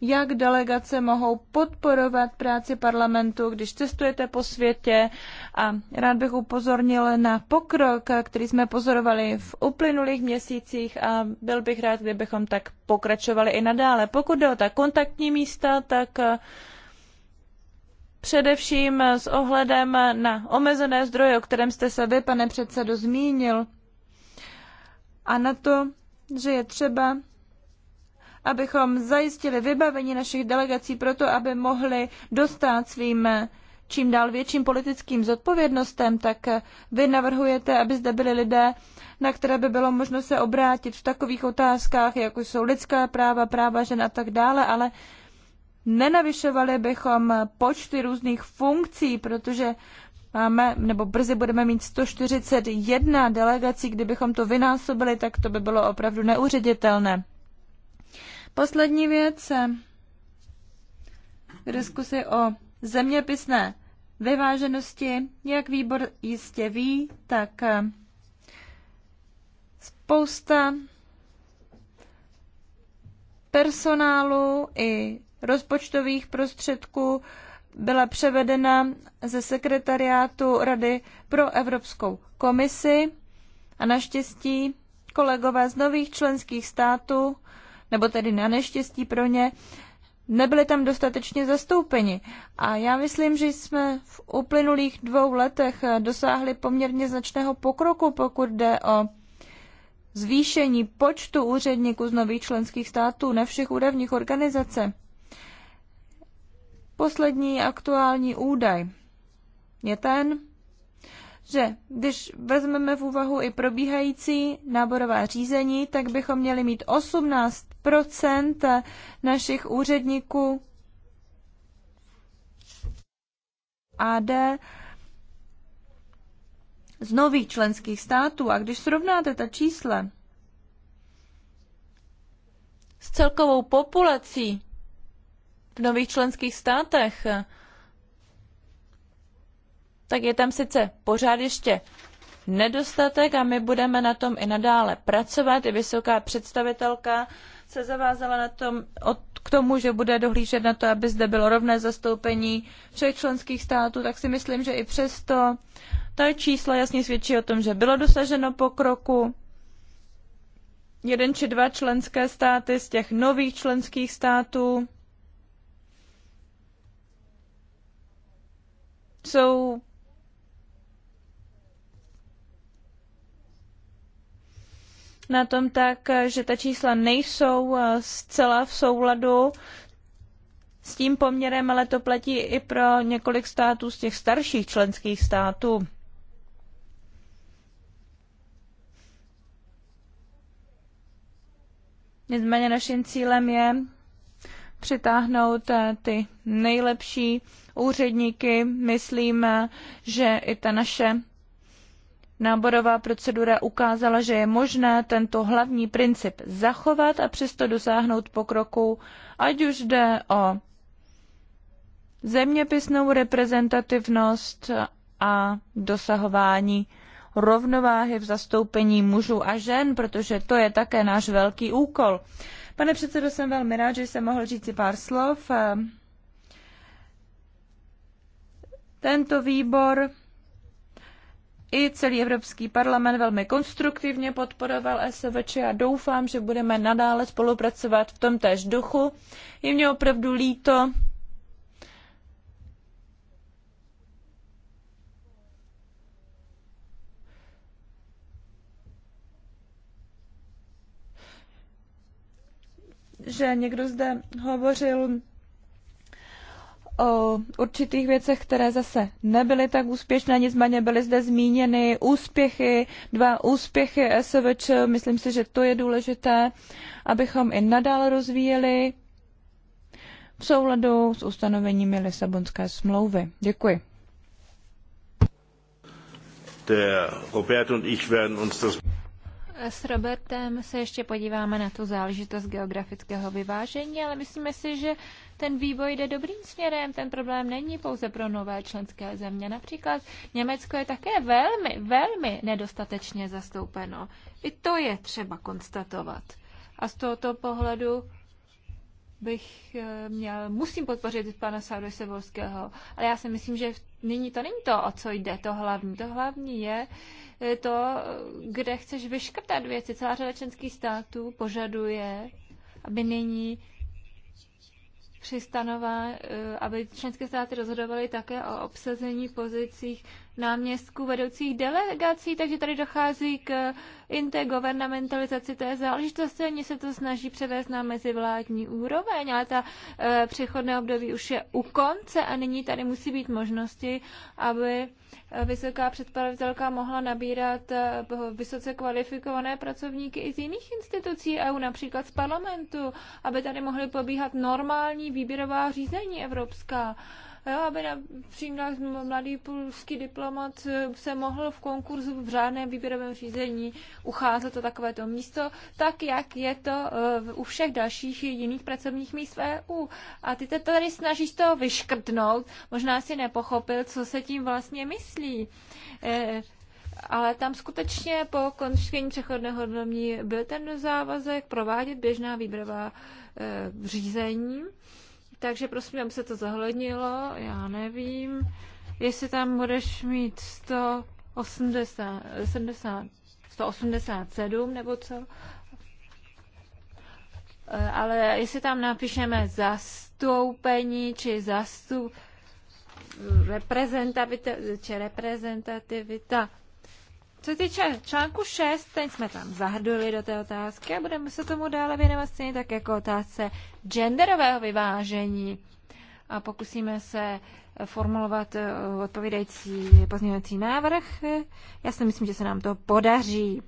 jak delegace mohou podporovat práci parlamentu, když cestujete po světě. A rád bych upozornil na pokrok, který jsme pozorovali v uplynulých měsících a byl bych rád, kdybychom tak pokračovali i nadále. Pokud jde o ta kontaktní místa, tak eh, především eh, s ohledem na omezené zdroje, o kterém jste se vy, pane předsedo, zmínil, a na to, že je třeba abychom zajistili vybavení našich delegací proto, aby mohli dostat svým eh, čím dál větším politickým zodpovědnostem, tak eh, vy navrhujete, aby zde byli lidé, na které by bylo možno se obrátit v takových otázkách, jako jsou lidská práva, práva žen a tak dále, ale nenavyšovali bychom počty různých funkcí, protože máme, nebo brzy budeme mít 141 delegací, kdybychom to vynásobili, tak to by bylo opravdu neuředitelné. Poslední věc k eh, diskusi o zeměpisné vyváženosti. Jak výbor jistě ví, tak eh, spousta personálu i rozpočtových prostředků byla převedena ze sekretariátu Rady pro Evropskou komisi a naštěstí kolegové z nových členských států nebo tedy na neštěstí pro ně, nebyli tam dostatečně zastoupeni. A já myslím, že jsme v uplynulých dvou letech dosáhli poměrně značného pokroku, pokud jde o zvýšení počtu úředníků z nových členských států na všech úrovních organizace. Poslední aktuální údaj je ten, že když vezmeme v úvahu i probíhající náborová řízení, tak bychom měli mít 18 našich úředníků AD z nových členských států. A když srovnáte ta čísla s celkovou populací v nových členských státech, tak je tam sice pořád ještě nedostatek a my budeme na tom i nadále pracovat. I vysoká představitelka se zavázala na tom, od, k tomu, že bude dohlížet na to, aby zde bylo rovné zastoupení všech členských států, tak si myslím, že i přesto ta čísla jasně svědčí o tom, že bylo dosaženo pokroku. Jeden či dva členské státy z těch nových členských států jsou na tom tak, že ta čísla nejsou eh, zcela v souladu s tím poměrem, ale to platí i pro několik států z těch starších členských států. Nicméně naším cílem je přitáhnout eh, ty nejlepší úředníky. Myslím, že i ta naše Náborová procedura ukázala, že je možné tento hlavní princip zachovat a přesto dosáhnout pokroku, ať už jde o zeměpisnou reprezentativnost a dosahování rovnováhy v zastoupení mužů a žen, protože to je také náš velký úkol. Pane předsedo, jsem velmi rád, že jsem mohl říct si pár slov. Tento výbor i celý Evropský parlament velmi konstruktivně podporoval SVČ a doufám, že budeme nadále spolupracovat v tom též duchu. Je mě opravdu líto, že někdo zde hovořil o určitých věcech, které zase nebyly tak úspěšné, nicméně byly zde zmíněny úspěchy, dva úspěchy SVČ. Myslím si, že to je důležité, abychom i nadále rozvíjeli v souladu s ustanoveními Lisabonské smlouvy. Děkuji. Der Robert und ich werden uns das s Robertem se ještě podíváme na tu záležitost geografického vyvážení, ale myslíme si, že ten vývoj jde dobrým směrem. Ten problém není pouze pro nové členské země. Například Německo je také velmi, velmi nedostatečně zastoupeno. I to je třeba konstatovat. A z tohoto pohledu bych eh, měl, musím podpořit pana Sáru Sevolského, ale já si myslím, že nyní to není to, o co jde, to hlavní. To hlavní je eh, to, kde chceš vyškrtat věci. Celá řada členských států požaduje, aby nyní přistanová, eh, aby členské státy rozhodovaly také o obsazení pozicích náměstků vedoucích delegací, takže tady dochází k intergovernamentalizaci té záležitosti. Oni se to snaží převést na mezivládní úroveň, ale ta e, přechodné období už je u konce a nyní tady musí být možnosti, aby eh, vysoká představitelka mohla nabírat eh, vysoce kvalifikované pracovníky i z jiných institucí EU, například z parlamentu, aby tady mohly pobíhat normální výběrová řízení evropská jo, aby například mladý polský diplomat eh, se mohl v konkurzu v řádném výběrovém řízení ucházet o takovéto místo, tak jak je to eh, u všech dalších jiných pracovních míst v EU. A ty te tady snažíš to vyškrtnout, možná si nepochopil, co se tím vlastně myslí. E ale tam skutečně po končení přechodného období byl ten závazek provádět běžná výběrová e, řízení takže prosím, aby se to zohlednilo, já nevím, jestli tam budeš mít 180, 70, 187 nebo co. E, ale jestli tam napíšeme zastoupení či zastup, e, reprezentativita, či reprezentativita co se týče článku 6, ten jsme tam zahrnuli do té otázky a budeme se tomu dále věnovat stejně tak jako otázce genderového vyvážení. A pokusíme se formulovat eh, odpovídající pozměňovací návrh. Já si myslím, že se nám to podaří.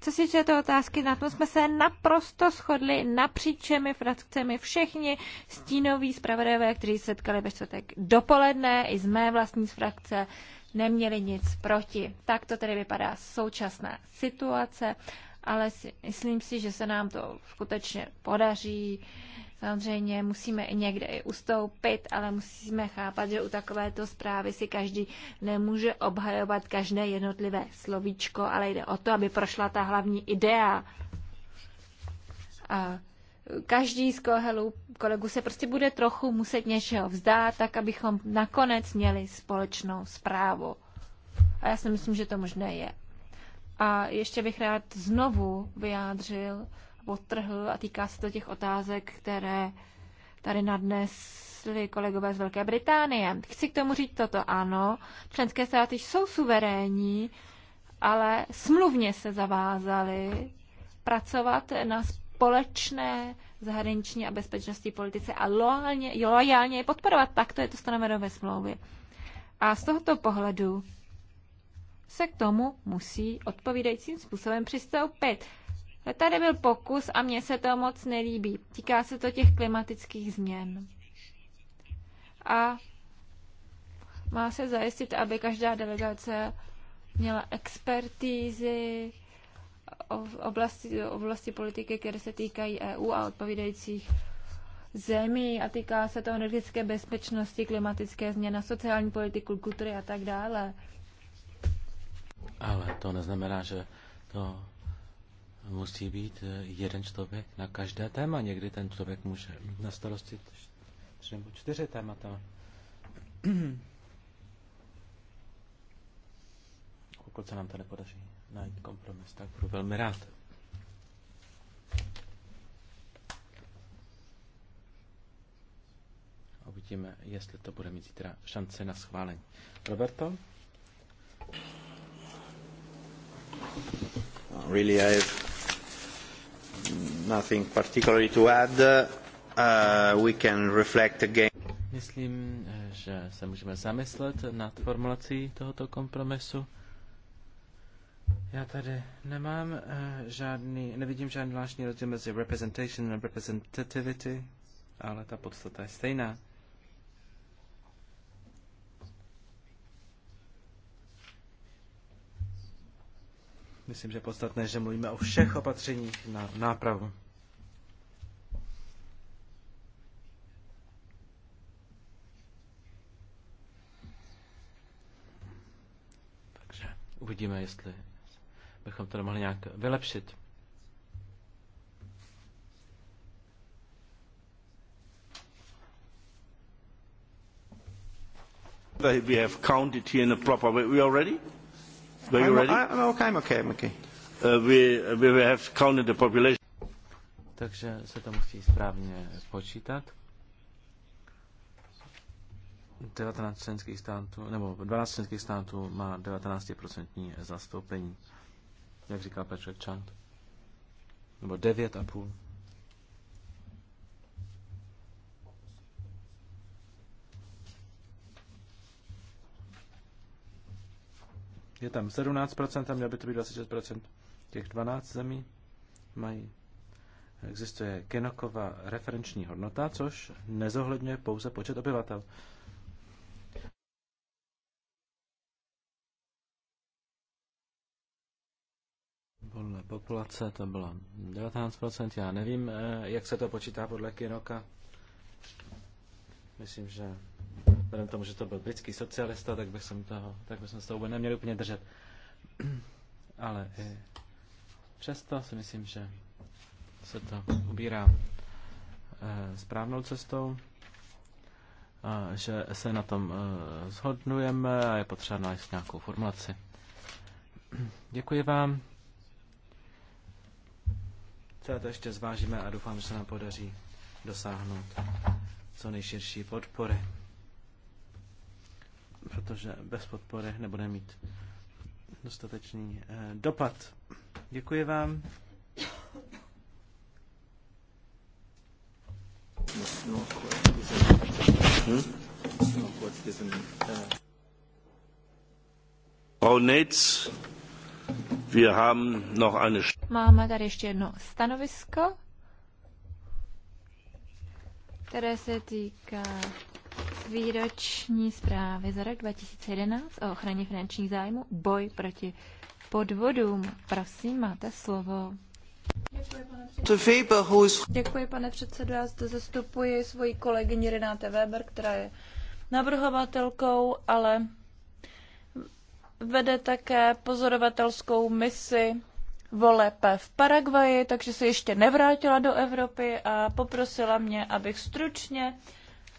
Co se týče té otázky, na tom jsme se naprosto shodli napříč všemi frakcemi, všichni stínoví zpravodajové, kteří se setkali ve čtvrtek dopoledne, i z mé vlastní frakce, neměli nic proti. Tak to tedy vypadá současná situace, ale si, myslím si, že se nám to skutečně podaří. Samozřejmě musíme někde i ustoupit, ale musíme chápat, že u takovéto zprávy si každý nemůže obhajovat každé jednotlivé slovíčko, ale jde o to, aby prošla ta hlavní idea. A každý z kohelů, kolegu se prostě bude trochu muset něčeho vzdát, tak abychom nakonec měli společnou zprávu. A já si myslím, že to možné je. A ještě bych rád znovu vyjádřil, potrhl a týká se to těch otázek, které tady nadnesli kolegové z Velké Británie. Chci k tomu říct toto, ano, členské státy jsou suverénní, ale smluvně se zavázali pracovat na společné zahraniční a bezpečnostní politice a loajálně, loajálně je podporovat. Tak to je to stanoveno ve smlouvě. A z tohoto pohledu se k tomu musí odpovídajícím způsobem přistoupit. Tady byl pokus a mně se to moc nelíbí. Týká se to těch klimatických změn. A má se zajistit, aby každá delegace měla expertízy, oblasti, oblasti politiky, které se týkají EU a odpovídajících zemí a týká se to energetické bezpečnosti, klimatické změny, sociální politiku, kultury a tak dále. Ale to neznamená, že to musí být jeden člověk na každé téma. Někdy ten člověk může na starosti tři nebo čtyři témata. <clears throat> Pokud se nám to nepodaří najít kompromis, tak budu velmi rád. Uvidíme, jestli to bude mít zítra šance na schválení. Roberto? No, really, I have nothing particularly to add. Uh, we can reflect again. Myslím, eh, že se můžeme zamyslet nad formulací tohoto kompromisu. Já tady nemám eh, žádný, nevidím žádný zvláštní rozdíl mezi representation a representativity, ale ta podstata je stejná. Myslím, že podstatné, že mluvíme o všech opatřeních na nápravu. Takže uvidíme, jestli bychom to mohli nějak vylepšit. We have counted here in a proper way. We are ready? Were you I'm, ready? I'm okay, I'm okay, I'm okay. Uh, we, uh, we have counted the population. Takže se to musí správně počítat. 19 členských států, nebo 12 členských států má 19% zastoupení jak říká Patrick Chant. Nebo devět a půl. Je tam 17%, a měl by to být 26%. Těch 12 zemí mají. Existuje Kenokova referenční hodnota, což nezohledňuje pouze počet obyvatel. podle populace to bylo 19%, já nevím, eh, jak se to počítá podle kinoka. Myslím, že vzhledem tomu, že to byl britský socialista, tak bych jsem toho, tak bych se toho vůbec neměl úplně držet. <clears throat> Ale i eh, přesto si myslím, že se to ubírá eh, správnou cestou, a že se na tom zhodnujeme a je potřeba najít nějakou formulaci. <clears throat> Děkuji vám. Celé to ještě zvážíme a doufám, že se nám podaří dosáhnout co nejširší podpory. Protože bez podpory nebudeme mít dostatečný eh, dopad. Děkuji vám. Hmm? Hmm? Wir haben noch eine... Máme tady ještě jedno stanovisko, které se týká výroční zprávy za rok 2011 o ochraně finančních zájmů, boj proti podvodům. Prosím, máte slovo. Děkuji pane, Děkuji, pane předsedo. Já zde zastupuji svoji kolegyni Renáte Weber, která je navrhovatelkou, ale vede také pozorovatelskou misi voleb v Paraguaji, takže se ještě nevrátila do Evropy a poprosila mě, abych stručně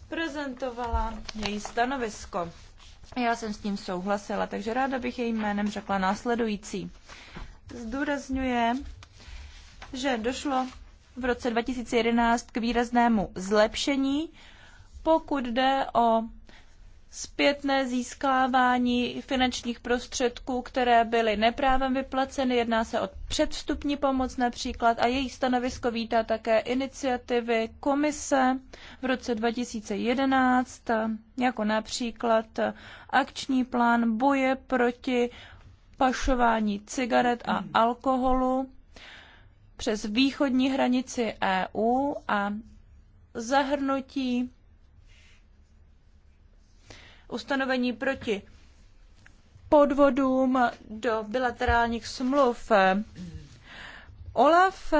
prezentovala její stanovisko. Já jsem s tím souhlasila, takže ráda bych jejím jménem řekla následující. Zdůrazňuje, že došlo v roce 2011 k výraznému zlepšení, pokud jde o zpětné získávání finančních prostředků, které byly neprávem vyplaceny. Jedná se o předvstupní pomoc například a její stanovisko vítá také iniciativy komise v roce 2011, jako například akční plán boje proti pašování cigaret a alkoholu přes východní hranici EU a zahrnutí ustanovení proti podvodům do bilaterálních smluv. Olaf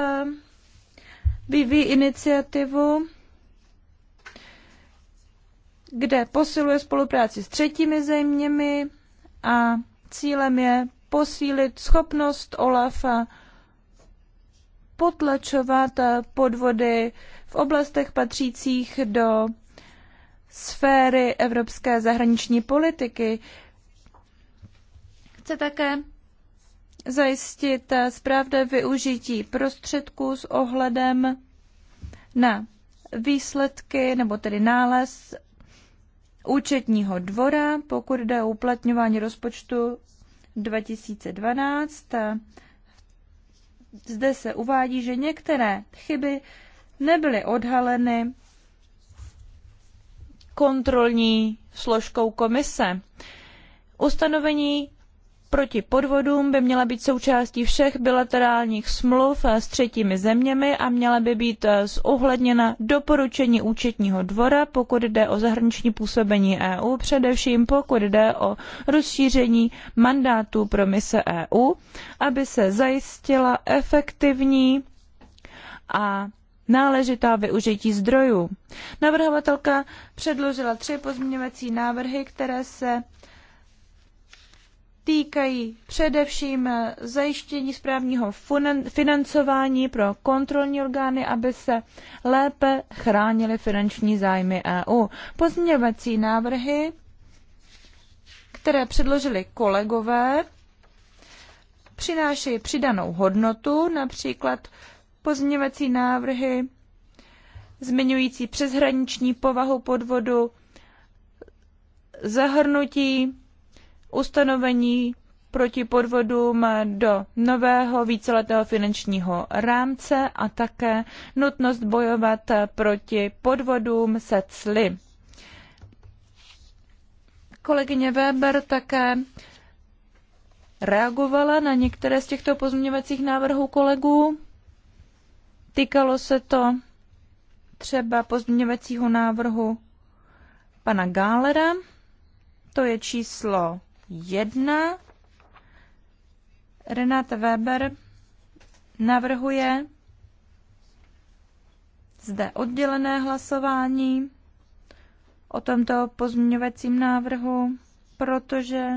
vyvíjí iniciativu, kde posiluje spolupráci s třetími zeměmi a cílem je posílit schopnost Olafa potlačovat podvody v oblastech patřících do sféry evropské zahraniční politiky. Chce také zajistit správné využití prostředků s ohledem na výsledky nebo tedy nález účetního dvora, pokud jde o uplatňování rozpočtu 2012. Zde se uvádí, že některé chyby nebyly odhaleny kontrolní složkou komise. Ustanovení proti podvodům by měla být součástí všech bilaterálních smluv eh, s třetími zeměmi a měla by být eh, zohledněna doporučení účetního dvora, pokud jde o zahraniční působení EU, především pokud jde o rozšíření mandátu pro mise EU, aby se zajistila efektivní a náležitá využití zdrojů. Navrhovatelka předložila tři pozměňovací návrhy, které se týkají především zajištění správního financování pro kontrolní orgány, aby se lépe chránily finanční zájmy EU. Pozměňovací návrhy, které předložili kolegové, přinášejí přidanou hodnotu, například pozměňovací návrhy zmiňující přeshraniční povahu podvodu, zahrnutí ustanovení proti podvodům do nového víceletého finančního rámce a také nutnost bojovat proti podvodům se cly. Kolegyně Weber také reagovala na některé z těchto pozměňovacích návrhů kolegů. Týkalo se to třeba pozměňovacího návrhu pana Gálera, to je číslo jedna. Renata Weber navrhuje zde oddělené hlasování o tomto pozměňovacím návrhu, protože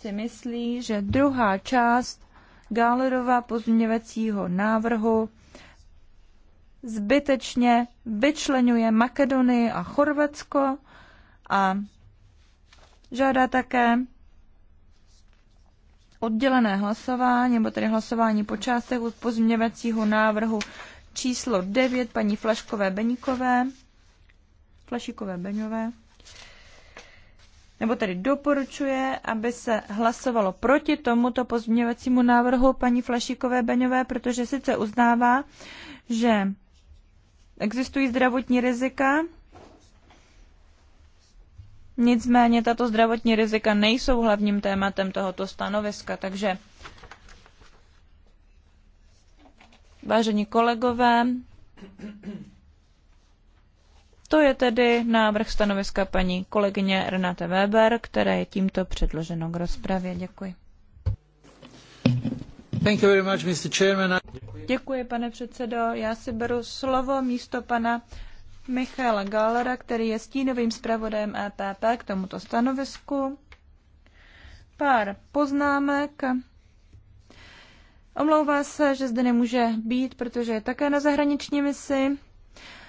si myslí, že druhá část Gálerova pozměňovacího návrhu zbytečně vyčlenuje Makedonii a Chorvatsko a žádá také oddělené hlasování, nebo tedy hlasování po částech od pozměňovacího návrhu číslo 9 paní Flaškové Beníkové, Flašikové Beňové, nebo tedy doporučuje, aby se hlasovalo proti tomuto pozměňovacímu návrhu paní Flašikové Beňové, protože sice uznává, že Existují zdravotní rizika, nicméně tato zdravotní rizika nejsou hlavním tématem tohoto stanoviska, takže vážení kolegové, to je tedy návrh stanoviska paní kolegyně Renate Weber, které je tímto předloženo k rozpravě. Děkuji. Děkuji, pane předsedo. Já si beru slovo místo pana Michaela Gallera, který je stínovým zpravodajem EPP k tomuto stanovisku. Pár poznámek. Omlouvá se, že zde nemůže být, protože je také na zahraniční misi.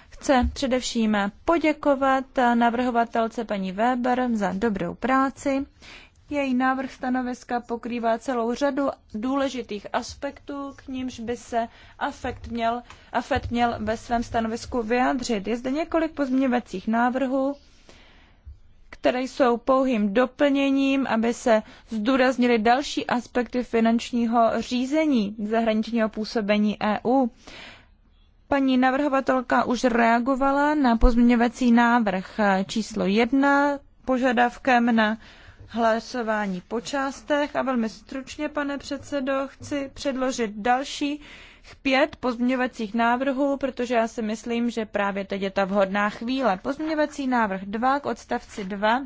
Chce především poděkovat navrhovatelce paní Weber za dobrou práci. Její návrh stanoviska pokrývá celou řadu důležitých aspektů, k nímž by se AFET měl, AFET měl ve svém stanovisku vyjádřit. Je zde několik pozměňovacích návrhů, které jsou pouhým doplněním, aby se zdůraznily další aspekty finančního řízení zahraničního působení EU. Paní navrhovatelka už reagovala na pozměňovací návrh číslo jedna požadavkem na hlasování po částech a velmi stručně, pane předsedo, chci předložit další pět pozměňovacích návrhů, protože já si myslím, že právě teď je ta vhodná chvíle. Pozměňovací návrh 2 k odstavci 2.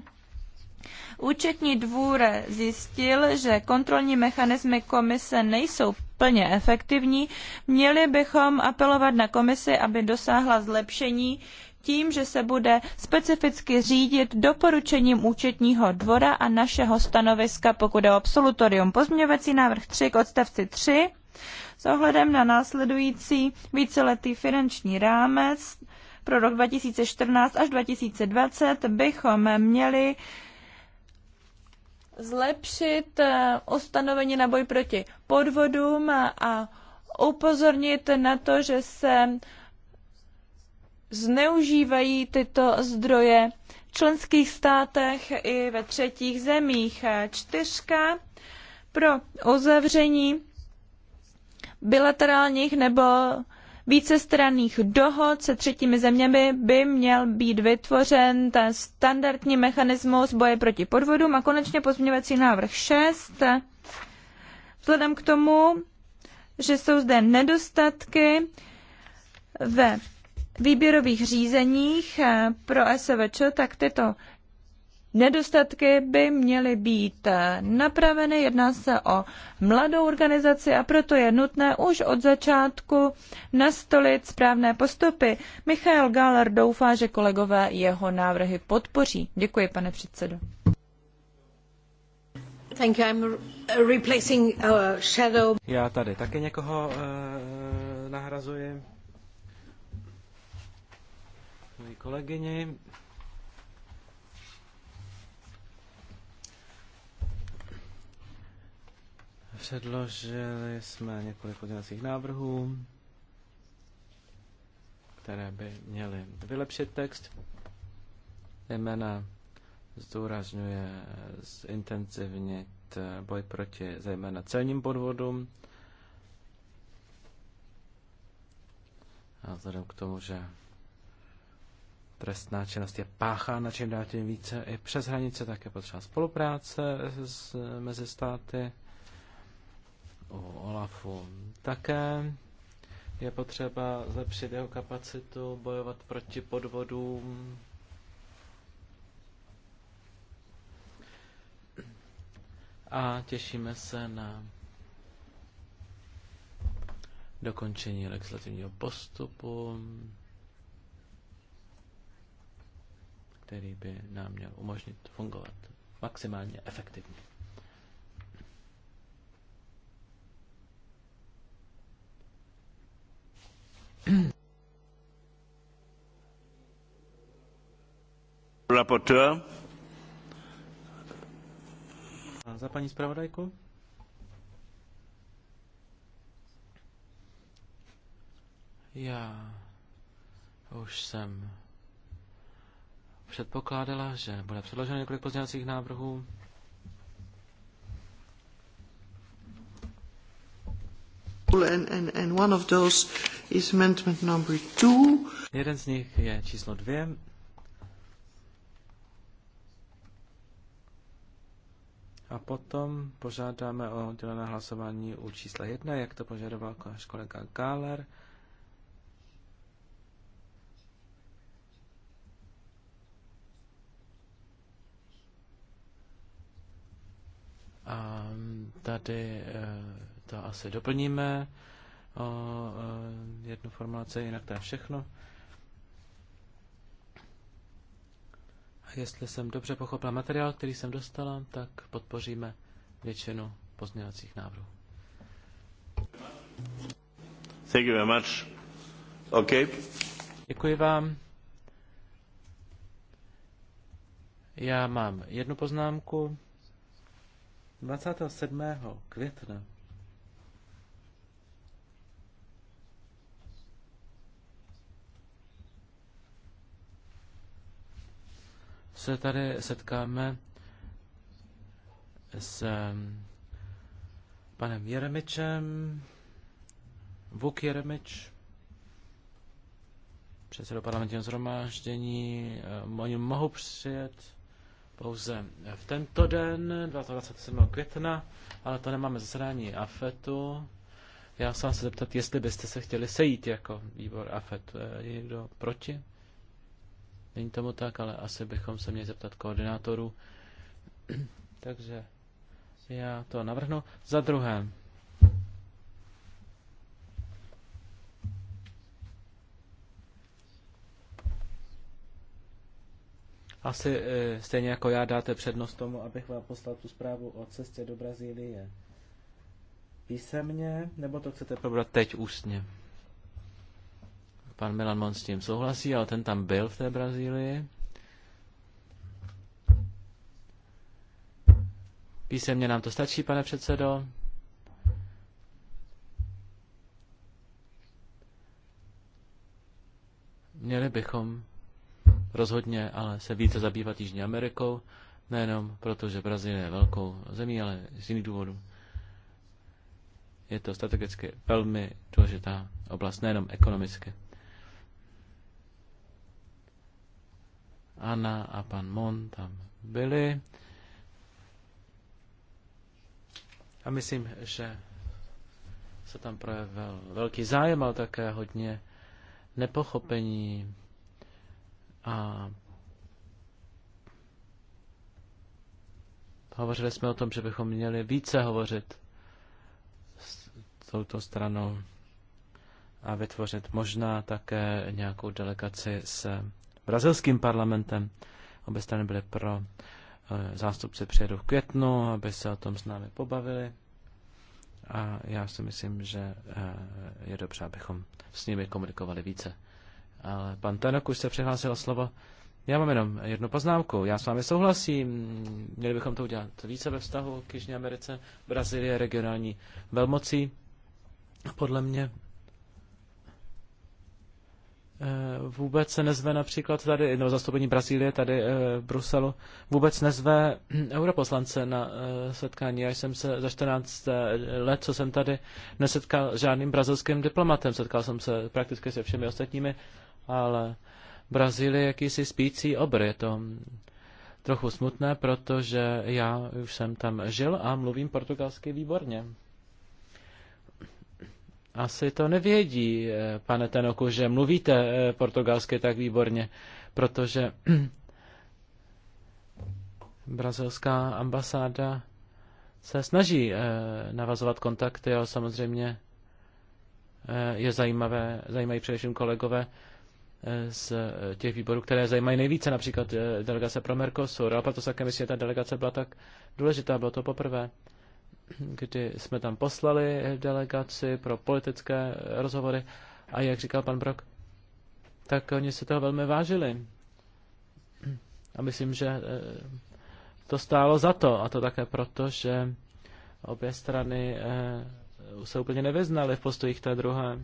Účetní dvůr zjistil, že kontrolní mechanismy komise nejsou plně efektivní. Měli bychom apelovat na komisi, aby dosáhla zlepšení tím, že se bude specificky řídit doporučením účetního dvora a našeho stanoviska, pokud je o absolutorium. Pozměňovací návrh 3 k odstavci 3 s ohledem na následující víceletý finanční rámec pro rok 2014 až 2020 bychom měli zlepšit eh, ustanovení na boj proti podvodům a upozornit na to, že se zneužívají tyto zdroje v členských státech i ve třetích zemích. Čtyřka pro uzavření bilaterálních nebo vícestranných dohod se třetími zeměmi by měl být vytvořen ten standardní mechanismus boje proti podvodům a konečně pozměňovací návrh 6. Vzhledem k tomu, že jsou zde nedostatky ve výběrových řízeních eh, pro SVČ, tak tyto Nedostatky by měly být eh, napraveny, jedná se o mladou organizaci a proto je nutné už od začátku nastolit správné postupy. Michal Galler doufá, že kolegové jeho návrhy podpoří. Děkuji, pane předsedo. Thank you. I'm replacing uh, shadow. Já tady také někoho uh, nahrazuji mojí kolegyni. Předložili jsme několik pozměňovacích návrhů, které by měly vylepšit text. Jména zdůrazňuje zintenzivnit boj proti zejména celním podvodům. A vzhledem k tomu, že trestná činnost je páchána čím dál tím více i přes hranice, tak je potřeba spolupráce s, mezi státy. U OLAFu také je potřeba zlepšit jeho kapacitu, bojovat proti podvodům. A těšíme se na dokončení legislativního postupu. který by nám měl umožnit fungovat maximálně efektivně. Rapporteur. A za paní zpravodajku? Já už jsem předpokládala, že bude předloženo několik pozdějacích návrhů. And, and, and one of those is amendment number two. Jeden z nich je číslo dvě. A potom požádáme o dělené hlasování u čísla jedna, jak to požadoval kolega Gáler. A tady eh, to asi doplníme o eh, jednu formulaci, jinak to je všechno. A jestli jsem dobře pochopila materiál, který jsem dostala, tak podpoříme většinu pozměňovacích návrhů. Thank you very much. Okay. Děkuji vám. Já mám jednu poznámku. 27. května se tady setkáme s panem Jeremičem, Vuk Jeremič, předsedou parlamentního zhromáždění. Oni mohou přijet pouze v tento den, 27. května, ale to nemáme zasedání AFETu. Já se vás zeptat, jestli byste se chtěli sejít jako výbor AFET. Je někdo proti? Není tomu tak, ale asi bychom se měli zeptat koordinátorů. <clears throat> Takže já to navrhnu. Za druhé, asi eh, stejně jako já dáte přednost tomu, abych vám poslal tu zprávu o cestě do Brazílie písemně, nebo to chcete probrat teď ústně? Pan Milan Mon s tím souhlasí, ale ten tam byl v té Brazílii. Písemně nám to stačí, pane předsedo. Měli bychom rozhodně ale se více zabývat Jižní Amerikou, nejenom proto, že Brazílie je velkou zemí, ale z jiných důvodů. Je to strategicky velmi důležitá oblast, nejenom ekonomicky. Anna a pan Mon tam byli. A myslím, že se tam projevil velký zájem, ale také hodně nepochopení a hovořili jsme o tom, že bychom měli více hovořit s touto stranou a vytvořit možná také nějakou delegaci s brazilským parlamentem. Obě strany byly pro. Eh, Zástupci přijedou v květnu, aby se o tom s námi pobavili. A já si myslím, že eh, je dobře, abychom s nimi komunikovali více. Ale pan Tenok už se přihlásil o slovo. Já mám jenom jednu poznámku. Já s vámi souhlasím. Měli bychom to udělat více ve vztahu k Jižní Americe. Brazílie je regionální velmocí. Podle mě eh, vůbec se nezve například tady, no zastoupení Brazílie tady eh, v Bruselu, vůbec nezve hm, europoslance na eh, setkání. Já jsem se za 14 let, co jsem tady, nesetkal žádným brazilským diplomatem. Setkal jsem se prakticky se všemi ostatními ale Brazílie je jakýsi spící obr. Je to trochu smutné, protože já už jsem tam žil a mluvím portugalsky výborně. Asi to nevědí, eh, pane Tenoku, že mluvíte eh, portugalsky tak výborně, protože <clears throat> brazilská ambasáda se snaží eh, navazovat kontakty a samozřejmě je zajímavé, zajímají především kolegové Eh, z eh, těch výborů, které zajímají nejvíce, například eh, delegace pro Mercosur. A proto také myslím, že ta delegace byla tak důležitá, bylo to poprvé, kdy jsme tam poslali delegaci pro politické rozhovory a jak říkal pan Brok, tak oni se toho velmi vážili. A myslím, že to stálo za to. A to také proto, že obě strany se úplně nevyznaly v postojích té druhé.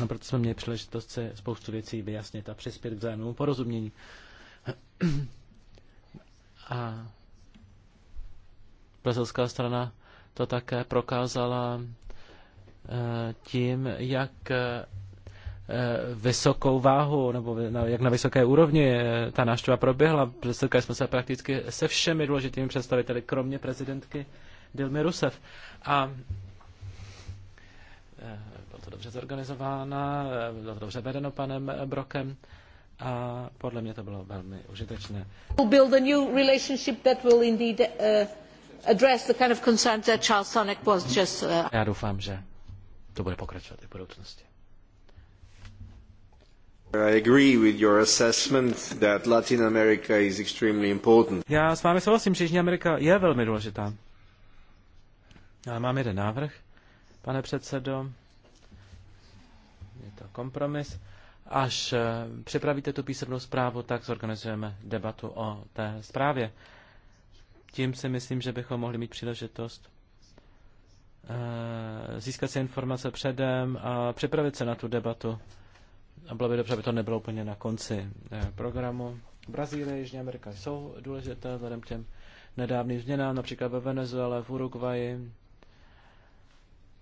No, proto jsme měli příležitost se spoustu věcí vyjasnit a přispět k vzájemnému porozumění. <clears throat> A brazilská strana to také prokázala eh, tím, jak eh, vysokou váhu, nebo jak na vysoké úrovni eh, ta návštěva proběhla. Představili jsme se prakticky se všemi důležitými představiteli, kromě prezidentky Dilmy Rusev. A to dobře zorganizováno, eh, bylo to dobře vedeno panem Brokem a podle mě to bylo velmi užitečné. build a new relationship that will indeed eh, address the kind of concerns that Charles Sonek was just... Eh, Já doufám, že to bude pokračovat i v budoucnosti. I agree with your assessment that Latin America is extremely important. Já s vámi souhlasím, že Jižní Amerika je velmi důležitá. Ale mám jeden návrh, pane předsedo kompromis. Až eh, připravíte tu písemnou zprávu, tak zorganizujeme debatu o té zprávě. Tím si myslím, že bychom mohli mít příležitost eh, získat si informace předem a připravit se na tu debatu. A bylo by dobře, aby to nebylo úplně na konci eh, programu. Brazílie, Jižní Amerika jsou důležité vzhledem k těm nedávným změnám, například ve Venezuele, v Uruguayi.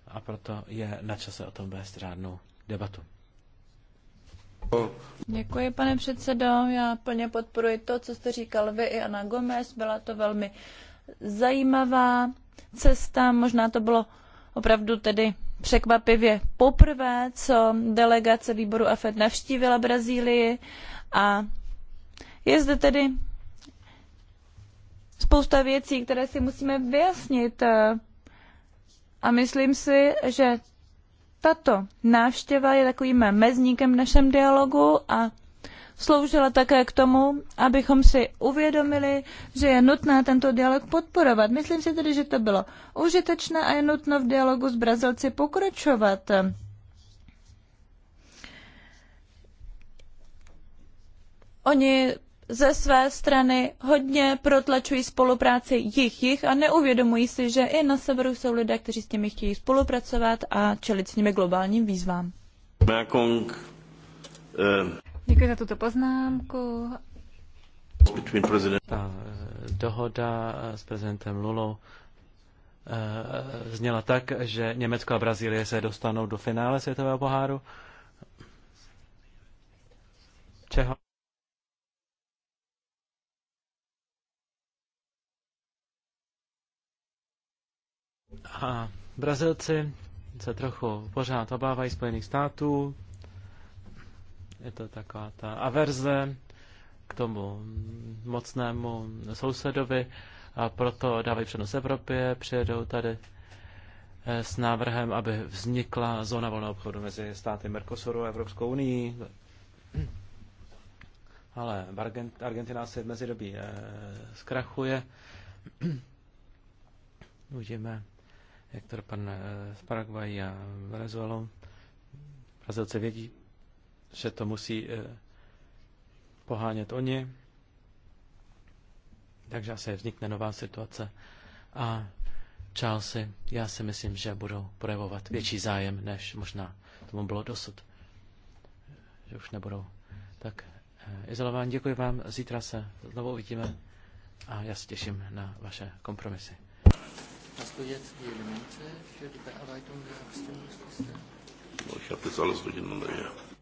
A proto je na čase o tom vést řádnou debatu. Děkuji, pane předsedo. Já plně podporuji to, co jste říkal vy i Ana Gomez. Byla to velmi zajímavá cesta. Možná to bylo opravdu tedy překvapivě poprvé, co delegace výboru AFED navštívila Brazílii a je zde tedy spousta věcí, které si musíme vyjasnit. A myslím si, že tato návštěva je takovým mezníkem v našem dialogu a sloužila také k tomu, abychom si uvědomili, že je nutné tento dialog podporovat. Myslím si tedy, že to bylo užitečné a je nutno v dialogu s Brazilci pokračovat. Oni ze své strany hodně protlačují spolupráci jich-jich a neuvědomují si, že i na severu jsou lidé, kteří s nimi chtějí spolupracovat a čelit s nimi globálním výzvám. Eh, Děkuji za tuto poznámku. Ta eh, dohoda eh, s prezidentem Lulou zněla tak, že Německo a Brazílie se dostanou do finále světového poháru. Čeho? A Brazilci se trochu pořád obávají Spojených států. Je to taková ta averze k tomu mocnému sousedovi a proto dávají přednost Evropě, přijedou tady eh, s návrhem, aby vznikla zóna volného obchodu mezi státy Mercosuru a Evropskou unii. <clears throat> Ale Argentina se v mezidobí eh, zkrachuje. <clears throat> Uvidíme, jak to pan eh, s Paraguay a Venezuelou. Brazilci vědí, že to musí eh, pohánět oni, takže asi vznikne nová situace. A Charlesy, já si myslím, že budou projevovat větší zájem, než možná tomu bylo dosud. Že už nebudou. Tak eh, izolování, děkuji vám, zítra se znovu uvidíme a já se těším na vaše kompromisy. Hast du jetzt die Elemente für die Bearbeitung der Abstimmungsliste? Oh, ich habe das alles durcheinander, ja.